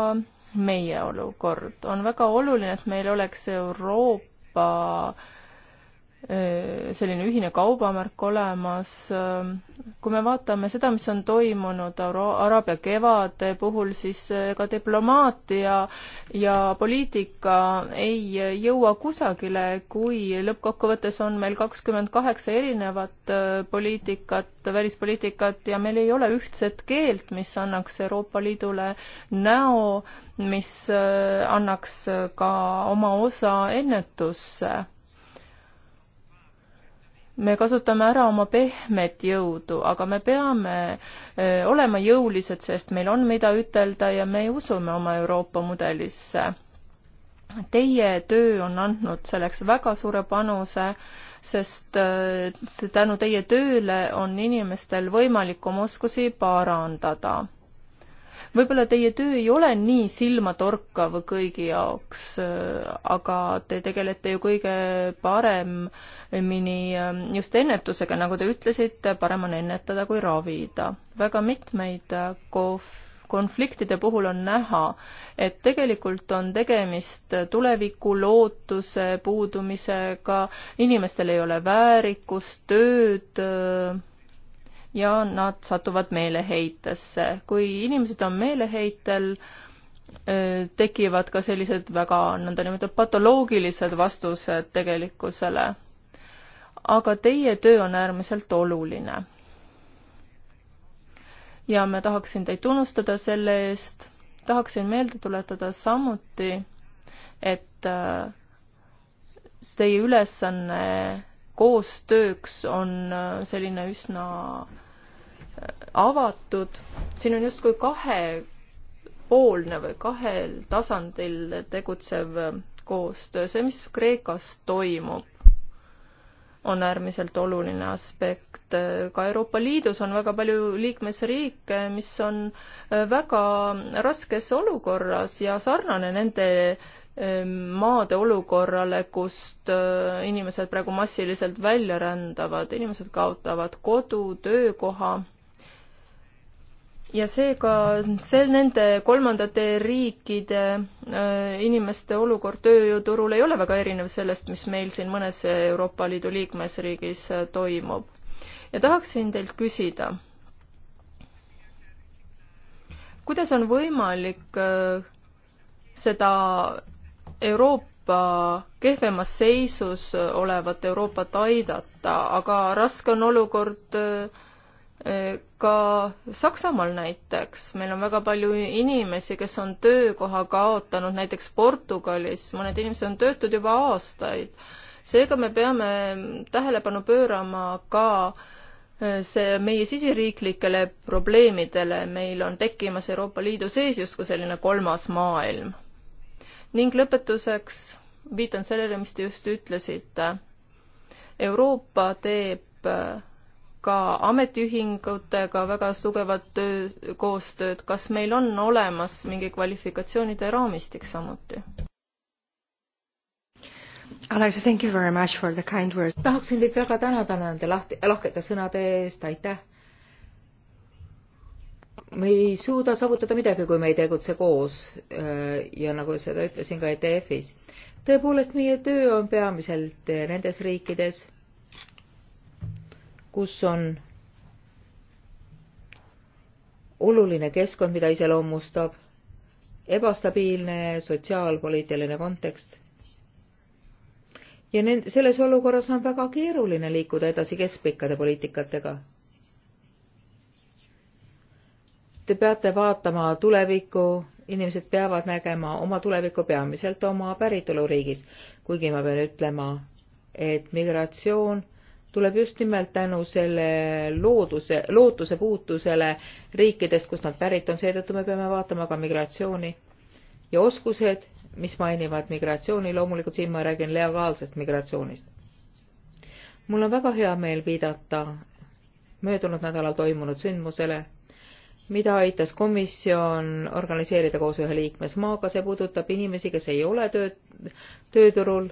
meie olukord. on väga oluline, et meil oleks Euroopa Äh, selline ühine kaubamärk olemas. Äh, kui me vaatame seda, mis on toimunud Araabia kevade puhul, siis ega äh, diplomaatia ja poliitika ei jõua kusagile, kui lõppkokkuvõttes on meil kakskümmend kaheksa erinevat poliitikat, välispoliitikat ja meil ei ole ühtset keelt, mis annaks Euroopa Liidule näo, mis annaks ka oma osa ennetusse me kasutame ära oma pehmet jõudu, aga me peame e, olema jõulised, sest meil on, mida ütelda ja me usume oma Euroopa mudelisse. Teie töö on andnud selleks väga suure panuse, sest e, tänu teie tööle on inimestel võimalik oma oskusi parandada võib-olla teie töö ei ole nii silmatorkav kõigi jaoks, aga te tegelete ju kõige paremini ähm, just ennetusega, nagu te ütlesite, parem on ennetada kui ravida. väga mitmeid äh, kohv-, konfliktide puhul on näha, et tegelikult on tegemist tuleviku lootuse puudumisega, inimestel ei ole väärikust, tööd äh, ja nad satuvad meeleheitesse. kui inimesed on meeleheitel, tekivad ka sellised väga nõndanimetatud patoloogilised vastused tegelikkusele. aga teie töö on äärmiselt oluline. ja ma tahaksin teid tunnustada selle eest, tahaksin meelde tuletada samuti, et teie ülesanne koostööks on selline üsna avatud, siin on justkui kahepoolne või kahel tasandil tegutsev koostöö, see, mis Kreekas toimub, on äärmiselt oluline aspekt. ka Euroopa Liidus on väga palju liikmesriike, mis on väga raskes olukorras ja sarnane nende ehm, maade olukorrale, kust ehm, inimesed praegu massiliselt välja rändavad, inimesed kaotavad kodu, töökoha ja seega see nende kolmandate riikide äh, inimeste olukord tööjõuturul ei ole väga erinev sellest, mis meil siin mõnes Euroopa Liidu liikmesriigis äh, toimub. ja tahaksin teilt küsida, kuidas on võimalik äh, seda Euroopa Euroopa kehvemas seisus olevat Euroopat aidata, aga raske on olukord äh, ka Saksamaal näiteks, meil on väga palju inimesi, kes on töökoha kaotanud, näiteks Portugalis, mõned inimesed on töötud juba aastaid. seega me peame tähelepanu pöörama ka eh, see meie siseriiklikele probleemidele, meil on tekkimas Euroopa Liidu sees justkui selline kolmas maailm. ning lõpetuseks viitan sellele, mis te just ütlesite. Euroopa teeb eh, ka ametiühingutega väga tugevat koostööd, kas meil on olemas mingi kvalifikatsioonide raamistik samuti? Alex, thank you very much for the kind words. tahaksin teid väga tänada nende lahti, lahkete sõnade eest, aitäh. me ei suuda saavutada midagi, kui me ei tegutse koos äh, ja nagu seda ütlesin ka ETF-is. tõepoolest, meie töö on peamiselt äh, nendes riikides kus on oluline keskkond, mida iseloomustab ebastabiilne sotsiaalpoliitiline kontekst. ja nend-, selles olukorras on väga keeruline liikuda edasi keskpikkade poliitikatega. Te peate vaatama tulevikku, inimesed peavad nägema oma tulevikku peamiselt oma päritoluriigis, kuigi ma pean ütlema, et migratsioon tuleb just nimelt tänu selle looduse, lootuse puutusele riikidest, kust nad pärit on, seetõttu me peame vaatama ka migratsiooni ja oskused, mis mainivad migratsiooni, loomulikult siin ma räägin legaalsest migratsioonist. mul on väga hea meel viidata möödunud nädalal toimunud sündmusele, mida aitas komisjon organiseerida koos ühe liikmesmaaga, see puudutab inimesi, kes ei ole töö, tööturul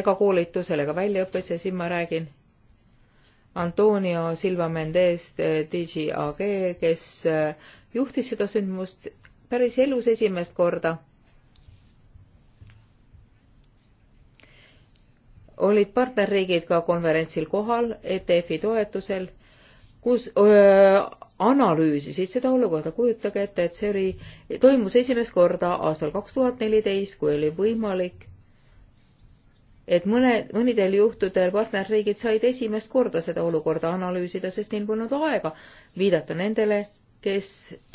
ega koolitusel ega väljaõppes ja siin ma räägin Antonio Silva Mendez eh, DG AG, kes eh, juhtis seda sündmust päris elus esimest korda. olid partnerriigid ka konverentsil kohal ETF-i toetusel, kus öö, eh, analüüsisid seda olukorda, kujutage ette, et see oli, toimus esimest korda aastal kaks tuhat neliteist, kui oli võimalik et mõne, mõnidel juhtudel partnerriigid said esimest korda seda olukorda analüüsida, sest neil polnud aega viidata nendele, kes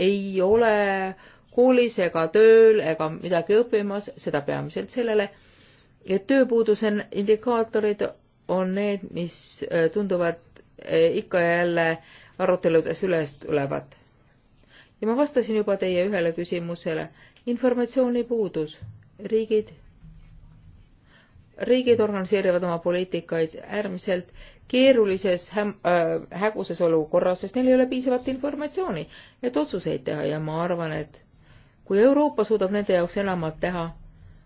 ei ole koolis ega tööl ega midagi õppimas, seda peamiselt sellele, et tööpuuduse indikaatorid on need, mis äh, tunduvad äh, ikka ja jälle aruteludes üles tulevat. ja ma vastasin juba teie ühele küsimusele, informatsiooni puudus, riigid riigid organiseerivad oma poliitikaid äärmiselt keerulises häm- äh,, häguses olukorras, sest neil ei ole piisavat informatsiooni, et otsuseid teha ja ma arvan, et kui Euroopa suudab nende jaoks enamat teha,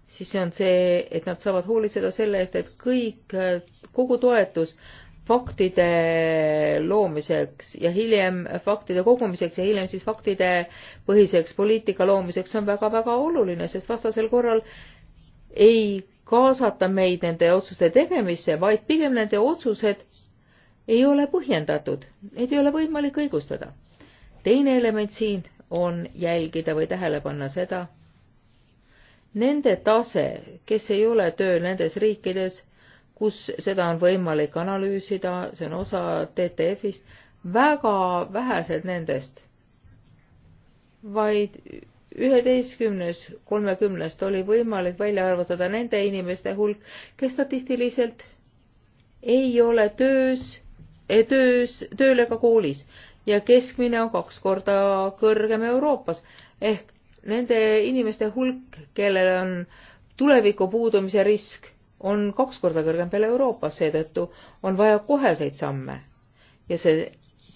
siis see on see, et nad saavad hoolitseda selle eest, et kõik, äh, kogu toetus faktide loomiseks ja hiljem faktide kogumiseks ja hiljem siis faktide põhiseks poliitika loomiseks on väga-väga oluline, sest vastasel korral ei kaasata meid nende otsuste tegemisse, vaid pigem nende otsused ei ole põhjendatud, neid ei ole võimalik õigustada. teine element siin on jälgida või tähele panna seda, nende tase, kes ei ole tööl nendes riikides, kus seda on võimalik analüüsida, see on osa TTF-ist, väga vähesed nendest, vaid üheteistkümnes kolmekümnest oli võimalik välja arvutada nende inimeste hulk, kes statistiliselt ei ole töös, eh, töös, tööl ega koolis ja keskmine on kaks korda kõrgem Euroopas ehk nende inimeste hulk, kellel on tuleviku puudumise risk, on kaks korda kõrgem peale Euroopas, seetõttu on vaja koheseid samme ja see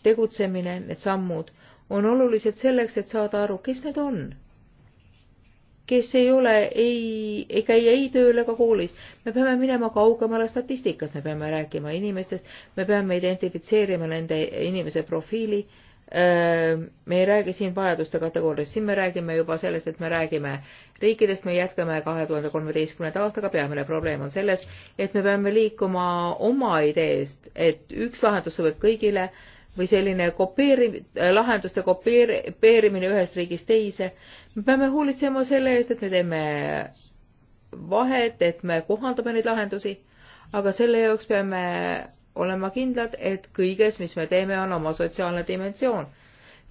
tegutsemine, need sammud on olulised selleks, et saada aru, kes need on kes ei ole ei, ei käi ei tööl ega koolis. me peame minema kaugemale statistikas, me peame rääkima inimestest, me peame identifitseerima nende inimese profiili. me ei räägi siin vajaduste kategooriast, siin me räägime juba sellest, et me räägime riikidest, me jätkame kahe tuhande kolmeteistkümnenda aastaga, peamine probleem on selles, et me peame liikuma oma ideest, et üks lahendus sobib kõigile äh, või selline kopeeri-, lahenduste kopeerimine ühest riigist teise. me peame hoolitsema selle eest, et me teeme vahet, et me kohandame neid lahendusi, aga selle jaoks peame olema kindlad, et kõiges, mis me teeme, on oma sotsiaalne dimensioon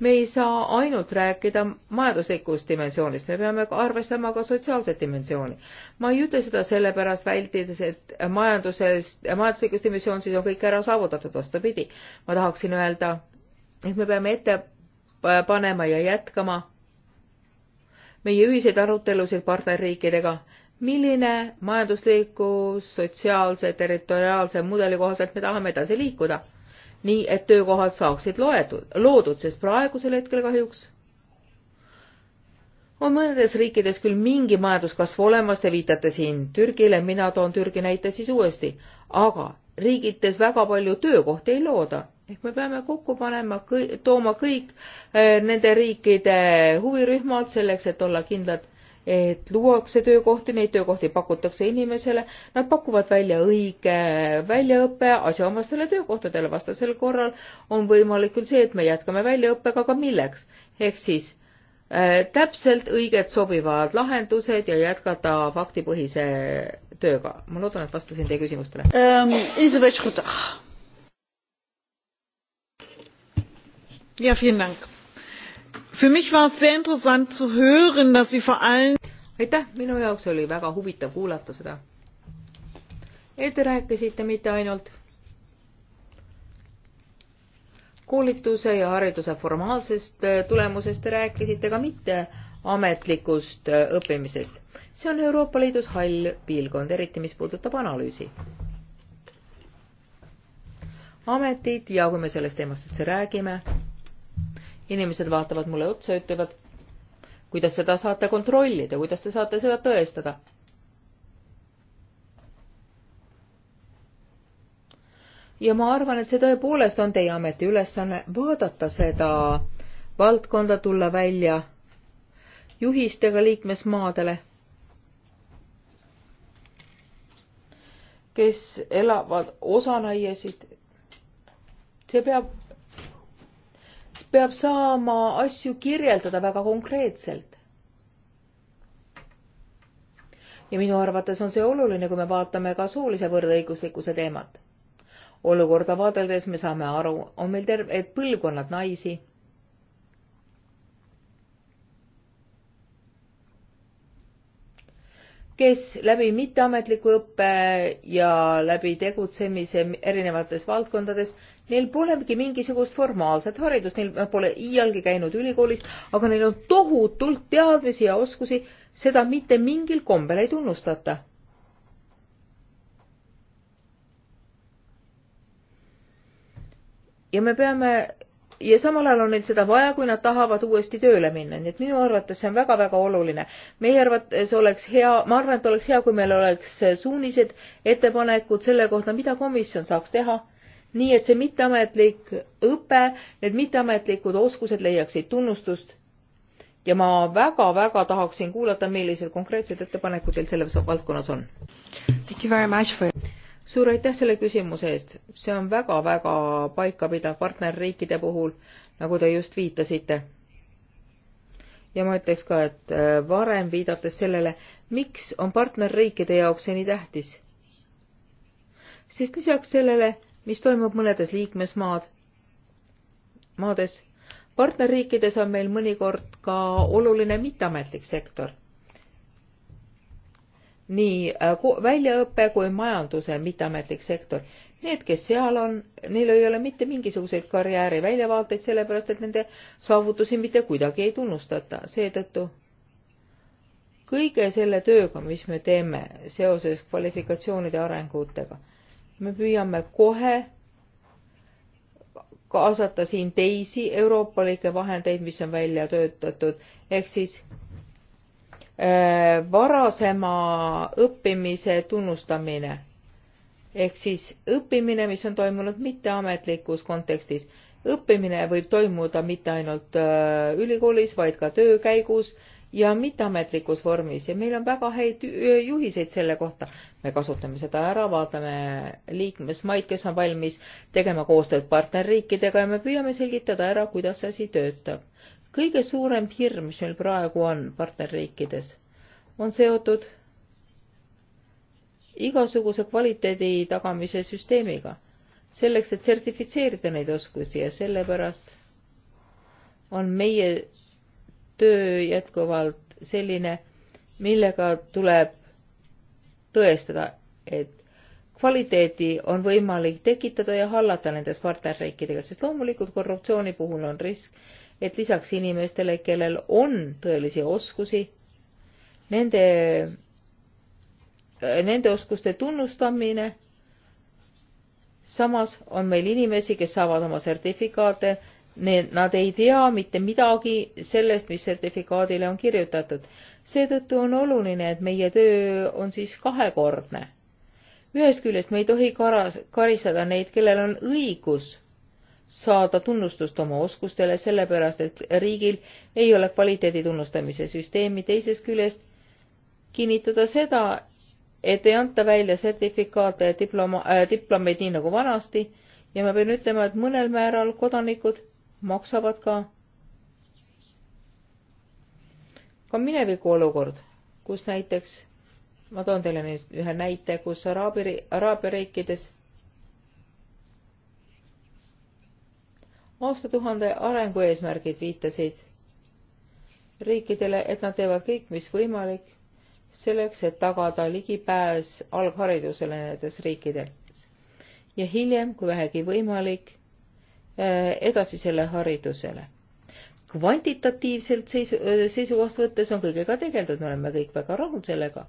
me ei saa ainult rääkida majanduslikust dimensioonist, me peame arvestama ka sotsiaalset dimensiooni. ma ei ütle seda sellepärast vältides, et majanduses, majanduslikus dimensioon siis on kõik ära saavutatud, vastupidi. ma tahaksin öelda, et me peame ette panema ja jätkama meie ühiseid arutelusid partnerriikidega, milline majandusliku, sotsiaalse, territoriaalse mudeli kohaselt me tahame edasi liikuda nii et töökohad saaksid loedud, loodud, sest praegusel hetkel kahjuks on mõnedes riikides küll mingi majanduskasv olemas, te viitate siin Türgile, mina toon Türgi näite siis uuesti, aga riigites väga palju töökohti ei looda ehk me peame kokku panema, tooma kõik eh, nende riikide huvirühmad selleks, et olla kindlad, et luuakse töökohti, neid töökohti pakutakse inimesele, nad pakuvad välja õige väljaõppe asjaomastele töökohtadele, vastasel korral on võimalik küll see, et me jätkame väljaõppega, aga milleks? ehk siis äh, täpselt õiged sobivad lahendused ja jätkata faktipõhise tööga. ma loodan, et vastasin teie küsimustele ähm,. Elisabeth Schröder. ja, vielen Dank aitäh, minu jaoks oli väga huvitav kuulata seda. et te rääkisite mitte ainult koolituse ja hariduse formaalsest äh, tulemusest, te rääkisite ka mitte ametlikust äh, õppimisest. see on Euroopa Liidus hall piilkond, eriti mis puudutab analüüsi. ametid ja kui me sellest teemast üldse räägime, inimesed vaatavad mulle otsa, ütlevad, kuidas seda saate kontrollida, kuidas te saate seda tõestada? ja ma arvan, et see tõepoolest on teie ameti ülesanne vaadata seda valdkonda, tulla välja juhistega liikmesmaadele, kes elavad osanaiesist. see peab peab saama asju kirjeldada väga konkreetselt. ja minu arvates on see oluline, kui me vaatame ka soolise võrdõiguslikkuse teemat. olukorda vaadeldes me saame aru, on meil terved põlvkonnad naisi kes läbi mitteametliku õppe ja läbi tegutsemise erinevates valdkondades Neil polegi mingisugust formaalset haridust, neil pole iialgi käinud ülikoolis, aga neil on tohutult teadmisi ja oskusi, seda mitte mingil kombel ei tunnustata. ja me peame ja samal ajal on neil seda vaja, kui nad tahavad uuesti tööle minna, nii et minu arvates see on väga-väga oluline. meie arvates oleks hea, ma arvan, et oleks hea, kui meil oleks suunised, ettepanekud selle kohta, mida komisjon saaks teha nii et see mitteametlik õpe, need mitteametlikud oskused leiaksid tunnustust. ja ma väga-väga tahaksin kuulata, millised konkreetsed ettepanekud teil selles valdkonnas on. For... suur aitäh selle küsimuse eest, see on väga-väga paikapidav partnerriikide puhul, nagu te just viitasite ja ma ütleks ka, et äh, varem viidates sellele, miks on partnerriikide jaoks see nii tähtis. sest lisaks sellele mis toimub mõnedes liikmesmaad, maades. partnerriikides on meil mõnikord ka oluline mitteametlik sektor. nii äh, väljaõpe kui majanduse mitteametlik sektor. Need, kes seal on, neil ei ole mitte mingisuguseid karjääri väljavaateid, sellepärast et nende saavutusi mitte kuidagi ei tunnustata, seetõttu kõige selle tööga, mis me teeme seoses kvalifikatsioonide arengutega me püüame kohe kaasata siin teisi euroopalikke vahendeid, mis on välja töötatud, ehk siis äh, varasema õppimise tunnustamine ehk siis õppimine, mis on toimunud mitteametlikus kontekstis. õppimine võib toimuda mitte ainult äh, ülikoolis, vaid ka töö käigus äh, ja mitteametlikus vormis ja meil on väga häid juhiseid selle kohta. me kasutame seda ära, vaatame liikmesmaid, kes on valmis tegema koostööd partnerriikidega ja me püüame selgitada ära, kuidas see asi töötab. kõige suurem hirm, mis meil praegu on partnerriikides, on seotud igasuguse kvaliteedi tagamise süsteemiga, selleks, et sertifitseerida neid oskusi ja sellepärast on meie töö jätkuvalt selline, millega tuleb tõestada, et kvaliteeti on võimalik tekitada ja hallata nendes partnerriikidega, sest loomulikult korruptsiooni puhul on risk, et lisaks inimestele, kellel on tõelisi oskusi, nende, nende oskuste tunnustamine, samas on meil inimesi, kes saavad oma sertifikaate Need, nad ei tea mitte midagi sellest, mis sertifikaadile on kirjutatud. seetõttu on oluline, et meie töö on siis kahekordne. ühest küljest me ei tohi karas, karistada neid, kellel on õigus saada tunnustust oma oskustele, sellepärast et riigil ei ole kvaliteedi tunnustamise süsteemi, teisest küljest kinnitada seda, et ei anta välja sertifikaate ja diploma äh,, diplomeid nii nagu vanasti ja ma pean ütlema, et mõnel määral kodanikud maksavad ka, ka mineviku olukord, kus näiteks, ma toon teile nüüd ühe näite, kus Araabia, Araabia riikides aastatuhande arengu eesmärgid viitasid riikidele, et nad teevad kõik, mis võimalik selleks, et tagada ligipääs algharidusele nendes riikides. ja hiljem, kui vähegi võimalik Äh, edasisele haridusele. kvantitatiivselt seisu, äh, seisukohast võttes on kõigega tegeldud, me oleme kõik väga rahul sellega,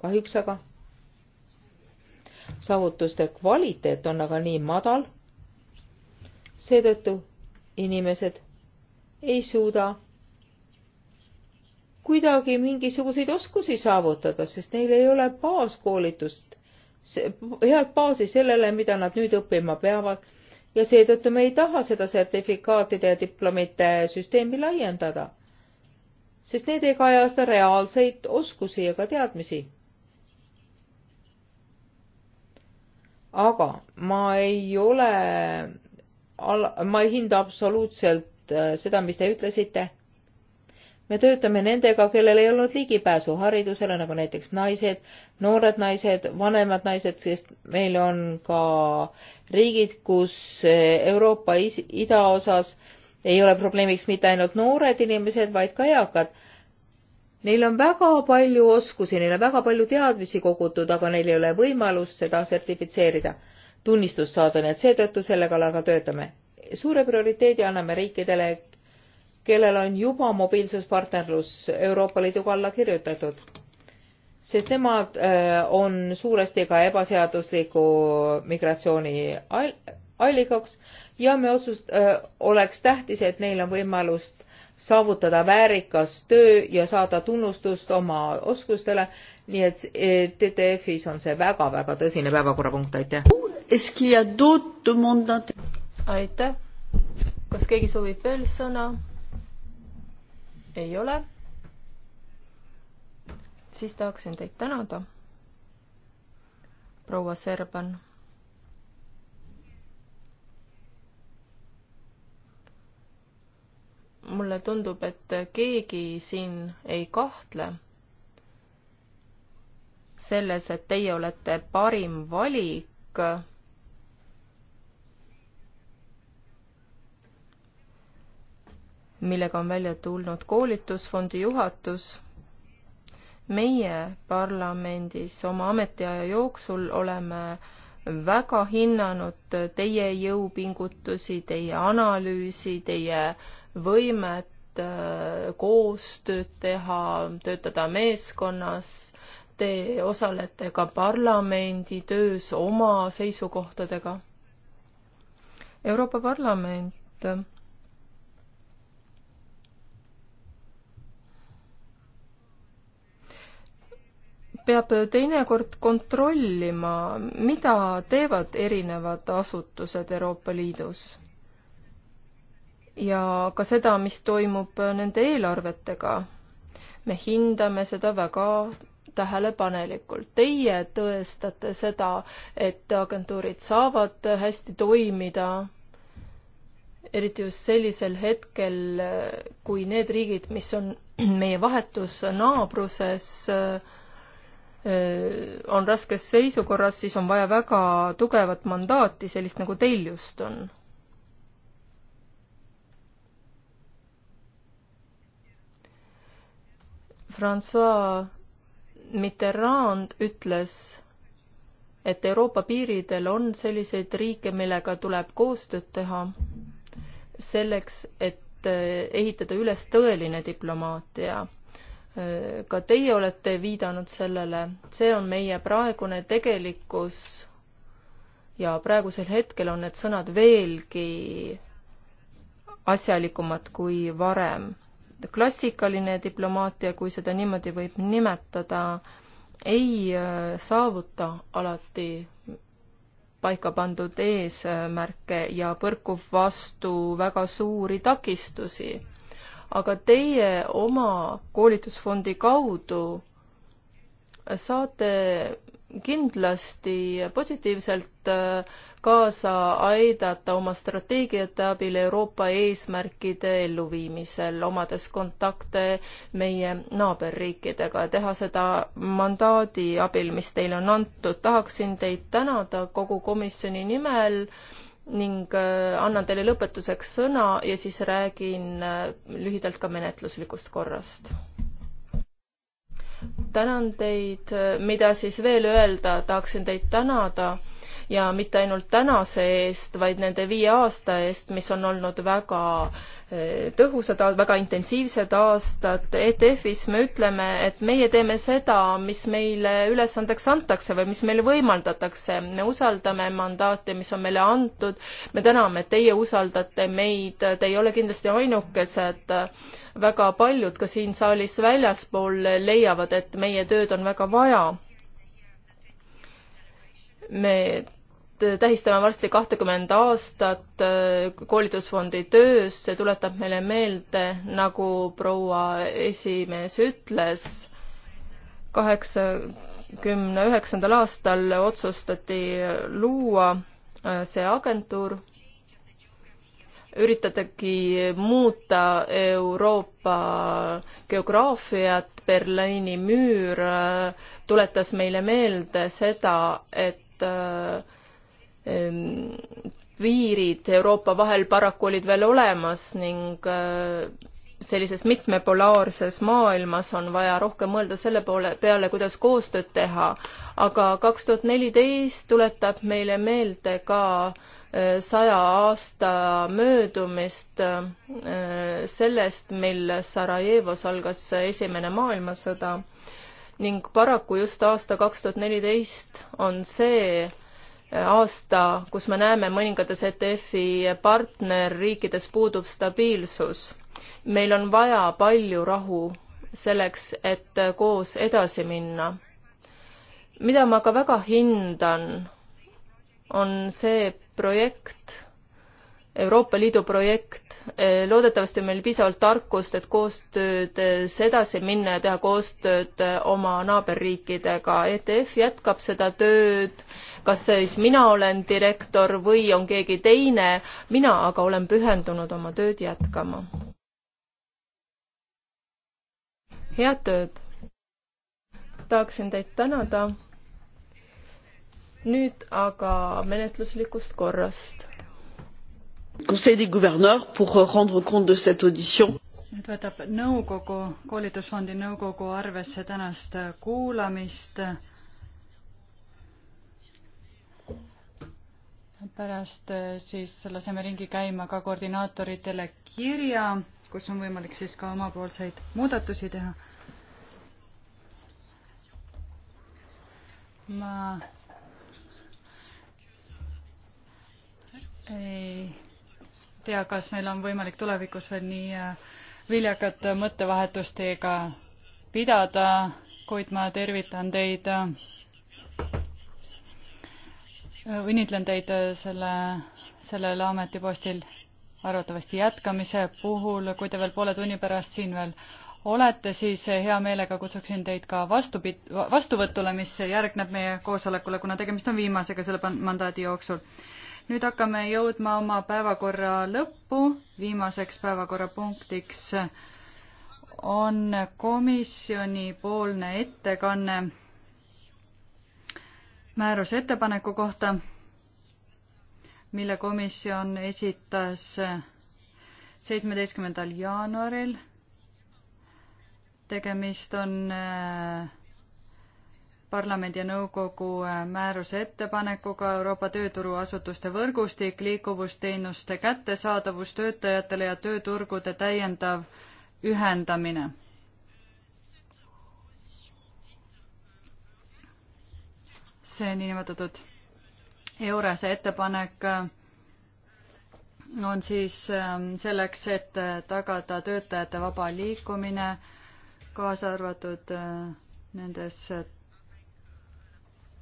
kahjuks aga saavutuste kvaliteet on aga nii madal, seetõttu inimesed ei suuda kuidagi mingisuguseid oskusi saavutada, sest neil ei ole baaskoolitust, head baasi sellele, mida nad nüüd õppima peavad ja seetõttu me ei taha seda sertifikaatide ja diplomite süsteemi laiendada, sest need ei kajasta reaalseid oskusi ega teadmisi. aga ma ei ole, ma ei hinda absoluutselt äh, seda, mis te ütlesite me töötame nendega, kellel ei olnud ligipääsu haridusele, nagu näiteks naised, noored naised, vanemad naised, sest meil on ka riigid, kus Euroopa idaosas ei ole probleemiks mitte ainult noored inimesed, vaid ka eakad. Neil on väga palju oskusi, neil on väga palju teadmisi kogutud, aga neil ei ole võimalust seda sertifitseerida, tunnistust saada, nii et seetõttu selle kallal ka töötame. suure prioriteedi anname riikidele, kellel on juba mobiilsuspartnerlus Euroopa Liiduga alla kirjutatud, sest nemad äh, on suuresti ka ebaseadusliku migratsiooni allikaks ja me otsust-, äh, oleks tähtis, et neil on võimalus saavutada väärikas töö ja saada tunnustust oma oskustele, nii et TTF-is on see väga-väga tõsine päevakorrapunkt, aitäh. aitäh. kas keegi soovib veel sõna? ei ole, siis tahaksin teid tänada, proua Serban. mulle tundub, et keegi siin ei kahtle selles, et teie olete parim valik millega on välja tulnud koolitusfondi juhatus. meie parlamendis oma ametiaja jooksul oleme väga hinnanud teie jõupingutusi, teie analüüsi, teie võimet äh, koostööd teha, töötada meeskonnas. Te osalete ka parlamendi töös oma seisukohtadega. Euroopa Parlament peab teinekord kontrollima, mida teevad erinevad asutused Euroopa Liidus. ja ka seda, mis toimub nende eelarvetega. me hindame seda väga tähelepanelikult. Teie tõestate seda, et agentuurid saavad hästi toimida, eriti just sellisel hetkel, kui need riigid, mis on meie vahetus naabruses äh,, Äh, on raskes seisukorras, siis on vaja väga tugevat mandaati, sellist nagu teil just on Francois Mitterrand ütles, et Euroopa piiridel on selliseid riike, millega tuleb koostööd teha selleks, et äh, ehitada üles tõeline diplomaatia ka teie olete viidanud sellele, see on meie praegune tegelikkus ja praegusel hetkel on need sõnad veelgi asjalikumad kui varem. klassikaline diplomaatia, kui seda niimoodi võib nimetada, ei äh, saavuta alati paika pandud eesmärke ja põrkub vastu väga suuri takistusi aga teie oma koolitusfondi kaudu saate kindlasti positiivselt äh, kaasa aidata oma strateegiate abil Euroopa eesmärkide elluviimisel, omades kontakte meie naaberriikidega, teha seda mandaadi abil, mis teile on antud. tahaksin teid tänada kogu komisjoni nimel ning äh, annan teile lõpetuseks sõna ja siis räägin äh, lühidalt ka menetluslikust korrast. tänan teid, mida siis veel öelda, tahaksin teid tänada ja mitte ainult tänase eest, vaid nende viie aasta eest, mis on olnud väga äh, tõhusad, väga intensiivsed aastad. ETF-is me ütleme, et meie teeme seda, mis meile ülesandeks antakse või mis meile võimaldatakse. me usaldame mandaati, mis on meile antud. me täname, et teie usaldate meid, te ei ole kindlasti ainukesed. väga paljud ka siin saalis väljaspool leiavad, et meie tööd on väga vaja me tähistame varsti kahtekümmend aastat äh, koolitusfondi tööst, see tuletab meile meelde, nagu proua esimees ütles, kaheksakümne üheksandal aastal otsustati luua äh, see agentuur, üritatagi muuta Euroopa geograafiat, Berliini müür äh, tuletas meile meelde seda, et Ehm, piirid Euroopa vahel paraku olid veel olemas ning äh, sellises mitmepolaarses maailmas on vaja rohkem mõelda selle poole peale, kuidas koostööd teha. aga kaks tuhat neliteist tuletab meile meelde ka äh, saja aasta möödumist äh, sellest, mil Sarajevos algas Esimene maailmasõda ning paraku just aasta kaks tuhat neliteist on see, aasta, kus me näeme mõningates ETF-i partnerriikides puudub stabiilsus. meil on vaja palju rahu selleks, et koos edasi minna. mida ma ka väga hindan, on see projekt, Euroopa Liidu projekt, loodetavasti on meil piisavalt tarkust, et koostöödes edasi minna ja teha koostööd oma naaberriikidega. ETF jätkab seda tööd, kas siis mina olen direktor või on keegi teine, mina aga olen pühendunud oma tööd jätkama. head tööd! tahaksin teid tänada. nüüd aga menetluslikust korrast conseil des gouverneurs pour euh, rendre compte de cette audition. nüüd võtab nõukogu, koolitusfondi nõukogu arvesse tänast kuulamist. pärast äh, siis laseme ringi käima ka koordinaatoritele kirja, kus on võimalik siis ka omapoolseid muudatusi teha. ma ei tea, kas meil on võimalik tulevikus veel nii äh, viljakat äh, mõttevahetust teiega pidada, kuid ma tervitan teid, äh, õnnitlen teid selle, sellel ametipostil arvatavasti jätkamise puhul, kui te veel poole tunni pärast siin veel olete, siis hea meelega kutsuksin teid ka vastupid-, vastuvõtule, mis järgneb meie koosolekule, kuna tegemist on viimasega selle mandaadi jooksul nüüd hakkame jõudma oma päevakorra lõppu. viimaseks päevakorrapunktiks on komisjoni poolne ettekanne määruse ettepaneku kohta, mille komisjon esitas seitsmeteistkümnendal jaanuaril. tegemist on äh, parlamendi ja nõukogu äh, määruse ettepanekuga Euroopa tööturuasutuste võrgustik, liikuvusteenuste kättesaadavus töötajatele ja tööturgude täiendav ühendamine. see niinimetatud EURES-e ettepanek äh, on siis ähm, selleks, et äh, tagada töötajate vaba liikumine, kaasa arvatud nendes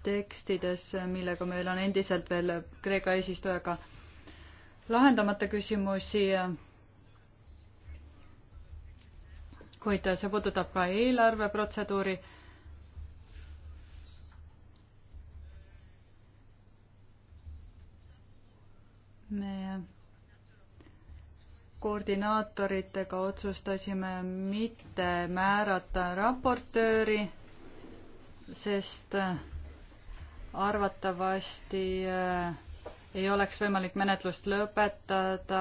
tekstides, millega meil on endiselt veel Kreeka eesistujaga lahendamata küsimusi. kuid see puudutab ka eelarveprotseduuri. me koordinaatoritega otsustasime mitte määrata raportööri, sest arvatavasti äh, ei oleks võimalik menetlust lõpetada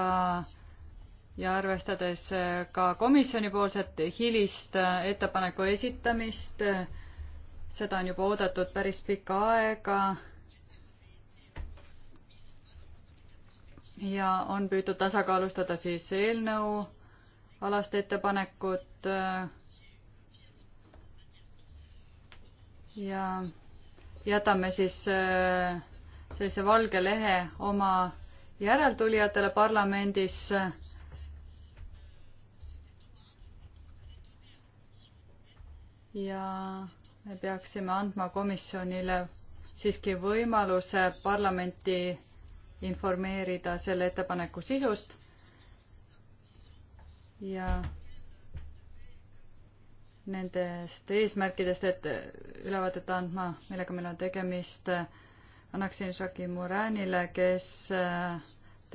ja arvestades äh, ka komisjonipoolset hilist äh, ettepaneku esitamist, seda on juba oodatud päris pikka aega ja on püütud tasakaalustada siis eelnõu alast ettepanekut ja jätame siis äh, sellise valge lehe oma järeltulijatele parlamendis. ja me peaksime andma komisjonile siiski võimaluse parlamenti informeerida selle ettepaneku sisust ja nendest eesmärkidest, et ülevaadet andma, millega meil on tegemist, annaksin Jacques Muranile, kes äh,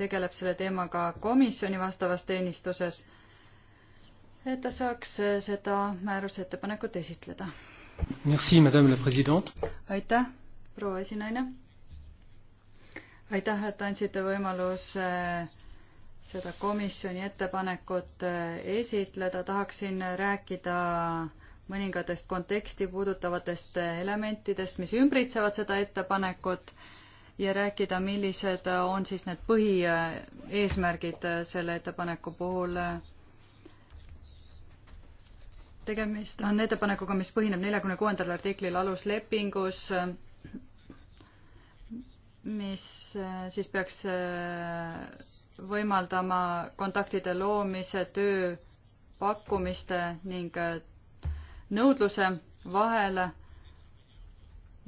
tegeleb selle teemaga komisjoni vastavas teenistuses, et ta saaks äh, seda määruse ettepanekut esitleda. aitäh, proua esinaine. aitäh, et andsite võimaluse äh, seda komisjoni ettepanekut äh, esitleda, tahaksin rääkida mõningatest konteksti puudutavatest äh, elementidest, mis ümbritsevad seda ettepanekut ja rääkida, millised on siis need põhieesmärgid äh, selle ettepaneku puhul. tegemist on ettepanekuga, mis põhineb neljakümne kuuendal artiklil aluslepingus, mis siis peaks võimaldama kontaktide loomise, töö pakkumiste ning äh, nõudluse vahel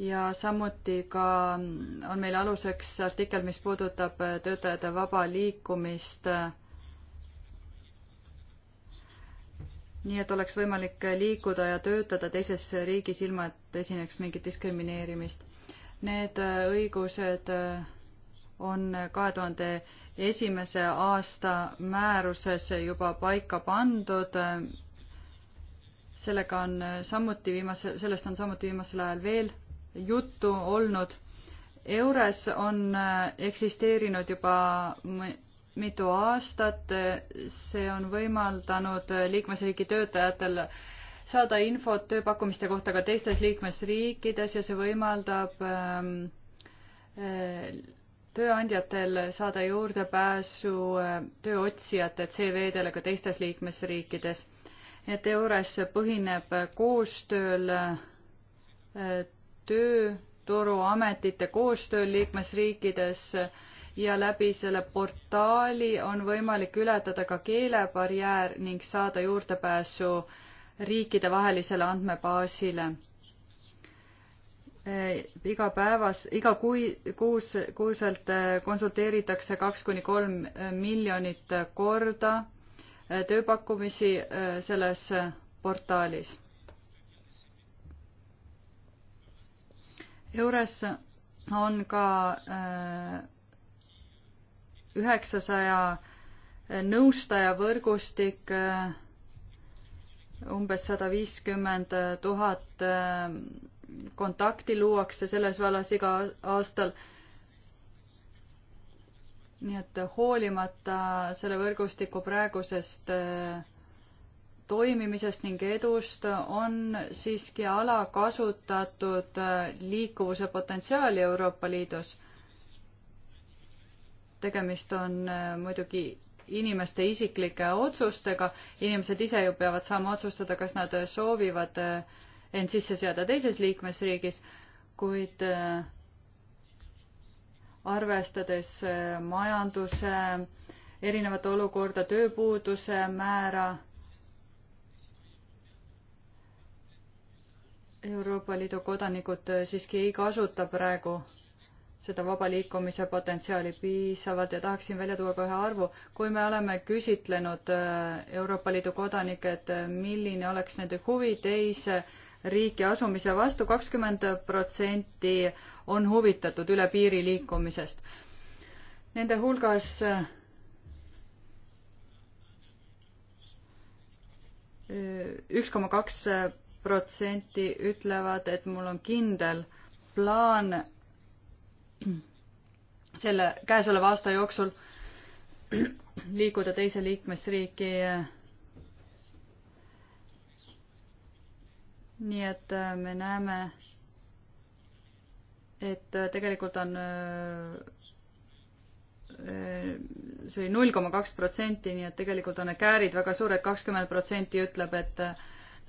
ja samuti ka mm, on meil aluseks artikkel, mis puudutab äh, töötajate vaba liikumist. nii et oleks võimalik liikuda ja töötada teises riigis ilma, et esineks mingit diskrimineerimist. Need äh, õigused on kahe tuhande esimese aasta määruses juba paika pandud. sellega on samuti viimase, sellest on samuti viimasel ajal veel juttu olnud. EURES on eksisteerinud juba mitu aastat, see on võimaldanud liikmesriigi töötajatel saada infot tööpakkumiste kohta ka teistes liikmesriikides ja see võimaldab ähm, äh, tööandjatel saada juurdepääsu äh, tööotsijate CV-dele ka teistes liikmesriikides. et EURES põhineb koostööl äh, tööturuametite koostööl liikmesriikides ja läbi selle portaali on võimalik ületada ka keelebarjäär ning saada juurdepääsu riikidevahelisele andmebaasile Äh, igapäevas, iga kui, kuus, kuuselt äh, konsulteeritakse kaks kuni kolm äh, miljonit korda tööpakkumisi selles portaalis. juures on ka üheksasaja nõustaja võrgustik umbes sada viiskümmend tuhat kontakti luuakse selles vallas iga aastal. nii et hoolimata selle võrgustiku praegusest äh, toimimisest ning edust on siiski alakasutatud äh, liikuvuse potentsiaali Euroopa Liidus. tegemist on äh, muidugi inimeste isiklike otsustega, inimesed ise ju peavad saama otsustada, kas nad soovivad äh, end sisse seada teises liikmesriigis, kuid äh, arvestades äh, majanduse äh, erinevat olukorda, tööpuuduse määra, Euroopa Liidu kodanikud siiski ei kasuta praegu seda vaba liikumise potentsiaali piisavalt ja tahaksin välja tuua ka ühe arvu. kui me oleme küsitlenud Euroopa Liidu kodanikke, et milline oleks nende huvi teise riiki asumise vastu, kakskümmend protsenti on huvitatud üle piiri liikumisest. Nende hulgas äh, üks koma kaks protsenti ütlevad, et mul on kindel plaan selle käesoleva aasta jooksul liikuda teise liikmesriiki nii et äh, me näeme, et äh, tegelikult on äh, see oli null koma kaks protsenti, nii et tegelikult on need käärid väga suured, kakskümmend protsenti ütleb, et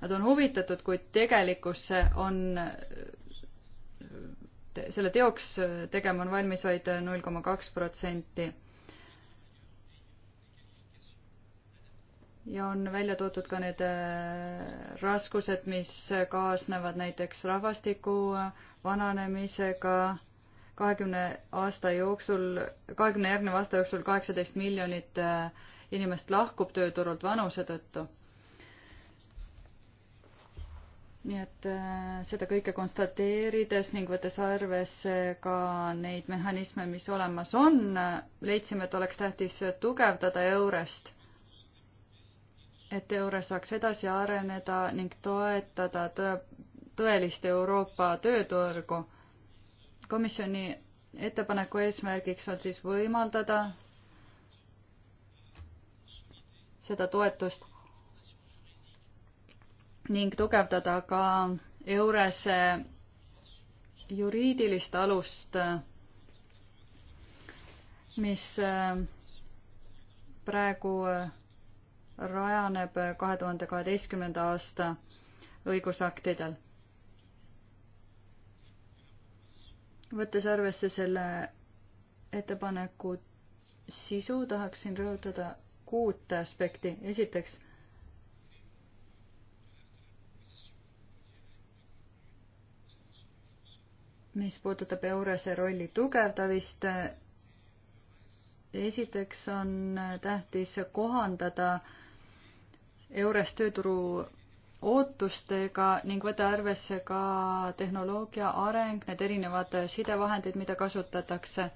nad on huvitatud, kuid tegelikkus on, selle teoks tegema on valmis vaid null koma kaks protsenti ja on välja toodud ka need äh, raskused, mis kaasnevad näiteks rahvastiku äh, vananemisega kahekümne aasta jooksul, kahekümne järgneva aasta jooksul kaheksateist miljonit äh, inimest lahkub tööturult vanuse tõttu. nii et seda kõike konstateerides ning võttes arvesse ka neid mehhanisme, mis olemas on, leidsime, et oleks tähtis tugevdada EURES-t et euro saaks edasi areneda ning toetada tõe, tõelist Euroopa tööturgu. komisjoni ettepaneku eesmärgiks on siis võimaldada seda toetust ning tugevdada ka Eurese juriidilist alust, mis äh, praegu äh, rajaneb kahe tuhande kaheteistkümnenda aasta õigusaktidel. võttes arvesse selle ettepaneku sisu, tahaksin rõhutada kuute aspekti. esiteks, mis puudutab Eurese rolli tugevdamist, esiteks on tähtis kohandada äh, EURES tööturu ootustega ning võtta arvesse ka tehnoloogia areng, need erinevad sidevahendid, mida kasutatakse.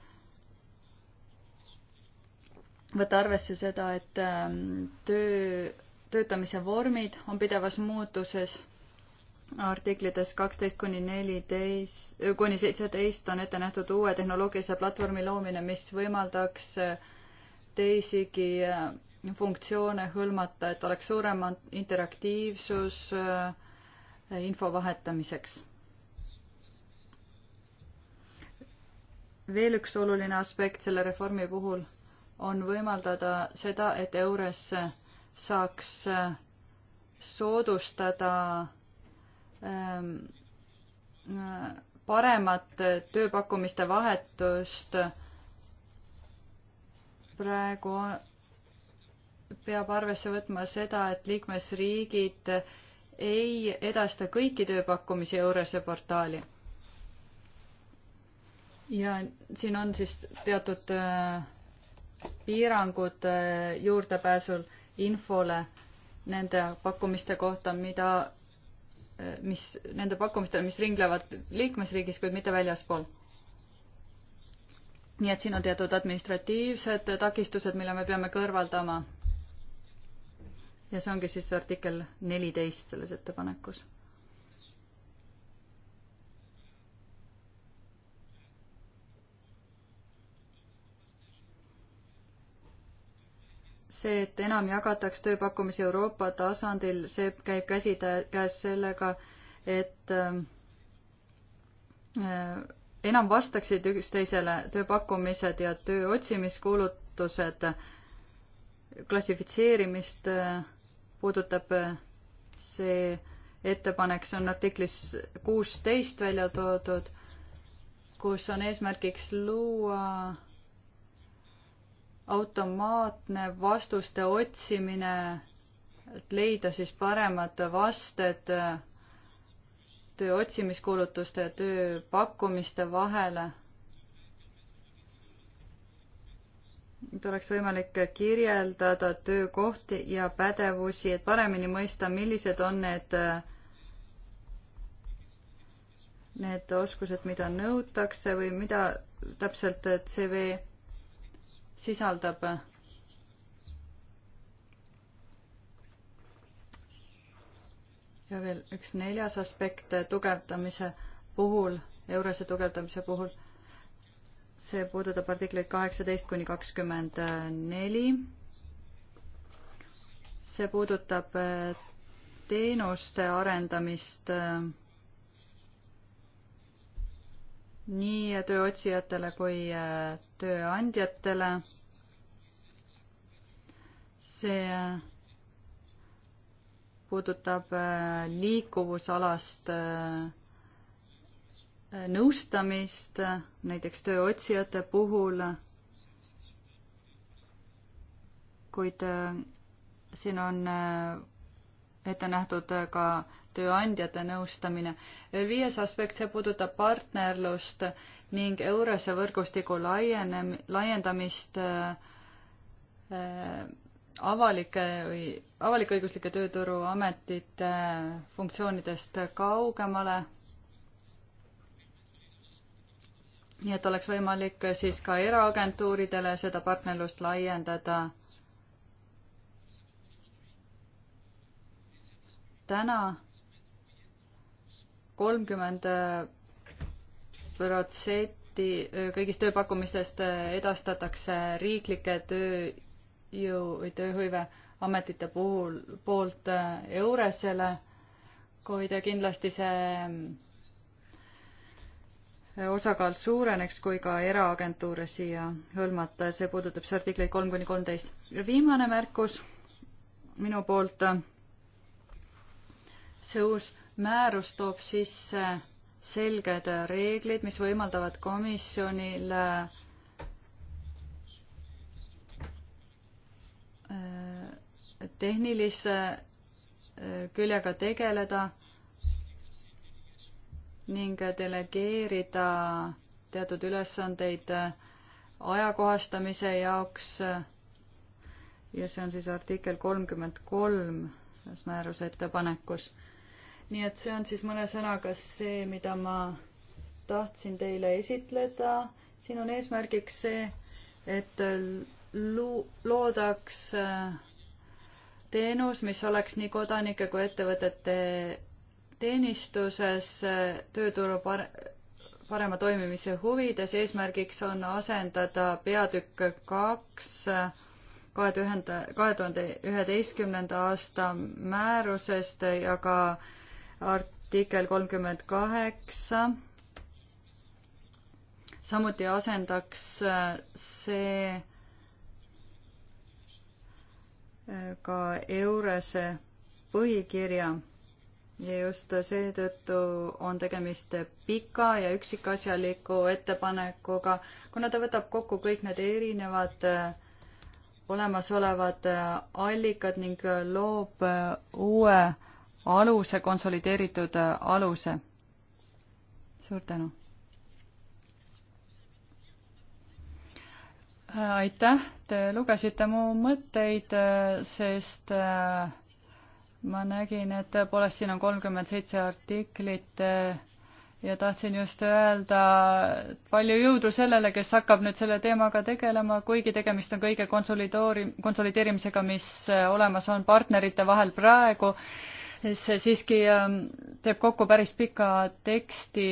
võtta arvesse seda, et ähm, töö, töötamise vormid on pidevas muutuses. artiklites kaksteist kuni neliteist, äh, kuni seitseteist on ette nähtud uue tehnoloogilise platvormi loomine, mis võimaldaks äh, teisigi äh, funktsioone hõlmata, et oleks suurem interaktiivsus äh, info vahetamiseks. veel üks oluline aspekt selle reformi puhul on võimaldada seda, et EURES saaks äh, soodustada ähm, äh, paremat tööpakkumiste vahetust. praegu peab arvesse võtma seda, et liikmesriigid ei edasta kõiki tööpakkumisi Eurose portaali. ja siin on siis teatud äh, piirangud äh, juurdepääsul infole nende pakkumiste kohta, mida, äh, mis, nende pakkumistele, mis ringlevad liikmesriigis, kuid mitte väljaspool. nii et siin on teatud administratiivsed takistused, mille me peame kõrvaldama ja see ongi siis artikkel neliteist selles ettepanekus. see, et enam jagataks tööpakkumisi Euroopa tasandil, see käib käsikäes sellega, et ähm, äh, enam vastaksid üksteisele tööpakkumised ja töö otsimiskuulutused, klassifitseerimist äh, puudutab äh, see ettepanek, see on artiklis kuusteist välja toodud, kus on eesmärgiks luua automaatne vastuste otsimine, et leida siis paremad vasted äh, töö otsimiskuulutuste ja töö pakkumiste vahele et oleks võimalik kirjeldada töökohti ja pädevusi, et paremini mõista, millised on need, need oskused, mida nõutakse või mida täpselt CV sisaldab. ja veel üks neljas aspekt tugevdamise puhul, Eurose tugevdamise puhul see puudutab artikleid kaheksateist kuni kakskümmend neli. see puudutab äh, teenuste arendamist äh, nii tööotsijatele kui äh, tööandjatele. see puudutab liikuvusalast äh, nõustamist näiteks tööotsijate puhul, kuid äh, siin on äh, ette nähtud äh, ka tööandjate nõustamine. veel viies aspekt, see puudutab partnerlust ning Eurose võrgustiku laienem-, laiendamist äh, avalike või avalik-õiguslike tööturuametite funktsioonidest kaugemale nii et oleks võimalik äh, siis ka eraagentuuridele seda partnerlust laiendada. täna kolmkümmend protsenti äh, kõigist tööpakkumistest äh, edastatakse riiklike tööjõu või tööhõive ametite puhul poolt Euresele, kuid kindlasti see mm, osakaal suureneks, kui ka eraagentuure siia hõlmata ja see puudutab siis artikleid kolm kuni kolmteist. viimane märkus minu poolt. see uus määrus toob sisse selged reeglid, mis võimaldavad komisjonil äh, tehnilise äh, küljega tegeleda ning delegeerida teatud ülesandeid ajakohastamise jaoks ja see on siis artikkel kolmkümmend kolm selles määruse ettepanekus. nii et see on siis mõne sõnaga see, mida ma tahtsin teile esitleda. siin on eesmärgiks see, et lu-, loodaks teenus, mis oleks nii kodanike kui ettevõtete teenistuses eh, tööturu par-, parema toimimise huvides, eesmärgiks on asendada peatükk kaks eh, kahe tuhande, kahe tuhande üheteistkümnenda aasta määrusest ja ka artikkel kolmkümmend kaheksa. samuti asendaks eh, see ka Eurese põhikirja ja just seetõttu on tegemist pika ja üksikasjaliku ettepanekuga, kuna ta võtab kokku kõik need erinevad äh, olemasolevad äh, allikad ning äh, loob uue aluse, konsolideeritud aluse. suur tänu. aitäh, te lugesite mu mõtteid, sest ma nägin, et tõepoolest siin on kolmkümmend seitse artiklit eh, ja tahtsin just öelda palju jõudu sellele, kes hakkab nüüd selle teemaga tegelema, kuigi tegemist on kõige konsolidoori-, konsolideerimisega, mis eh, olemas on partnerite vahel praegu, see siiski eh, teeb kokku päris pika teksti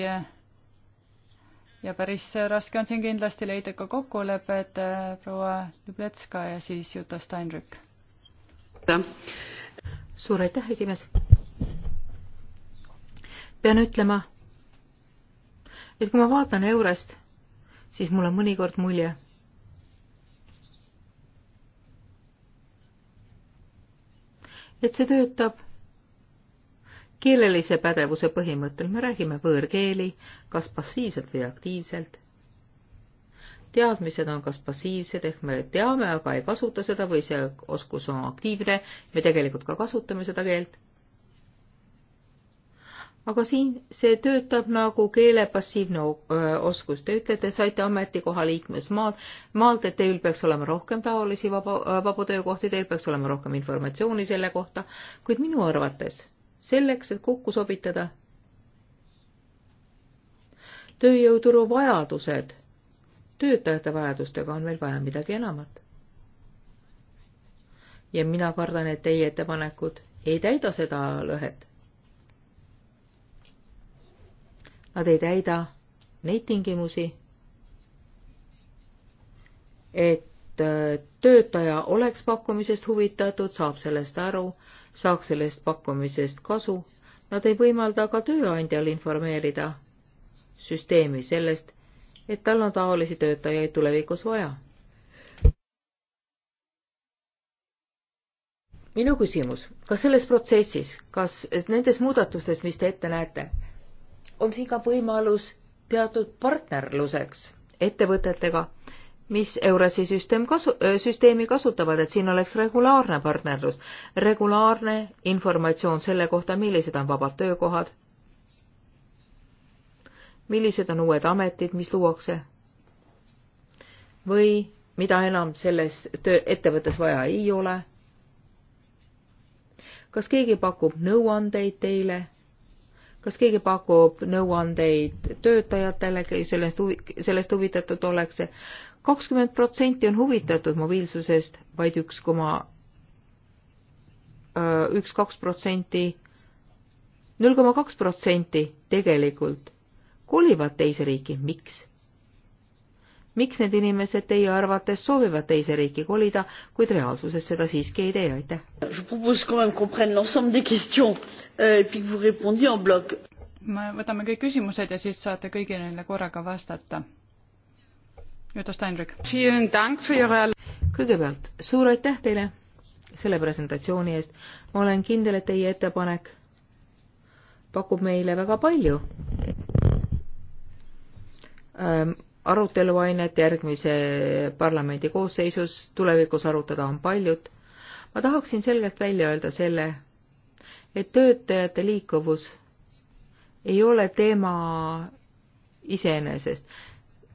ja päris raske on siin kindlasti leida ka kokkulepet proua Lübletska ja siis Juta Steinrück. aitäh! suur aitäh, esimees. pean ütlema, et kui ma vaatan Eurest, siis mul on mõnikord mulje, et see töötab keelelise pädevuse põhimõttel, me räägime võõrkeeli kas passiivselt või aktiivselt teadmised on kas passiivsed ehk me teame, aga ei kasuta seda või see oskus on aktiivne, me tegelikult ka kasutame seda keelt. aga siin see töötab nagu keele passiivne oskus, te ütlete, saite ametikoha liikmesmaad, maalt, et teil peaks olema rohkem taolisi vaba, vabu töökohti, teil peaks olema rohkem informatsiooni selle kohta, kuid minu arvates selleks, et kokku sobitada tööjõuturu vajadused töötajate vajadustega on meil vaja midagi enamat. ja mina kardan, et teie ettepanekud ei täida seda lõhet. Nad ei täida neid tingimusi, et äh, töötaja oleks pakkumisest huvitatud, saab sellest aru, saaks sellest pakkumisest kasu. Nad ei võimalda ka tööandjal informeerida süsteemi sellest, et tal on taolisi töötajaid tulevikus vaja. minu küsimus, kas selles protsessis, kas nendes muudatustes, mis te ette näete, on siin ka võimalus teatud partnerluseks ettevõtetega, mis EURES-i süsteem kasu, äh, süsteemi kasutavad, et siin oleks regulaarne partnerlus, regulaarne informatsioon selle kohta, millised on vabad töökohad millised on uued ametid, mis luuakse või mida enam selles töö, ettevõttes vaja ei ole. kas keegi pakub nõuandeid teile? kas keegi pakub nõuandeid töötajatele, kes sellest huvi, sellest huvitatud oleks? kakskümmend protsenti on huvitatud mobiilsusest, vaid üks koma üks, kaks protsenti, null koma kaks protsenti tegelikult kolivad teise riiki, miks? miks need inimesed teie arvates soovivad teise riiki kolida, kuid reaalsuses seda siiski ei tee, aitäh? Euh, me võtame kõik küsimused ja siis saate kõigile neile korraga vastata. Jutta Steinrück. kõigepealt suur aitäh teile selle presentatsiooni eest. ma olen kindel, et teie ettepanek pakub meile väga palju Ehm, aruteluainet järgmise parlamendi koosseisus, tulevikus arutada on paljud. ma tahaksin selgelt välja öelda selle, et töötajate liikuvus ei ole teema iseenesest.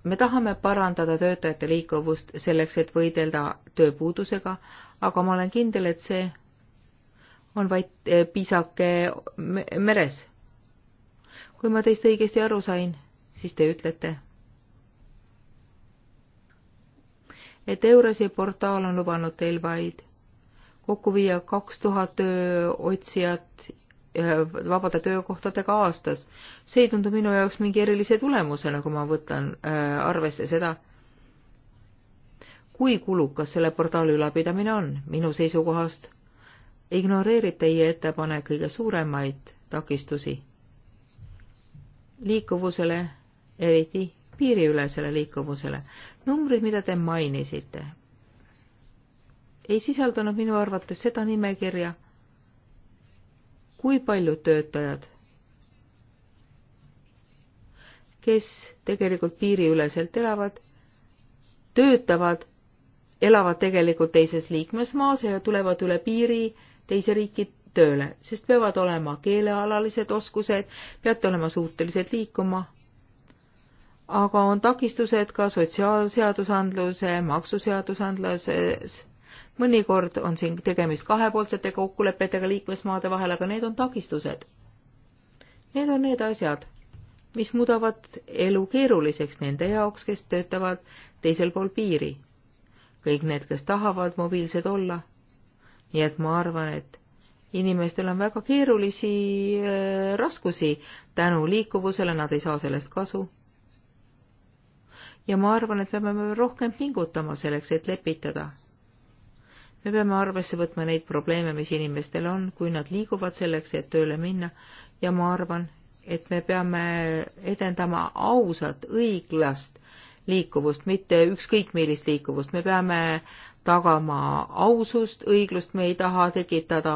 me tahame parandada töötajate liikuvust selleks, et võidelda tööpuudusega, aga ma olen kindel, et see on vaid eh, pisake meres. kui ma teist õigesti aru sain, siis te ütlete et Eurasi portaal on lubanud teil vaid kokku viia kaks tuhat otsijat äh, vabade töökohtadega aastas. see ei tundu minu jaoks mingi erilise tulemusena, kui ma võtan äh, arvesse seda, kui kulukas selle portaali ülalpidamine on minu seisukohast, ignoreerib teie ettepanek kõige suuremaid takistusi liikuvusele, eriti piiriülesele liikuvusele. numbrid, mida te mainisite, ei sisaldanud minu arvates seda nimekirja, kui paljud töötajad, kes tegelikult piiriüleselt elavad, töötavad, elavad tegelikult teises liikmesmaas ja tulevad üle piiri teise riiki tööle, sest peavad olema keelealalised oskused, peate olema suutelised liikuma aga on takistused ka sotsiaalseadusandluse, maksuseadusandluses. mõnikord on siin tegemist kahepoolsete kokkulepetega liikmesmaade vahel, aga need on takistused. Need on need asjad, mis muudavad elu keeruliseks nende jaoks, kes töötavad teisel pool piiri. kõik need, kes tahavad mobiilsed olla. nii et ma arvan, et inimestel on väga keerulisi äh, raskusi tänu liikuvusele, nad ei saa sellest kasu ja ma arvan, et me peame rohkem pingutama selleks, et lepitada. me peame arvesse võtma neid probleeme, mis inimestel on, kui nad liiguvad selleks, et tööle minna ja ma arvan, et me peame edendama ausat, õiglast liikuvust, mitte ükskõik millist liikuvust, me peame tagama ausust, õiglust, me ei taha tekitada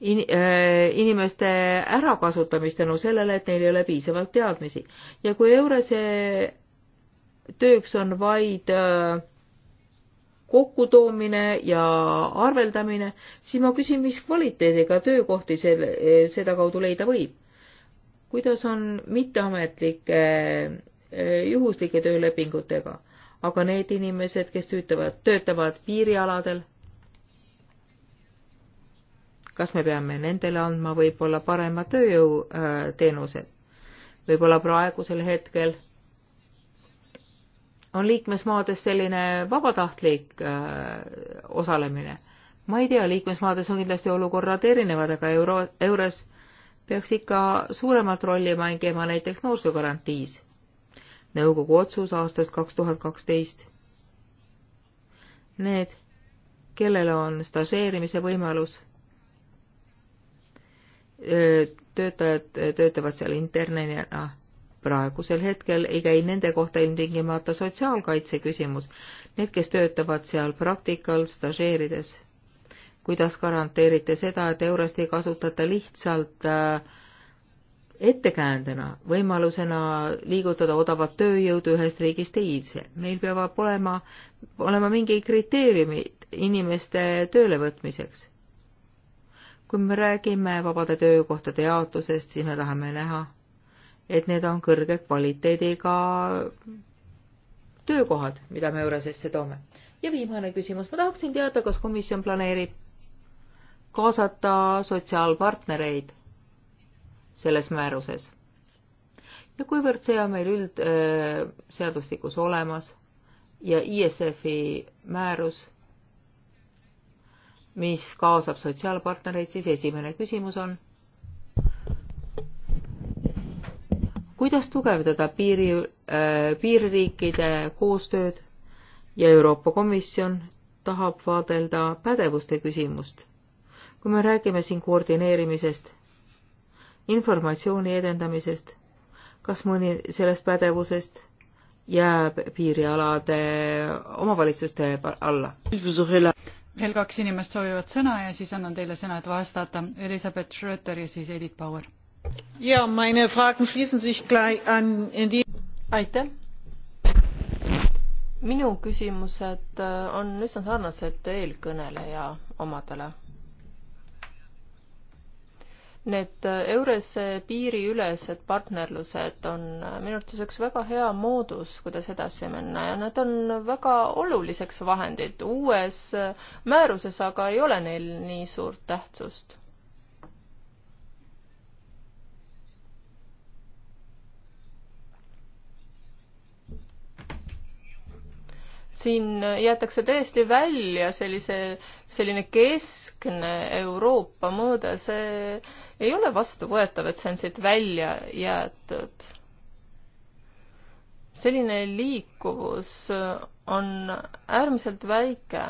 in, äh, inimeste ärakasutamist tänu sellele, et neil ei ole piisavalt teadmisi. ja kui Eurose tööks on vaid äh, kokkutoomine ja arveldamine, siis ma küsin, mis kvaliteediga töökohti selle, sedakaudu leida võib? kuidas on mitteametlike äh, juhuslike töölepingutega, aga need inimesed, kes töötavad, töötavad piirialadel kas me peame nendele andma võib-olla parema tööjõuteenuse? Äh, võib-olla praegusel hetkel on liikmesmaades selline vabatahtlik äh, osalemine. ma ei tea, liikmesmaades on kindlasti olukorrad erinevad, aga euro, eures peaks ikka suuremat rolli mängima näiteks noorsoogarantiis. nõukogu otsus aastast kaks tuhat kaksteist. Need, kellel on stažeerimise võimalus, töötajad töötavad seal internina. praegusel hetkel ei käi nende kohta ilmtingimata sotsiaalkaitse küsimus, need, kes töötavad seal praktikal, stažeerides. kuidas garanteerite seda, et Eurost ei kasutata lihtsalt äh, ettekäändena, võimalusena liigutada odavat tööjõudu ühest riigist teise. meil peavad olema, olema mingid kriteeriumid inimeste töölevõtmiseks kui me räägime vabade töökohtade jaotusest, siis me tahame näha, et need on kõrge kvaliteediga töökohad, mida me Eurasesse toome. ja viimane küsimus, ma tahaksin teada, kas komisjon planeerib kaasata sotsiaalpartnereid selles määruses? ja kuivõrd see on meil üldseadustikus äh, olemas ja ISF-i määrus mis kaasab sotsiaalpartnereid, siis esimene küsimus on, kuidas tugevdada piiri äh,, piiririikide koostööd ja Euroopa Komisjon tahab vaadelda pädevuste küsimust. kui me räägime siin koordineerimisest, informatsiooni edendamisest, kas mõni sellest pädevusest jääb piirialade omavalitsuste alla? veel kaks inimest soovivad sõna ja siis annan teile sõna, et vastata. Elizabeth Schröter ja siis Edith Bauer. jaa, meine Fragen schließen sich gleich an die aitäh! minu küsimused äh, on üsna sarnased eelkõneleja omadele Need äh, EURES piiriülesed partnerlused on äh, minu arvates üks väga hea moodus, kuidas edasi minna ja nad on väga oluliseks vahendid. uues äh, määruses aga ei ole neil nii suurt tähtsust. siin jäetakse täiesti välja sellise, selline keskne Euroopa mõõde, see ei ole vastuvõetav, et see on siit välja jäetud. selline liikuvus on äärmiselt väike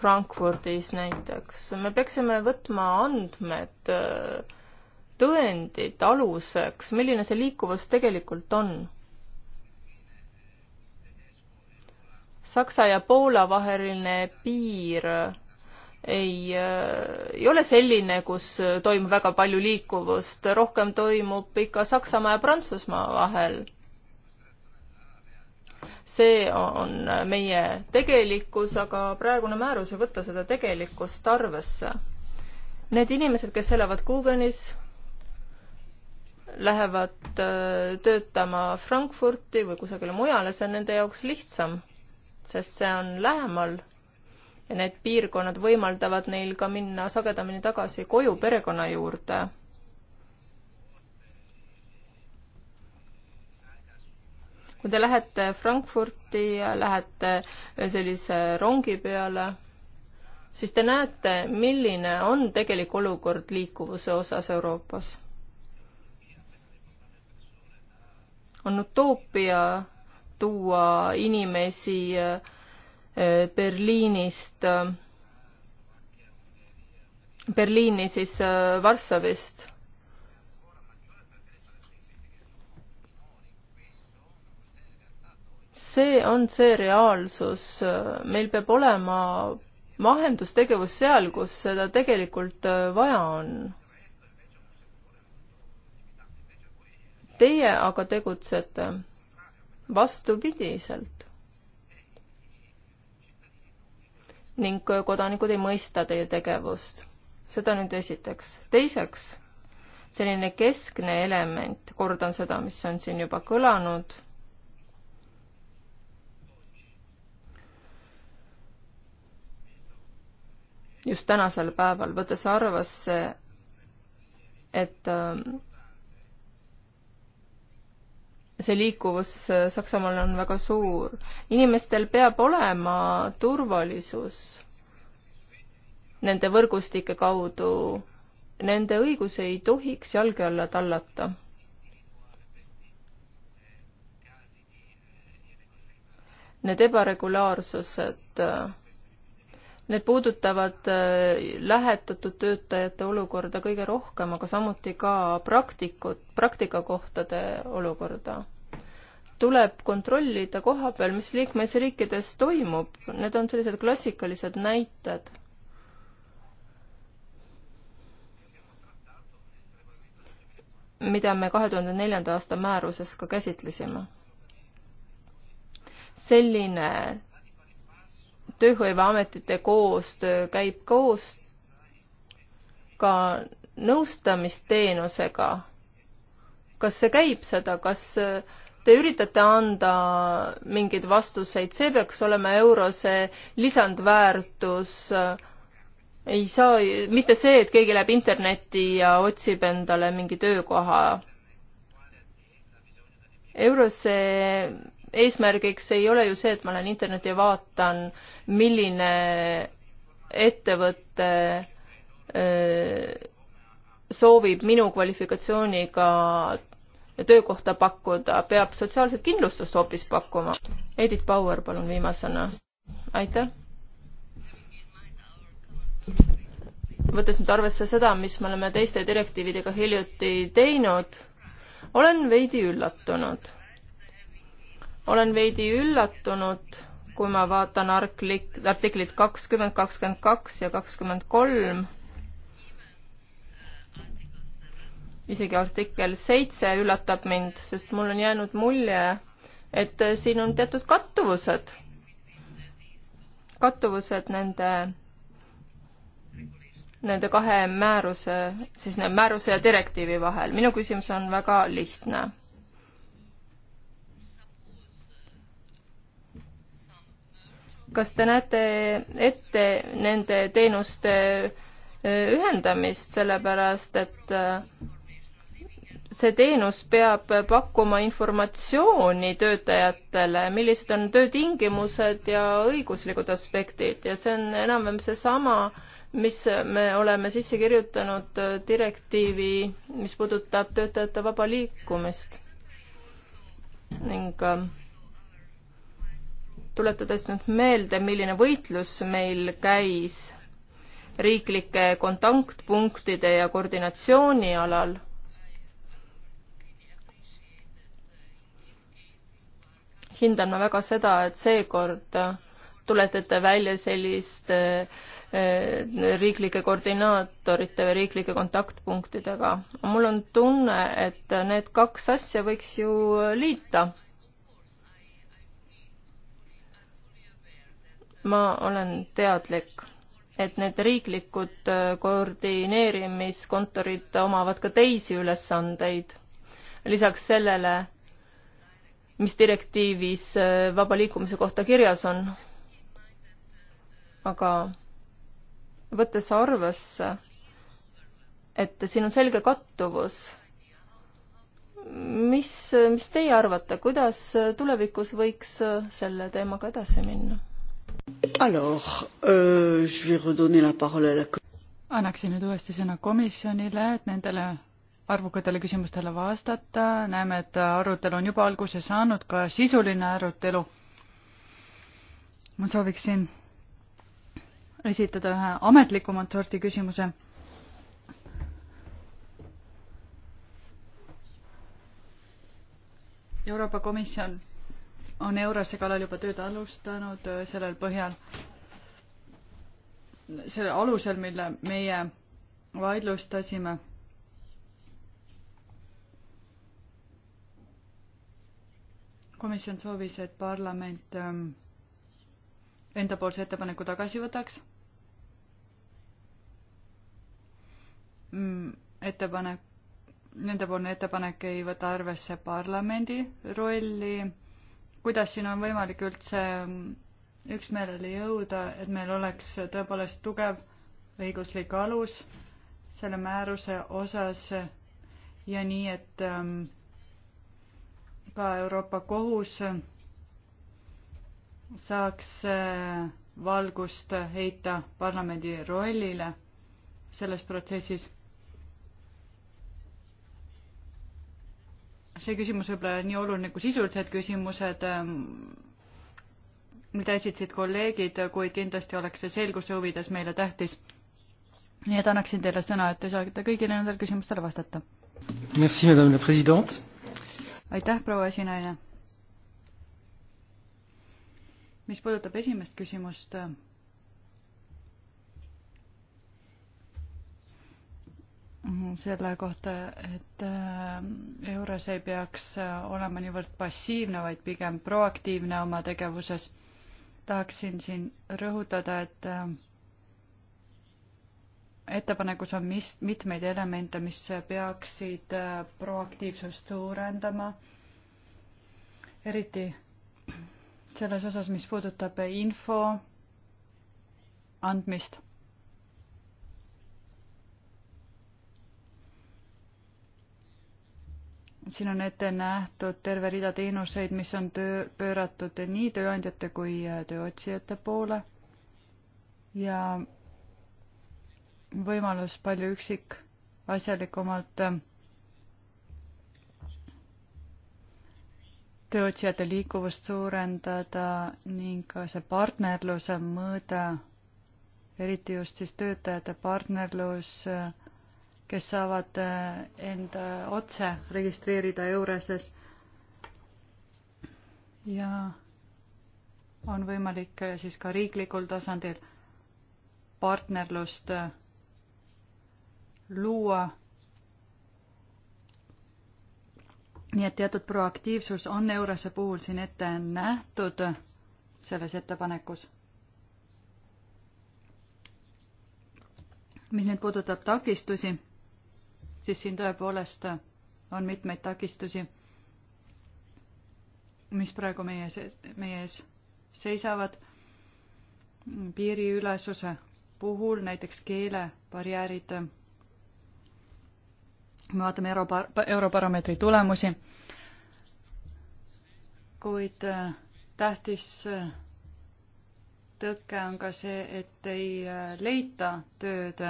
Frankfurdis näiteks, me peaksime võtma andmed, tõendid aluseks, milline see liikuvus tegelikult on. Saksa ja Poola vaheline piir ei, ei ole selline, kus toimub väga palju liikuvust, rohkem toimub ikka Saksamaa ja Prantsusmaa vahel. see on meie tegelikkus, aga praegune määrus ei võta seda tegelikkust arvesse. Need inimesed, kes elavad Kugenis, lähevad äh, töötama Frankfurti või kusagile mujale, see on nende jaoks lihtsam sest see on lähemal ja need piirkonnad võimaldavad neil ka minna sagedamini tagasi koju perekonna juurde. kui te lähete Frankfurti ja lähete sellise rongi peale, siis te näete, milline on tegelik olukord liikuvuse osas Euroopas on utoopia tuua inimesi eh, Berliinist, eh, Berliini siis eh, Varssavist. see on see reaalsus, meil peab olema vahendustegevus seal, kus seda tegelikult vaja on teie aga tegutsete vastupidiselt. ning kodanikud ei mõista teie tegevust. seda nüüd esiteks. teiseks, selline keskne element, kordan seda, mis on siin juba kõlanud just tänasel päeval, võttes arvesse, et ähm, see liikuvus äh, Saksamaal on väga suur. inimestel peab olema turvalisus nende võrgustike kaudu. Nende õigusi ei tohiks jalge alla tallata. Need ebaregulaarsused, äh, need puudutavad äh, lähetatud töötajate olukorda kõige rohkem, aga samuti ka praktikud, praktikakohtade olukorda tuleb kontrollida koha peal, mis liikmesriikides toimub, need on sellised klassikalised näited. mida me kahe tuhande neljanda aasta määruses ka käsitlesime. selline tööhõiveametite koostöö käib koos ka nõustamisteenusega. kas see käib seda, kas äh, Te üritate anda mingeid vastuseid, see peaks olema euro see lisandväärtus. ei saa, mitte see, et keegi läheb internetti ja otsib endale mingi töökoha. eurose eesmärgiks ei ole ju see, et ma lähen internetti ja vaatan, milline ettevõte öö, soovib minu kvalifikatsiooniga töökohta pakkuda, peab sotsiaalset kindlustust hoopis pakkuma. Edith Bauer, palun viimasena. aitäh. võttes nüüd arvesse seda, mis me oleme teiste direktiividega hiljuti teinud, olen veidi üllatunud. olen veidi üllatunud, kui ma vaatan artiklit kakskümmend, kakskümmend kaks ja kakskümmend kolm isegi artikkel seitse üllatab mind, sest mul on jäänud mulje, et siin on teatud kattuvused, kattuvused nende, nende kahe määruse, siis need määruse ja direktiivi vahel. minu küsimus on väga lihtne. kas te näete ette nende teenuste ühendamist, sellepärast et see teenus peab pakkuma informatsiooni töötajatele, millised on töötingimused ja õiguslikud aspektid ja see on enam-vähem seesama, mis me oleme sisse kirjutanud direktiivi, mis puudutab töötajate vaba liikumist. ning äh, tuletades nüüd meelde, milline võitlus meil käis riiklike kontaktpunktide ja koordinatsiooni alal hindan ma väga seda, et seekord tuletate välja selliste eh, riiklike koordinaatorite või riiklike kontaktpunktidega. mul on tunne, et need kaks asja võiks ju liita. ma olen teadlik, et need riiklikud eh, koordineerimiskontorid omavad ka teisi ülesandeid. lisaks sellele mis direktiivis äh, vaba liikumise kohta kirjas on. aga võttes arvesse, et siin on selge kattuvus, mis, mis teie arvate, kuidas tulevikus võiks äh, selle teemaga edasi minna? Alors, euh, je vais redonner la parole à la annaksin nüüd uuesti sõna komisjonile, et nendele arvukatele küsimustele vastata, näeme, et arutelu on juba alguse saanud, ka sisuline arutelu. ma sooviksin esitada ühe ametlikumat sorti küsimuse. Euroopa Komisjon on Eurose kallal juba tööd alustanud sellel põhjal, selle alusel, mille meie vaidlustasime komisjon soovis, et parlament ähm, endapoolse ettepaneku tagasi võtaks. Mm, ettepanek, nendepoolne ettepanek ei võta arvesse parlamendi rolli. kuidas siin on võimalik üldse ähm, üksmeelele jõuda, et meil oleks tõepoolest tugev õiguslik alus selle määruse osas ja nii, et ähm, ka Euroopa Kohus saaks äh, valgust heita parlamendi rollile selles protsessis. see küsimus võib-olla nii oluline kui sisulised küsimused, ähm, mida esitasid kolleegid, kuid kindlasti oleks see selguse huvides meile tähtis. nii et annaksin teile sõna, et te saate kõigile nendele küsimustele vastata. Merci, madame la présidente aitäh, proua esinaine. mis puudutab esimest küsimust, selle kohta, et äh, EURES ei peaks äh, olema niivõrd passiivne, vaid pigem proaktiivne oma tegevuses, tahaksin siin rõhutada, et äh, ettepanekus on mis, mitmeid elemente, mis peaksid äh, proaktiivsust suurendama, eriti selles osas, mis puudutab info andmist. siin on ette nähtud terve rida teenuseid, mis on töö, pööratud nii tööandjate kui äh, tööotsijate poole ja võimalus palju üksikasjalikumalt äh, tööotsijate liikuvust suurendada ning ka see partnerluse mõõde, eriti just siis töötajate partnerlus, äh, kes saavad äh, enda otse registreerida Eureses. ja on võimalik siis ka riiklikul tasandil partnerlust luua. nii et teatud proaktiivsus on Eurose puhul siin ette nähtud selles ettepanekus. mis nüüd puudutab takistusi, siis siin tõepoolest on mitmeid takistusi, mis praegu meie ees, meie ees seisavad piiriülesuse puhul, näiteks keelebarjäärid vaatame Europa-, Eurobaromeetri tulemusi, kuid äh, tähtis äh, tõke on ka see, et ei äh, leita tööd,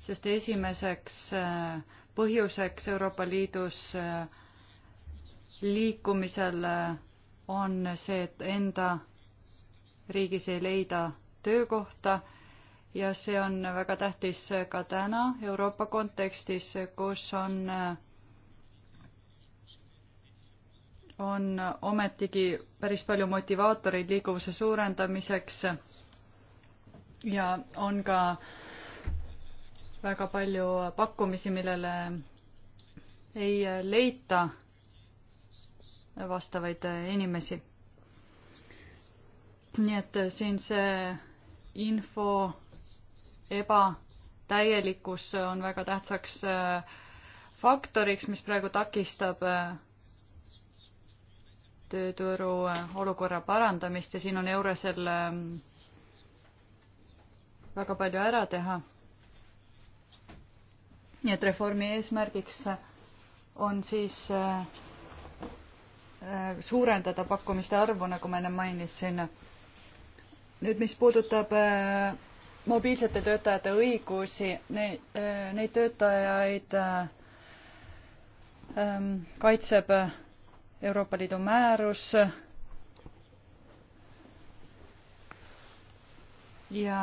sest esimeseks põhjuseks Euroopa Liidus liikumisel on see, et enda riigis ei leida töökohta ja see on väga tähtis ka täna Euroopa kontekstis, kus on, on ometigi päris palju motivaatoreid liikuvuse suurendamiseks ja on ka väga palju pakkumisi, millele ei leita vastavaid inimesi. nii et siin see info ebatäielikkus on väga tähtsaks äh, faktoriks, mis praegu takistab äh, tööturu äh, olukorra parandamist ja siin on Euresel ähm, väga palju ära teha. nii et reformi eesmärgiks on siis suurendada pakkumiste arvu, nagu ma enne mainisin. nüüd, mis puudutab mobiilsete töötajate õigusi, neid, äh, neid töötajaid äh, ähm, kaitseb Euroopa Liidu määrus ja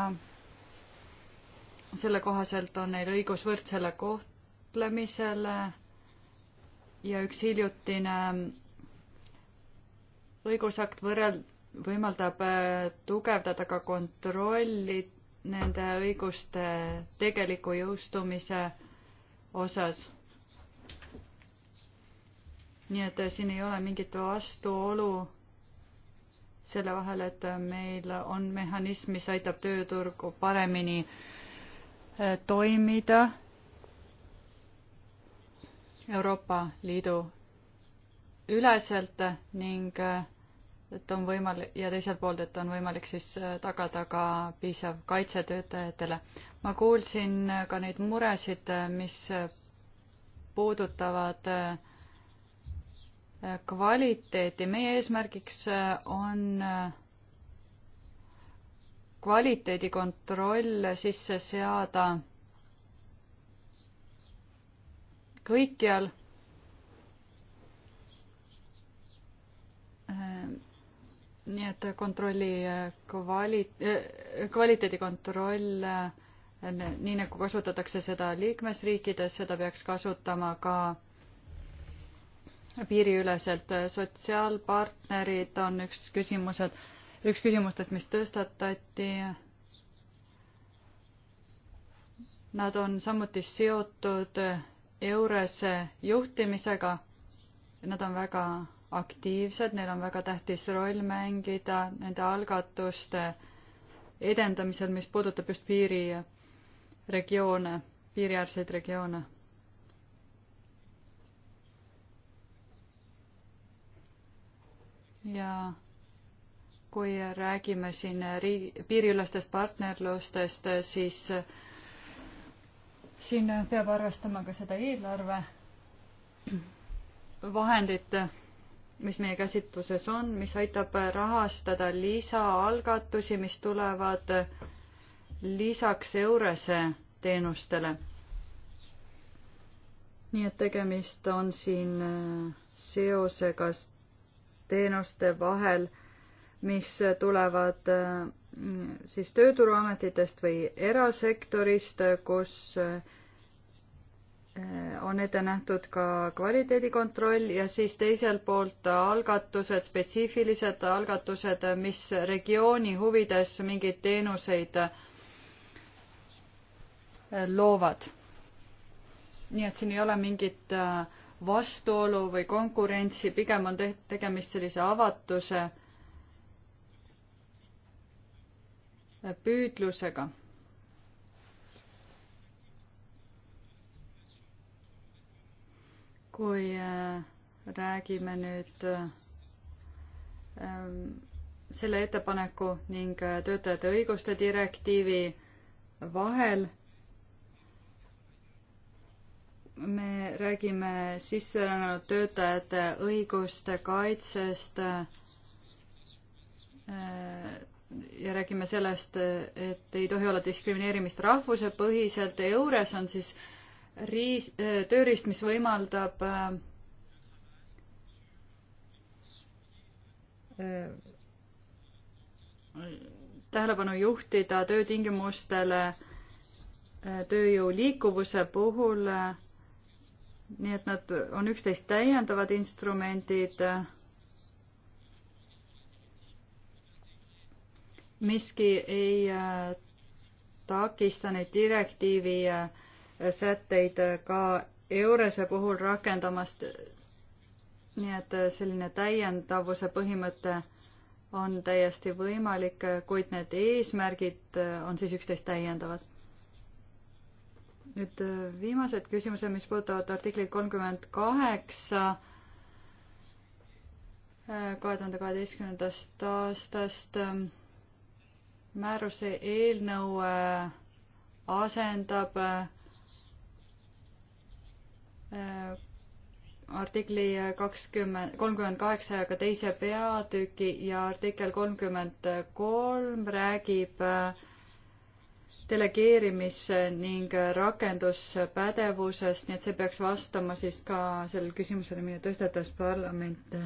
selle kohaselt on neil õigus võrdsele kohtlemisele ja üks hiljutine ähm, õigusakt võrreld-, võimaldab äh, tugevdada ka kontrolli nende õiguste tegeliku jõustumise osas. nii et siin ei ole mingit vastuolu selle vahel, et meil on mehhanism, mis aitab tööturgu paremini eh, toimida Euroopa Liidu üleselt ning eh, et on võimalik ja teiselt poolt, et on võimalik siis äh, tagada ka piisav kaitse töötajatele. ma kuulsin äh, ka neid muresid, äh, mis puudutavad kvaliteeti. meie eesmärgiks on kvaliteedikontroll sisse seada kõikjal nii et kontrolli äh, kvali-, äh, kvaliteedikontroll, äh, nii nagu kasutatakse seda liikmesriikides, seda peaks kasutama ka piiriüleselt. sotsiaalpartnerid on üks küsimused, üks küsimustest, mis tõstatati. Nad on samuti seotud EURES-e juhtimisega. Nad on väga aktiivsed, neil on väga tähtis roll mängida nende algatuste edendamisel, mis puudutab just piiriregioone, piiriäärseid regioone. ja kui räägime siin riigi, piiriülestest partnerlustest, siis siin peab arvestama ka seda eelarve vahendit mis meie käsitluses on, mis aitab rahastada lisaalgatusi, mis tulevad lisaks Eurese teenustele. nii et tegemist on siin äh, seosega teenuste vahel, mis tulevad äh, siis tööturuametitest või erasektorist, äh, kus on ette nähtud ka kvaliteedikontroll ja siis teiselt poolt algatused, spetsiifilised algatused, mis regiooni huvides mingeid teenuseid äh, loovad. nii et siin ei ole mingit äh, vastuolu või konkurentsi, pigem on teht-, tegemist sellise avatuse äh, püüdlusega kui äh, räägime nüüd ähm, selle ettepaneku ning äh, töötajate õiguste direktiivi vahel, me räägime sisserännanud töötajate õiguste kaitsest äh, ja räägime sellest, et ei tohi olla diskrimineerimist rahvuse põhiselt. EURES on siis äh, riis-, tööriist, mis võimaldab tähelepanu juhtida töötingimustele tööjõu liikuvuse puhul, nii et nad on üksteist täiendavad instrumendid miski ei takista neid direktiivi sätteid ka Eurese puhul rakendamast. nii et selline täiendavuse põhimõte on täiesti võimalik, kuid need eesmärgid on siis üksteist täiendavad. nüüd viimased küsimused, mis puudutavad artiklit kolmkümmend kaheksa kahe tuhande kaheteistkümnendast aastast ähm, määruse eelnõu äh, asendab äh, Äh, artikli kakskümmend, kolmkümmend kaheksa ja ka teise peatüki ja artikkel kolmkümmend kolm räägib äh, delegeerimis- ning rakenduspädevusest, nii et see peaks vastama siis ka sellele küsimusele, mille tõstatas parlament äh,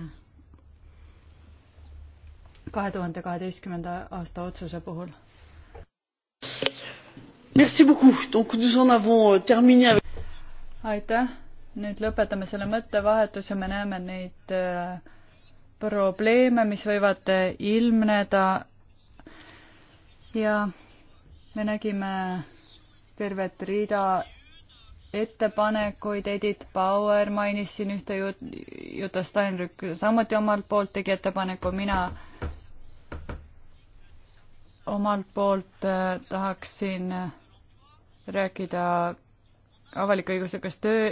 kahe tuhande kaheteistkümnenda aasta otsuse puhul. Euh, aitäh nüüd lõpetame selle mõttevahetuse, me näeme neid äh, probleeme, mis võivad äh, ilmneda. ja me nägime tervet rida ettepanekuid, Edith Bauer mainis siin ühte jut-, Juta Steinrück samuti omalt poolt tegi ettepaneku, mina omalt poolt äh, tahaksin rääkida avalik-õiguslikest töö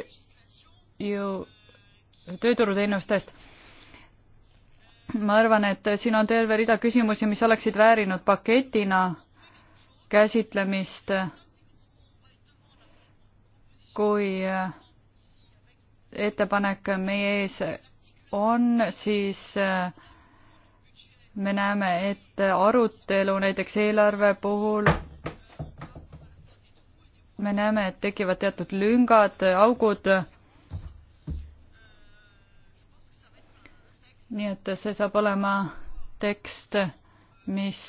ju tööturuteenustest. ma arvan, et siin on terve rida küsimusi, mis oleksid väärinud paketina käsitlemist, kui ettepanek meie ees on, siis me näeme, et arutelu näiteks eelarve puhul me näeme, et tekivad teatud lüngad, augud nii et see saab olema tekst, mis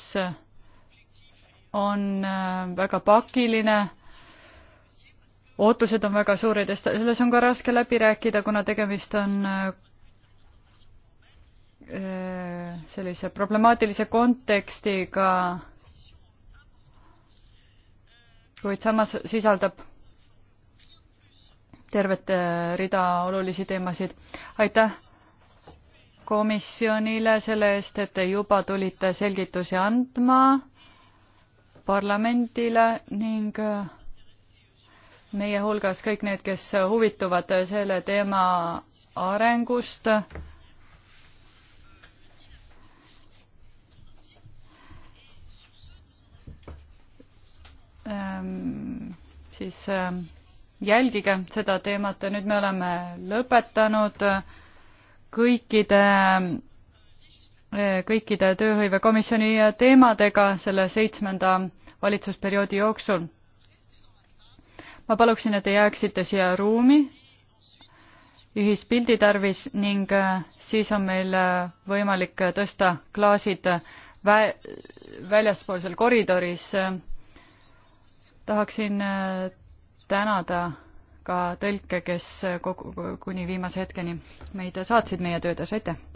on äh, väga pakiline, ootused on väga suured ja selles on ka raske läbi rääkida, kuna tegemist on äh, äh, sellise problemaatilise kontekstiga, kuid samas sisaldab tervet rida olulisi teemasid. aitäh komisjonile selle eest, et te juba tulite selgitusi andma parlamendile ning äh, meie hulgas kõik need, kes huvituvad selle teema arengust. Ähm, siis äh, jälgige seda teemat, nüüd me oleme lõpetanud kõikide, kõikide tööhõivekomisjoni teemadega selle seitsmenda valitsusperioodi jooksul. ma paluksin, et te jääksite siia ruumi ühispildi tarvis ning äh, siis on meil äh, võimalik tõsta klaasid vä-, väljaspoolsel koridoris. tahaksin äh, tänada ka tõlke, kes kogu, kuni viimase hetkeni meid saatsid meie töödes, aitäh!